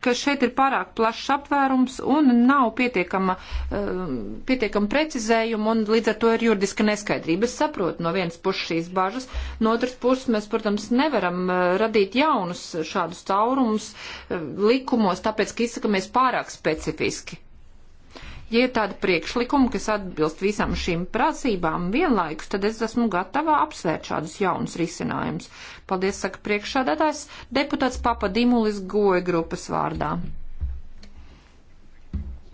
ka šeit ir pārāk plašs apvērums un nav pietiekama, eh, pietiekama precizējuma un līdz ar to ir juridiska neskaidrība. Es saprotu no vienas puses šīs bažas, no otras puses mēs, protams, nevaram eh, radīt jaunus šādus caurumus eh, likumos, tāpēc, ka izsakamies pārāk specifiski. Ja ir tāda priekšlikuma, kas atbilst visam šīm prasībām vienlaikus, tad es esmu gatava apsvērt šādus jaunus risinājumus. Paldies, saka priekšādātājs, deputāts Papa Dimulis Goja grupas vārdā.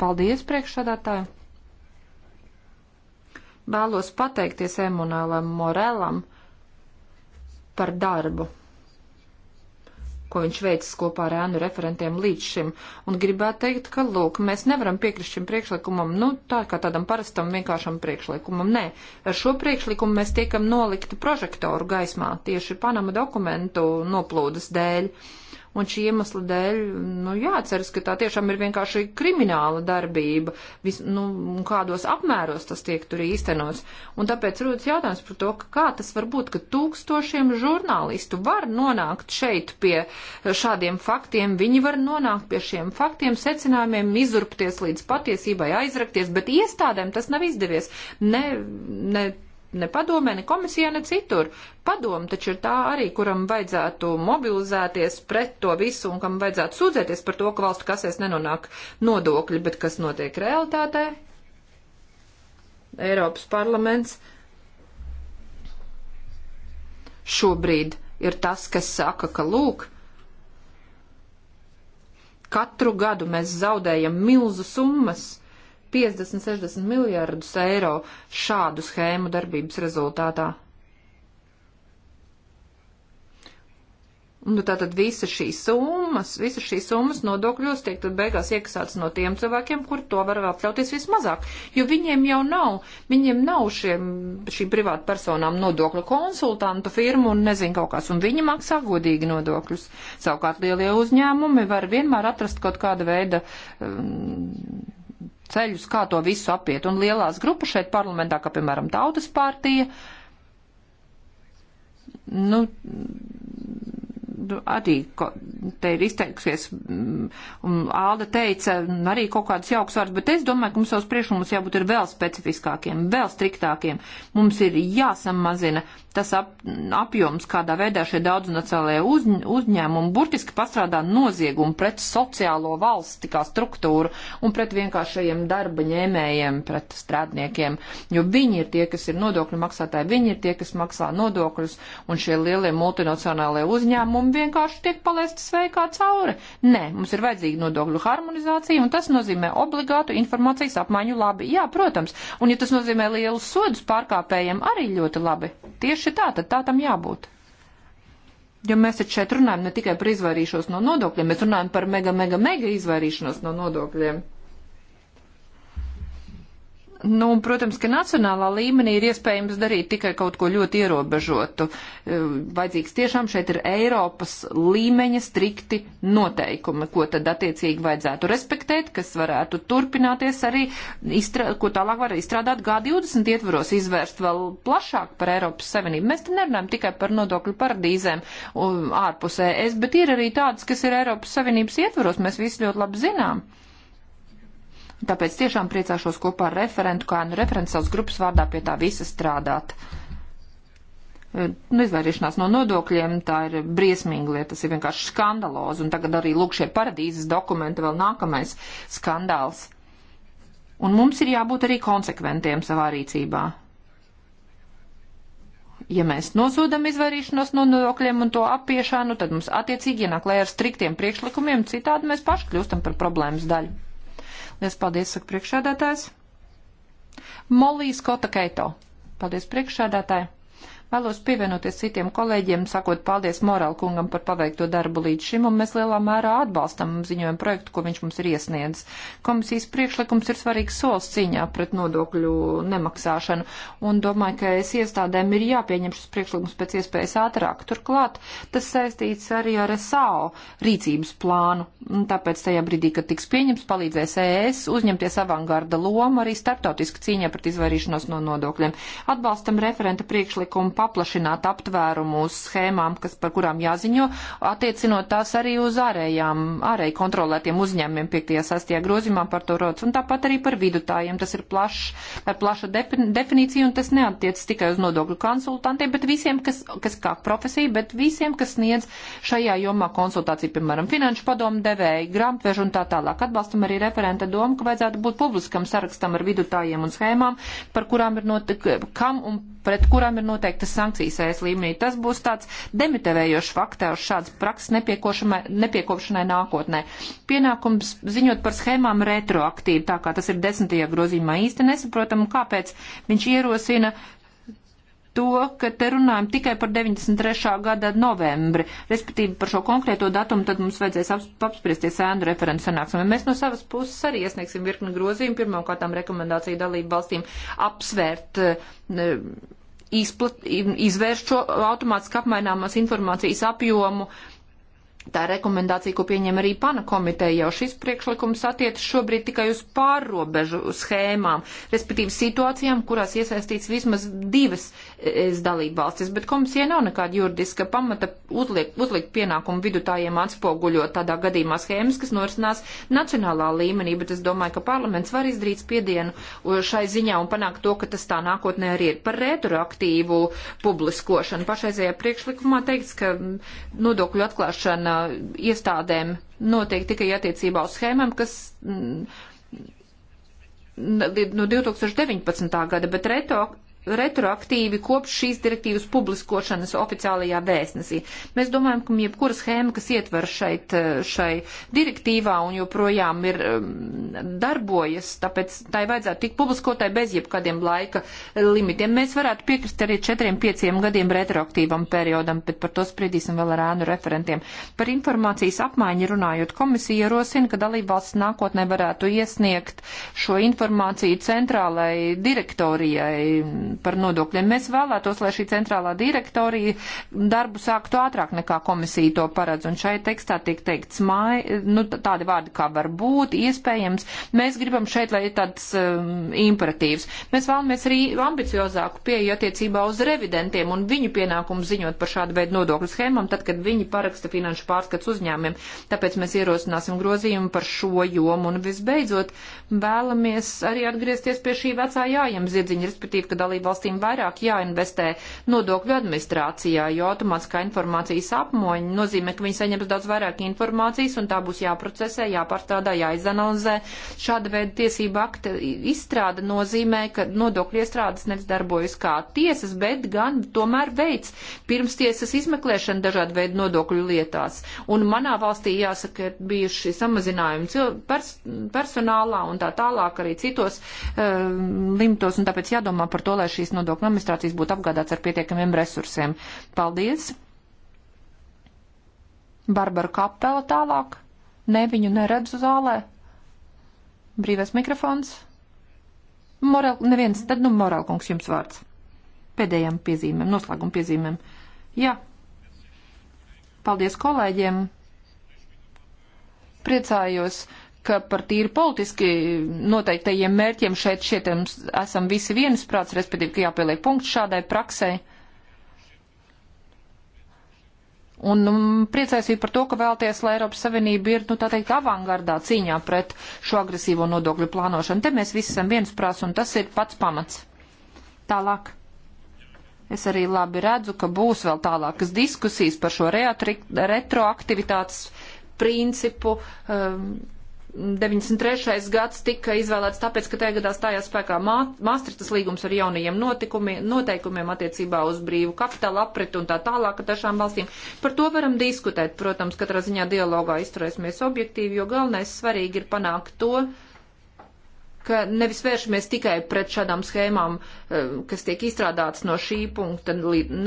Paldies, priekšādātāji! Vēlos pateikties Emunēlam Morelam par darbu ko viņš veicis kopā ar ēnu referentiem līdz šim. Un gribētu teikt, ka, lūk, mēs nevaram piekrist šim priekšlikumam, nu, tā kā tādam parastam vienkāršam priekšlikumam. Nē, ar šo priekšlikumu mēs tiekam nolikti prožektoru gaismā tieši Panama dokumentu noplūdes dēļ. Uh, un šī iemesla dēļ, nu, jāceras, ka tā tiešām ir vienkārši krimināla darbība, vis, nu, kādos apmēros tas tiek tur īstenots. Un tāpēc rūtas jautājums par to, ka kā tas var būt, ka tūkstošiem žurnālistu var nonākt šeit pie šādiem faktiem, viņi var nonākt pie šiem faktiem, secinājumiem, izurpties līdz patiesībai, aizrakties, bet iestādēm tas nav izdevies. Ne, ne ne padomē, ne komisijā, ne citur. Padoma taču ir tā arī, kuram vajadzētu mobilizēties pret to visu un kam vajadzētu sūdzēties par to, ka valstu kasēs nenonāk nodokļi, bet kas notiek realitātē? Eiropas parlaments šobrīd ir tas, kas saka, ka lūk, katru gadu mēs zaudējam milzu summas 50-60 miljārdus eiro šādu schēmu darbības rezultātā. Nu, tātad visa šīs summas, visa šīs summas nodokļos tiek tad beigās iekasēts no tiem cilvēkiem, kur to var atļauties vismazāk, jo viņiem jau nav, viņiem nav šiem, šīm privātu personām nodokļu konsultantu firmu un nezin kaut kas, un viņi maksā godīgi nodokļus. Savukārt lielie uzņēmumi var vienmēr atrast kaut kāda veida um, ceļus, kā to visu apiet. Un lielās grupas šeit parlamentā, kā piemēram Tautas partija, nu, Nu, arī te ir izteikusies, mm, un Alda teica mm, arī kaut kāds jauks vārds, bet es domāju, ka mums savus priekšlikumus jābūt ir vēl specifiskākiem, vēl striktākiem. Mums ir jāsamazina tas ap, apjoms, kādā veidā šie daudznacionālajie uz, uzņēmumi burtiski pastrādā noziegumu pret sociālo valsti kā struktūru un pret vienkāršajiem darba ņēmējiem, pret strādniekiem, jo viņi ir tie, kas ir nodokļu maksātāji, viņi ir tie, kas maksā nodokļus, un šie lielie multinacionālajie uzņēmumi uzņēmumi vienkārši tiek palaistas veikā cauri. Nē, mums ir vajadzīga nodokļu harmonizācija, un tas nozīmē obligātu informācijas apmaiņu labi. Jā, protams, un ja tas nozīmē lielus sodus pārkāpējiem, arī ļoti labi. Tieši tā, tad tā tam jābūt. Jo mēs taču šeit runājam ne tikai par izvairīšanos no nodokļiem, mēs runājam par mega, mega, mega izvairīšanos no nodokļiem. Nu, protams, ka nacionālā līmenī ir iespējams darīt tikai kaut ko ļoti ierobežotu. E, vajadzīgs tiešām šeit ir Eiropas līmeņa strikti noteikumi, ko tad attiecīgi vajadzētu respektēt, kas varētu turpināties arī, ko tālāk var izstrādāt G20 ietvaros, izvērst vēl plašāk par Eiropas Savienību. Mēs te nerunājam tikai par nodokļu paradīzēm ārpusē, es, bet ir arī tādas, kas ir Eiropas Savienības ietvaros, mēs visi ļoti labi zinām. Tāpēc tiešām priecāšos kopā ar referentu, kā nu referents savas grupas vārdā pie tā visa strādāt. E, nu, izvairīšanās no nodokļiem, tā ir briesmīga lieta, tas ir vienkārši skandalozi, un tagad arī lūk šie paradīzes dokumenti vēl nākamais skandāls. Un mums ir jābūt arī konsekventiem savā rīcībā ja mēs nosodam izvairīšanos no nodokļiem un to apiešanu, tad mums attiecīgi ienāk lē ar striktiem priekšlikumiem, citādi mēs paši kļūstam par problēmas daļu. Lies paldies, saka priekšādātājs. Molī Skota Keito. Paldies priekšādātājai. Vēlos pievienoties citiem kolēģiem, sakot paldies Morāla kungam par paveikto darbu līdz šim, un mēs lielā mērā atbalstam ziņojumu projektu, ko viņš mums ir iesniedzis. Komisijas priekšlikums ir svarīgs solis cīņā pret nodokļu nemaksāšanu, un domāju, ka es iestādēm ir jāpieņem šis priekšlikums pēc iespējas ātrāk. Turklāt tas saistīts arī ar SAO rīcības plānu, un tāpēc tajā brīdī, kad tiks pieņems, palīdzēs ES uzņemties avangarda lomu arī starptautiski cīņā pret izvairīšanos no nodokļiem. Atbalstam referenta priekšlikumu paplašināt aptvērumu uz schēmām, kas, par kurām jāziņo, attiecinot tās arī uz ārējām, ārēji kontrolētiem uzņēmumiem 5.6. grozījumā par to rodas. Un tāpat arī par vidutājiem. Tas ir plašs, ar plašu definīciju, un tas neattiec tikai uz nodokļu konsultantiem, bet visiem, kas, kas kā profesija, bet visiem, kas sniedz šajā jomā konsultāciju, piemēram, finanšu padomu devēji, grāmatvežu un tā tālāk. Atbalstam arī referenta domu, ka vajadzētu būt publiskam sarakstam ar vidutājiem un schēmām, par kurām ir notik, kam un pret kurām ir noteiktas stingrākas sankcijas ES līmenī. Tas būs tāds demitevējošs faktors šāds prakses nepiekopšanai nākotnē. Pienākums ziņot par schēmām retroaktīvi, tā kā tas ir desmitajā grozījumā īsti nesaprotam, kāpēc viņš ierosina to, ka te runājam tikai par 93. gada novembri, respektīvi par šo konkrēto datumu, tad mums vajadzēs apspriesties ēnu referents sanāksmē. Mēs no savas puses arī iesniegsim virkni grozījumu, pirmkārtām rekomendāciju dalību valstīm apsvērt eh, izplat, izvērst šo automātiski apmaināmās informācijas apjomu. Tā ir rekomendācija, ko pieņem arī pana komiteja, jau šis priekšlikums attiecas šobrīd tikai uz pārrobežu schēmām, respektīvi situācijām, kurās iesaistīts vismaz divas dalību valstis, bet komisija nav nekāda juridiska pamata uzliek, uzlikt pienākumu vidutājiem atspoguļot tādā gadījumā schēmas, kas norisinās nacionālā līmenī, bet es domāju, ka parlaments var izdarīt spiedienu šai ziņā un panākt to, ka tas tā nākotnē arī ir par retroaktīvu publiskošanu. Pašreizajā priekšlikumā teikts, ka nodokļu atklāšana iestādēm notiek tikai attiecībā uz schēmām, kas mm, no 2019. gada, bet reto, retroaktīvi kopš šīs direktīvas publiskošanas oficiālajā vēstnesī. Mēs domājam, ka jebkura schēma, kas ietver šeit, eh, šai direktīvā un joprojām ir ehm, darbojas, tāpēc tai vajadzētu tikt publiskotai bez jebkādiem laika eh, limitiem. Mēs varētu piekrist arī 4-5 gadiem retroaktīvam periodam, bet par to spriedīsim vēl ar ēnu referentiem. Par informācijas apmaiņu runājot, komisija rosina, ka dalībvalsts nākotnē varētu iesniegt šo informāciju centrālai direktorijai par nodokļiem. Mēs vēlētos, lai šī centrālā direktorija darbu sāktu ātrāk nekā komisija to paredz. Un šai tekstā tiek teikts māja, nu, tādi vārdi kā var būt, iespējams. Mēs gribam šeit, lai ir tāds um, imperatīvs. Mēs vēlamies arī ambiciozāku pieeju attiecībā uz revidentiem un viņu pienākumu ziņot par šādu veidu nodokļu schēmām, tad, kad viņi paraksta finanšu pārskats uzņēmumiem. Tāpēc mēs ierosināsim grozījumu par šo jomu. Un visbeidzot, vēlamies arī atgriezties pie šī vecā jājiem zirdziņa, respektīvi, ka dalība dalībvalstīm vairāk jāinvestē nodokļu administrācijā, jo automātiskā informācijas apmoņa nozīmē, ka viņi saņems daudz vairāk informācijas un tā būs jāprocesē, jāpārstrādā, jāizanalizē. Šāda veida tiesība akta izstrāde nozīmē, ka nodokļu iestrādes nevis darbojas kā tiesas, bet gan tomēr veids pirmstiesas izmeklēšana dažādu veidu nodokļu lietās. Un manā valstī, jāsaka, ir bijuši samazinājumi pers personālā un tā tālāk arī citos um, limtos, un tāpēc jādomā par to, lai šīs nodokļu administrācijas būtu apgādāts ar pietiekamiem resursiem. Paldies! Barbara Kapela tālāk. Ne, viņu neredzu zālē. Brīvais mikrofons. Morel, neviens, tad nu Morelkungs jums vārds. Pēdējām piezīmēm, noslēguma piezīmēm. Jā. Paldies kolēģiem. Priecājos ka par tīri politiski noteiktajiem mērķiem šeit šeit esam visi viensprāts, respektīvi, ka jāpieliek punkts šādai praksē. Un um, nu, priecājos arī par to, ka vēlties, lai Eiropas Savienība ir, nu, tā teikt, avangardā cīņā pret šo agresīvo nodokļu plānošanu. Te mēs visi esam viensprāts, un tas ir pats pamats. Tālāk. Es arī labi redzu, ka būs vēl tālākas diskusijas par šo reatri, retroaktivitātes principu. Um, 93. gads tika izvēlēts tāpēc, ka tajā gadā stājās spēkā Māstricas līgums ar jaunajiem noteikumiem attiecībā uz brīvu kapitāla apritu un tā tālāk ar dažām valstīm. Par to varam diskutēt. Protams, katrā ziņā dialogā izturēsimies objektīvi, jo galvenais svarīgi ir panākt to, uh, ka nevis vēršamies tikai pret šādām schēmām, eh, kas tiek izstrādātas no šī punkta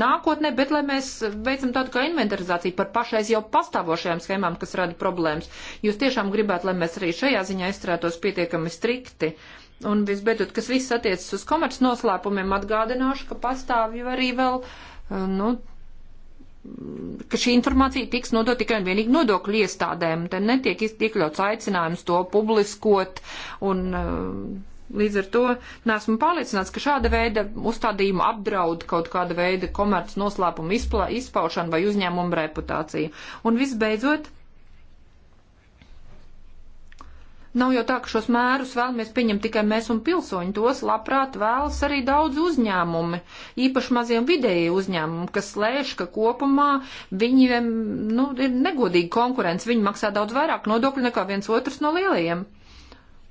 nākotnē, bet lai mēs veicam tādu kā inventarizāciju par pašais jau pastāvošajām schēmām, kas rada problēmas. Jūs tiešām gribētu, lai mēs arī šajā ziņā izstrādātos pietiekami strikti. Un visbeidzot, kas viss attiecas uz komerc noslēpumiem, atgādināšu, ka pastāv jau arī vēl, eh, nu, ka šī informācija tiks nodot tikai un vienīgi nodokļu iestādēm. Te netiek iekļauts aicinājums to publiskot un uh, līdz ar to nesmu pārliecināts, ka šāda veida uzstādījumu apdraud kaut kāda veida komerc noslēpuma izpaušanu vai uzņēmumu reputāciju. Un visbeidzot, Nav jau tā, ka šos mērus vēlamies pieņemt tikai mēs un pilsoņi. Tos labprāt vēlas arī daudz uzņēmumi, īpaši maziem vidēji uzņēmumi, kas lēš, ka kopumā viņiem nu, ir negodīga konkurence. Viņi maksā daudz vairāk nodokļu nekā viens otrs no lielajiem.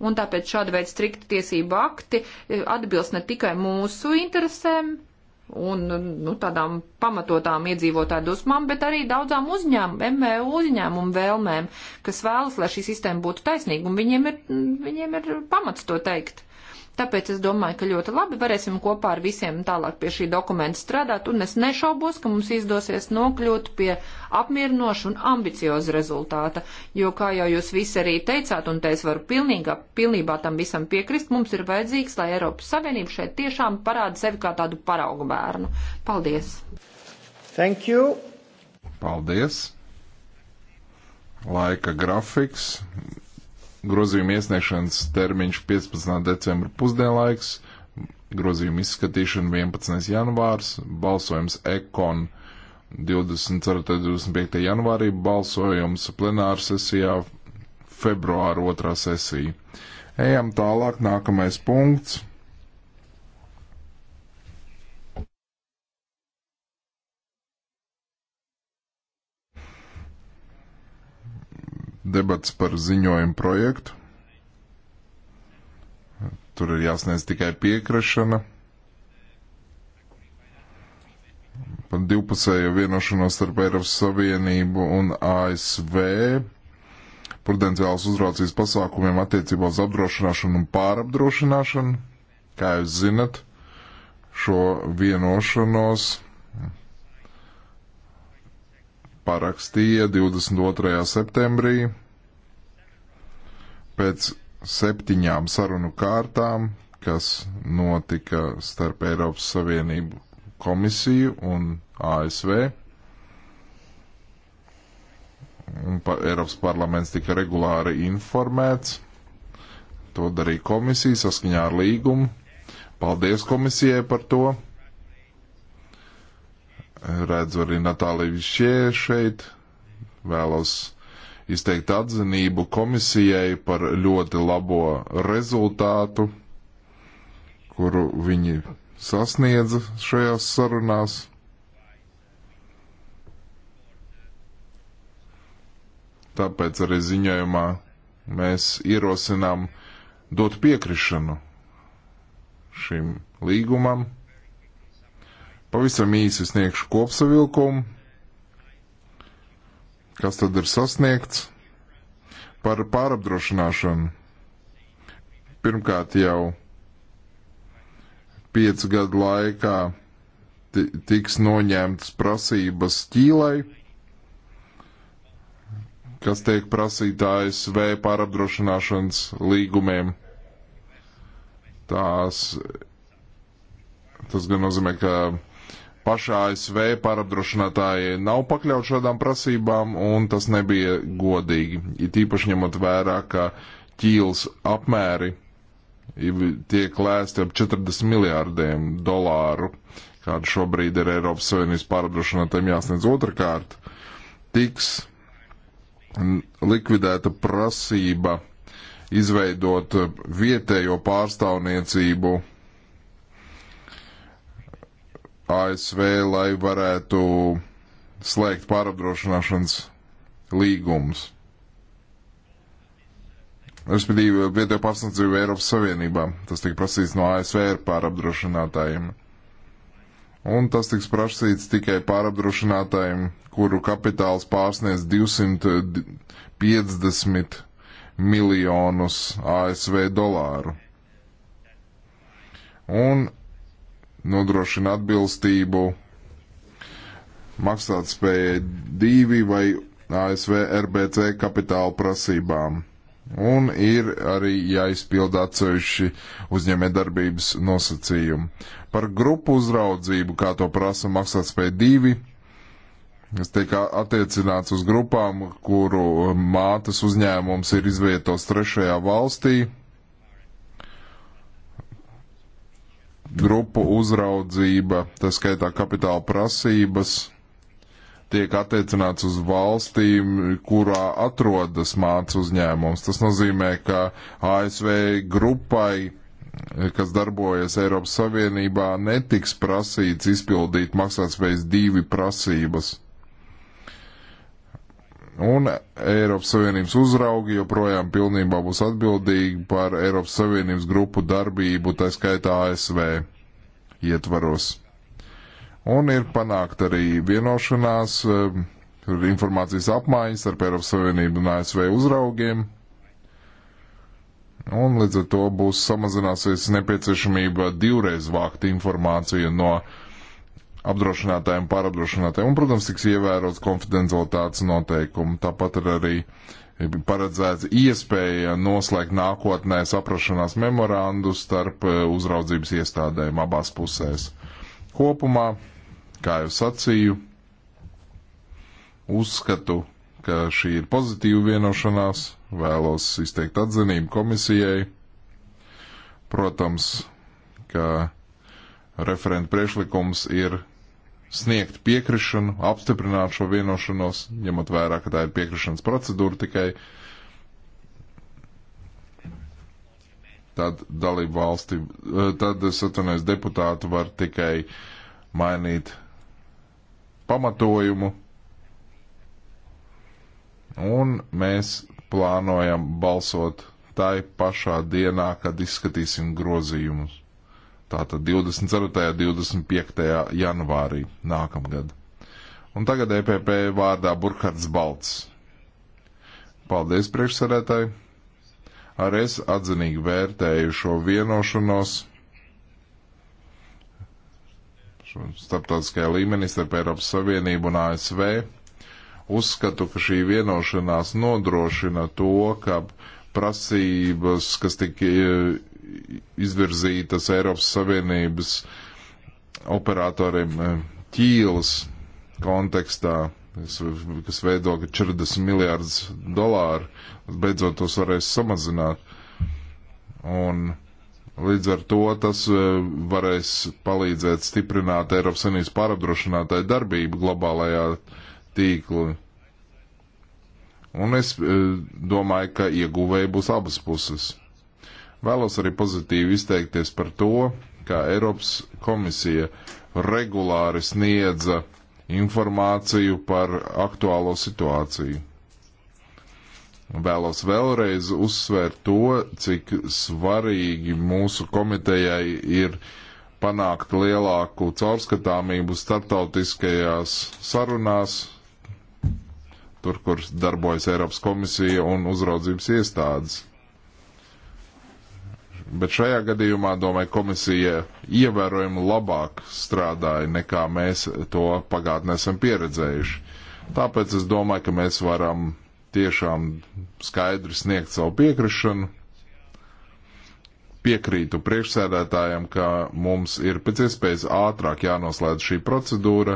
Un tāpēc šāda veida strikta tiesība akti eh, atbilst ne tikai mūsu interesēm, un nu, tādām pamatotām iedzīvotāju dusmām, bet arī daudzām uzņēmumiem, MVU uzņēmumu vēlmēm, kas vēlas, lai šī sistēma būtu taisnīga, un viņiem ir, viņiem ir pamats to teikt. Tāpēc es domāju, ka ļoti labi varēsim kopā ar visiem tālāk pie šī dokumenta strādāt, un es nešaubos, ka mums izdosies nokļūt pie apmierinoša un ambicioza rezultāta, jo, kā jau jūs visi arī teicāt, un te es varu pilnīgā, pilnībā tam visam piekrist, mums ir vajadzīgs, lai Eiropas Savienība šeit tiešām parāda sevi kā tādu paraugu bērnu. Paldies!
Thank you! Paldies! Laika grafiks. Grozījuma iesniegšanas termiņš 15. decembra pusdienlaiks grozījuma izskatīšana 11. janvārs, balsojums ekon 24. un 25. janvārī balsojums plenāra sesijā, februāra otrā sesija. Ejam tālāk, nākamais punkts. Debats par ziņojumu projektu. Tur ir jāsniedz tikai piekrišana. par divpusējo vienošanos starp Eiropas Savienību un ASV prudenciālas uzraucības pasākumiem attiecībā uz apdrošināšanu un pārapdrošināšanu. Kā jūs zinat, šo vienošanos parakstīja 22. septembrī pēc septiņām sarunu kārtām, kas notika starp Eiropas Savienību komisiju un ASV. Un pa, Eiropas parlaments tika regulāri informēts. To darīja komisija saskaņā ar līgumu. Paldies komisijai par to. Redzu arī Natāliju Šie šeit. Vēlos izteikt atzinību komisijai par ļoti labo rezultātu, kuru viņi sasniedza šajās sarunās. Tāpēc arī ziņojumā mēs ierosinām dot piekrišanu šim līgumam. Pavisam īsi sniegšu kopsavilkumu, kas tad ir sasniegts par pārapdrošināšanu. Pirmkārt jau piecu gadu laikā tiks noņemtas prasības ķīlai, kas tiek prasīta ASV pārapdrošināšanas līgumiem. Tās, tas gan nozīmē, ka pašā ASV pārapdrošinātāji nav pakļaut šādām prasībām, un tas nebija godīgi. It īpaši ņemot vērā, ka ķīls apmēri tiek lēsti ap 40 miljārdiem dolāru, kāda šobrīd ir Eiropas Savienības pārdošana, tam jāsniedz otrkārt, tiks likvidēta prasība izveidot vietējo pārstāvniecību ASV, lai varētu slēgt pārapdrošināšanas līgumus respektīvi vietējo pārsniedzību Eiropas Savienībā. Tas tika prasīts no ASV pārapdrošinātājiem. Un tas tiks prasīts tikai pārapdrošinātājiem, kuru kapitāls pārsniedz 250 miljonus ASV dolāru. Un nodrošina atbilstību maksātspējai divi vai ASV RBC kapitāla prasībām. Un ir arī jāizpild atsevišķi uzņēmē darbības nosacījumi. Par grupu uzraudzību, kā to prasa maksātspēja divi, kas tiek attiecināts uz grupām, kuru mātes uzņēmums ir izvietos trešajā valstī. Grupu uzraudzība, tā skaitā kapitāla prasības tiek attiecināts uz valstīm, kurā atrodas mācu uzņēmums. Tas nozīmē, ka ASV grupai, kas darbojas Eiropas Savienībā, netiks prasīts izpildīt maksātspējas divi prasības. Un Eiropas Savienības uzraugi joprojām pilnībā būs atbildīgi par Eiropas Savienības grupu darbību, tā skaitā ASV ietvaros. Un ir panākt arī vienošanās, ir eh, informācijas apmaiņas ar Eiropas Savienību un ASV uzraugiem. Un līdz ar to būs samazināsies nepieciešamība divreiz vākt informāciju no apdrošinātājiem, pārapdrošinātājiem. Un, protams, tiks ievērots konfidencialitātes noteikumi. Tāpat ir arī paredzēts iespēja noslēgt nākotnē saprašanās memorandu starp eh, uzraudzības iestādēm abās pusēs. Kopumā Kā jau sacīju, uzskatu, ka šī ir pozitīva vienošanās, vēlos izteikt atzinību komisijai. Protams, ka referenta priešlikums ir sniegt piekrišanu, apstiprināt šo vienošanos, ņemot vērā, ka tā ir piekrišanas procedūra tikai. Tad dalību valsti, eh, tad es atvainojos, deputāti var tikai mainīt pamatojumu, un mēs plānojam balsot tai pašā dienā, kad izskatīsim grozījumus. Tātad 24. un 25. janvārī nākamgad. Un tagad EPP vārdā Burkhards Balts. Paldies priekšsarētāji! Arī es atzinīgi vērtēju šo vienošanos starptautiskajā līmenī starp Eiropas Savienību un ASV. Uzskatu, ka šī vienošanās nodrošina to, ka prasības, kas tika e, izvirzītas Eiropas Savienības operatoriem e, ķīlas kontekstā, kas veido 40 miljārdus dolāru, beidzot tos varēs samazināt. Un Līdz ar to tas e, varēs palīdzēt stiprināt Eiropas Savienības pārapdrošinātāju darbību globālajā tīklī. Un es e, domāju, ka ieguvēji būs abas puses. Vēlos arī pozitīvi izteikties par to, ka Eiropas komisija regulāri sniedza informāciju par aktuālo situāciju. Vēlos vēlreiz uzsvērt to, cik svarīgi mūsu komitejai ir panākt lielāku caurskatāmību starptautiskajās sarunās, tur, kur darbojas Eiropas komisija un uzraudzības iestādes. Bet šajā gadījumā, domāju, komisija ievērojami labāk strādāja nekā mēs to pagātnē esam pieredzējuši. Tāpēc es domāju, ka mēs varam tiešām skaidri sniegt savu piekrišanu. Piekrītu priekšsēdētājiem, ka mums ir pēc iespējas ātrāk jānoslēdz šī procedūra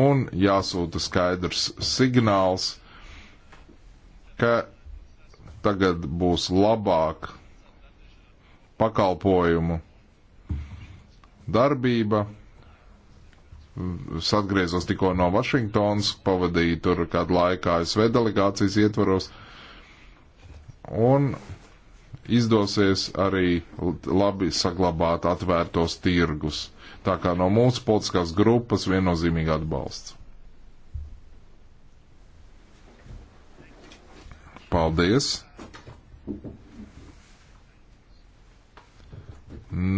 un jāsūta skaidrs signāls, ka tagad būs labāk pakalpojumu darbība Es atgriezos tikko no Vašingtonas, pavadīju tur kādu laiku ASV delegācijas ietvaros. Un izdosies arī labi saglabāt atvērtos tirgus. Tā kā no mūsu politiskās grupas viennozīmīgi atbalsts. Paldies!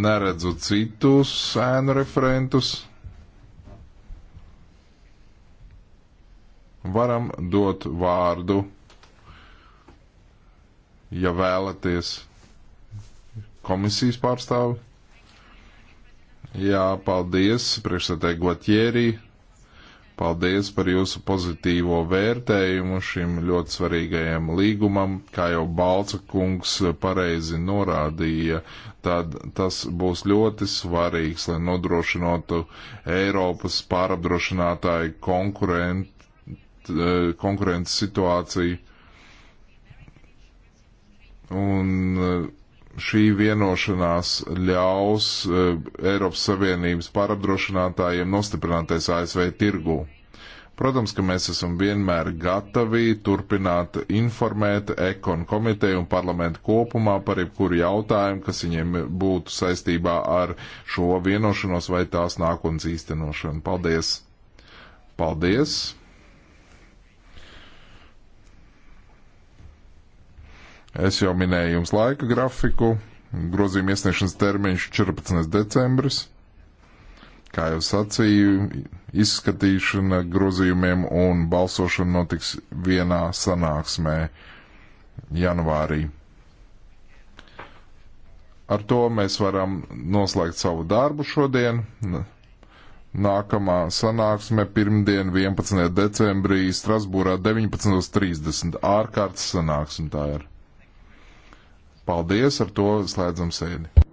Neredzu citus sēnu referentus. varam dot vārdu, ja vēlaties, komisijas pārstāvi. Jā, paldies, priekšsēdētāji Gotjērī. Paldies par jūsu pozitīvo vērtējumu šim ļoti svarīgajam līgumam. Kā jau Balca kungs pareizi norādīja, tad tas būs ļoti svarīgs, lai nodrošinotu Eiropas pārapdrošinātāju konkurent, Eh, konkurences situāciju. Un eh, šī vienošanās ļaus eh, Eiropas Savienības pārapdrošinātājiem nostiprināties ASV tirgū. Protams, ka mēs esam vienmēr gatavi turpināt informēt ekonu komiteju un parlamentu kopumā par jebkuru jautājumu, kas viņiem būtu saistībā ar šo vienošanos vai tās nākotnes īstenošanu. Paldies! Paldies! Es jau minēju jums laika grafiku. Grozījuma iesniegšanas termiņš 14. decembris. Kā jau sacīju, izskatīšana grozījumiem un balsošana notiks vienā sanāksmē janvārī. Ar to mēs varam noslēgt savu darbu šodien. Nākamā sanāksme pirmdien 11. decembrī Strasbūrā 19.30. ārkārtas sanāksme tā ir. Paldies, ar to slēdzam sēdi.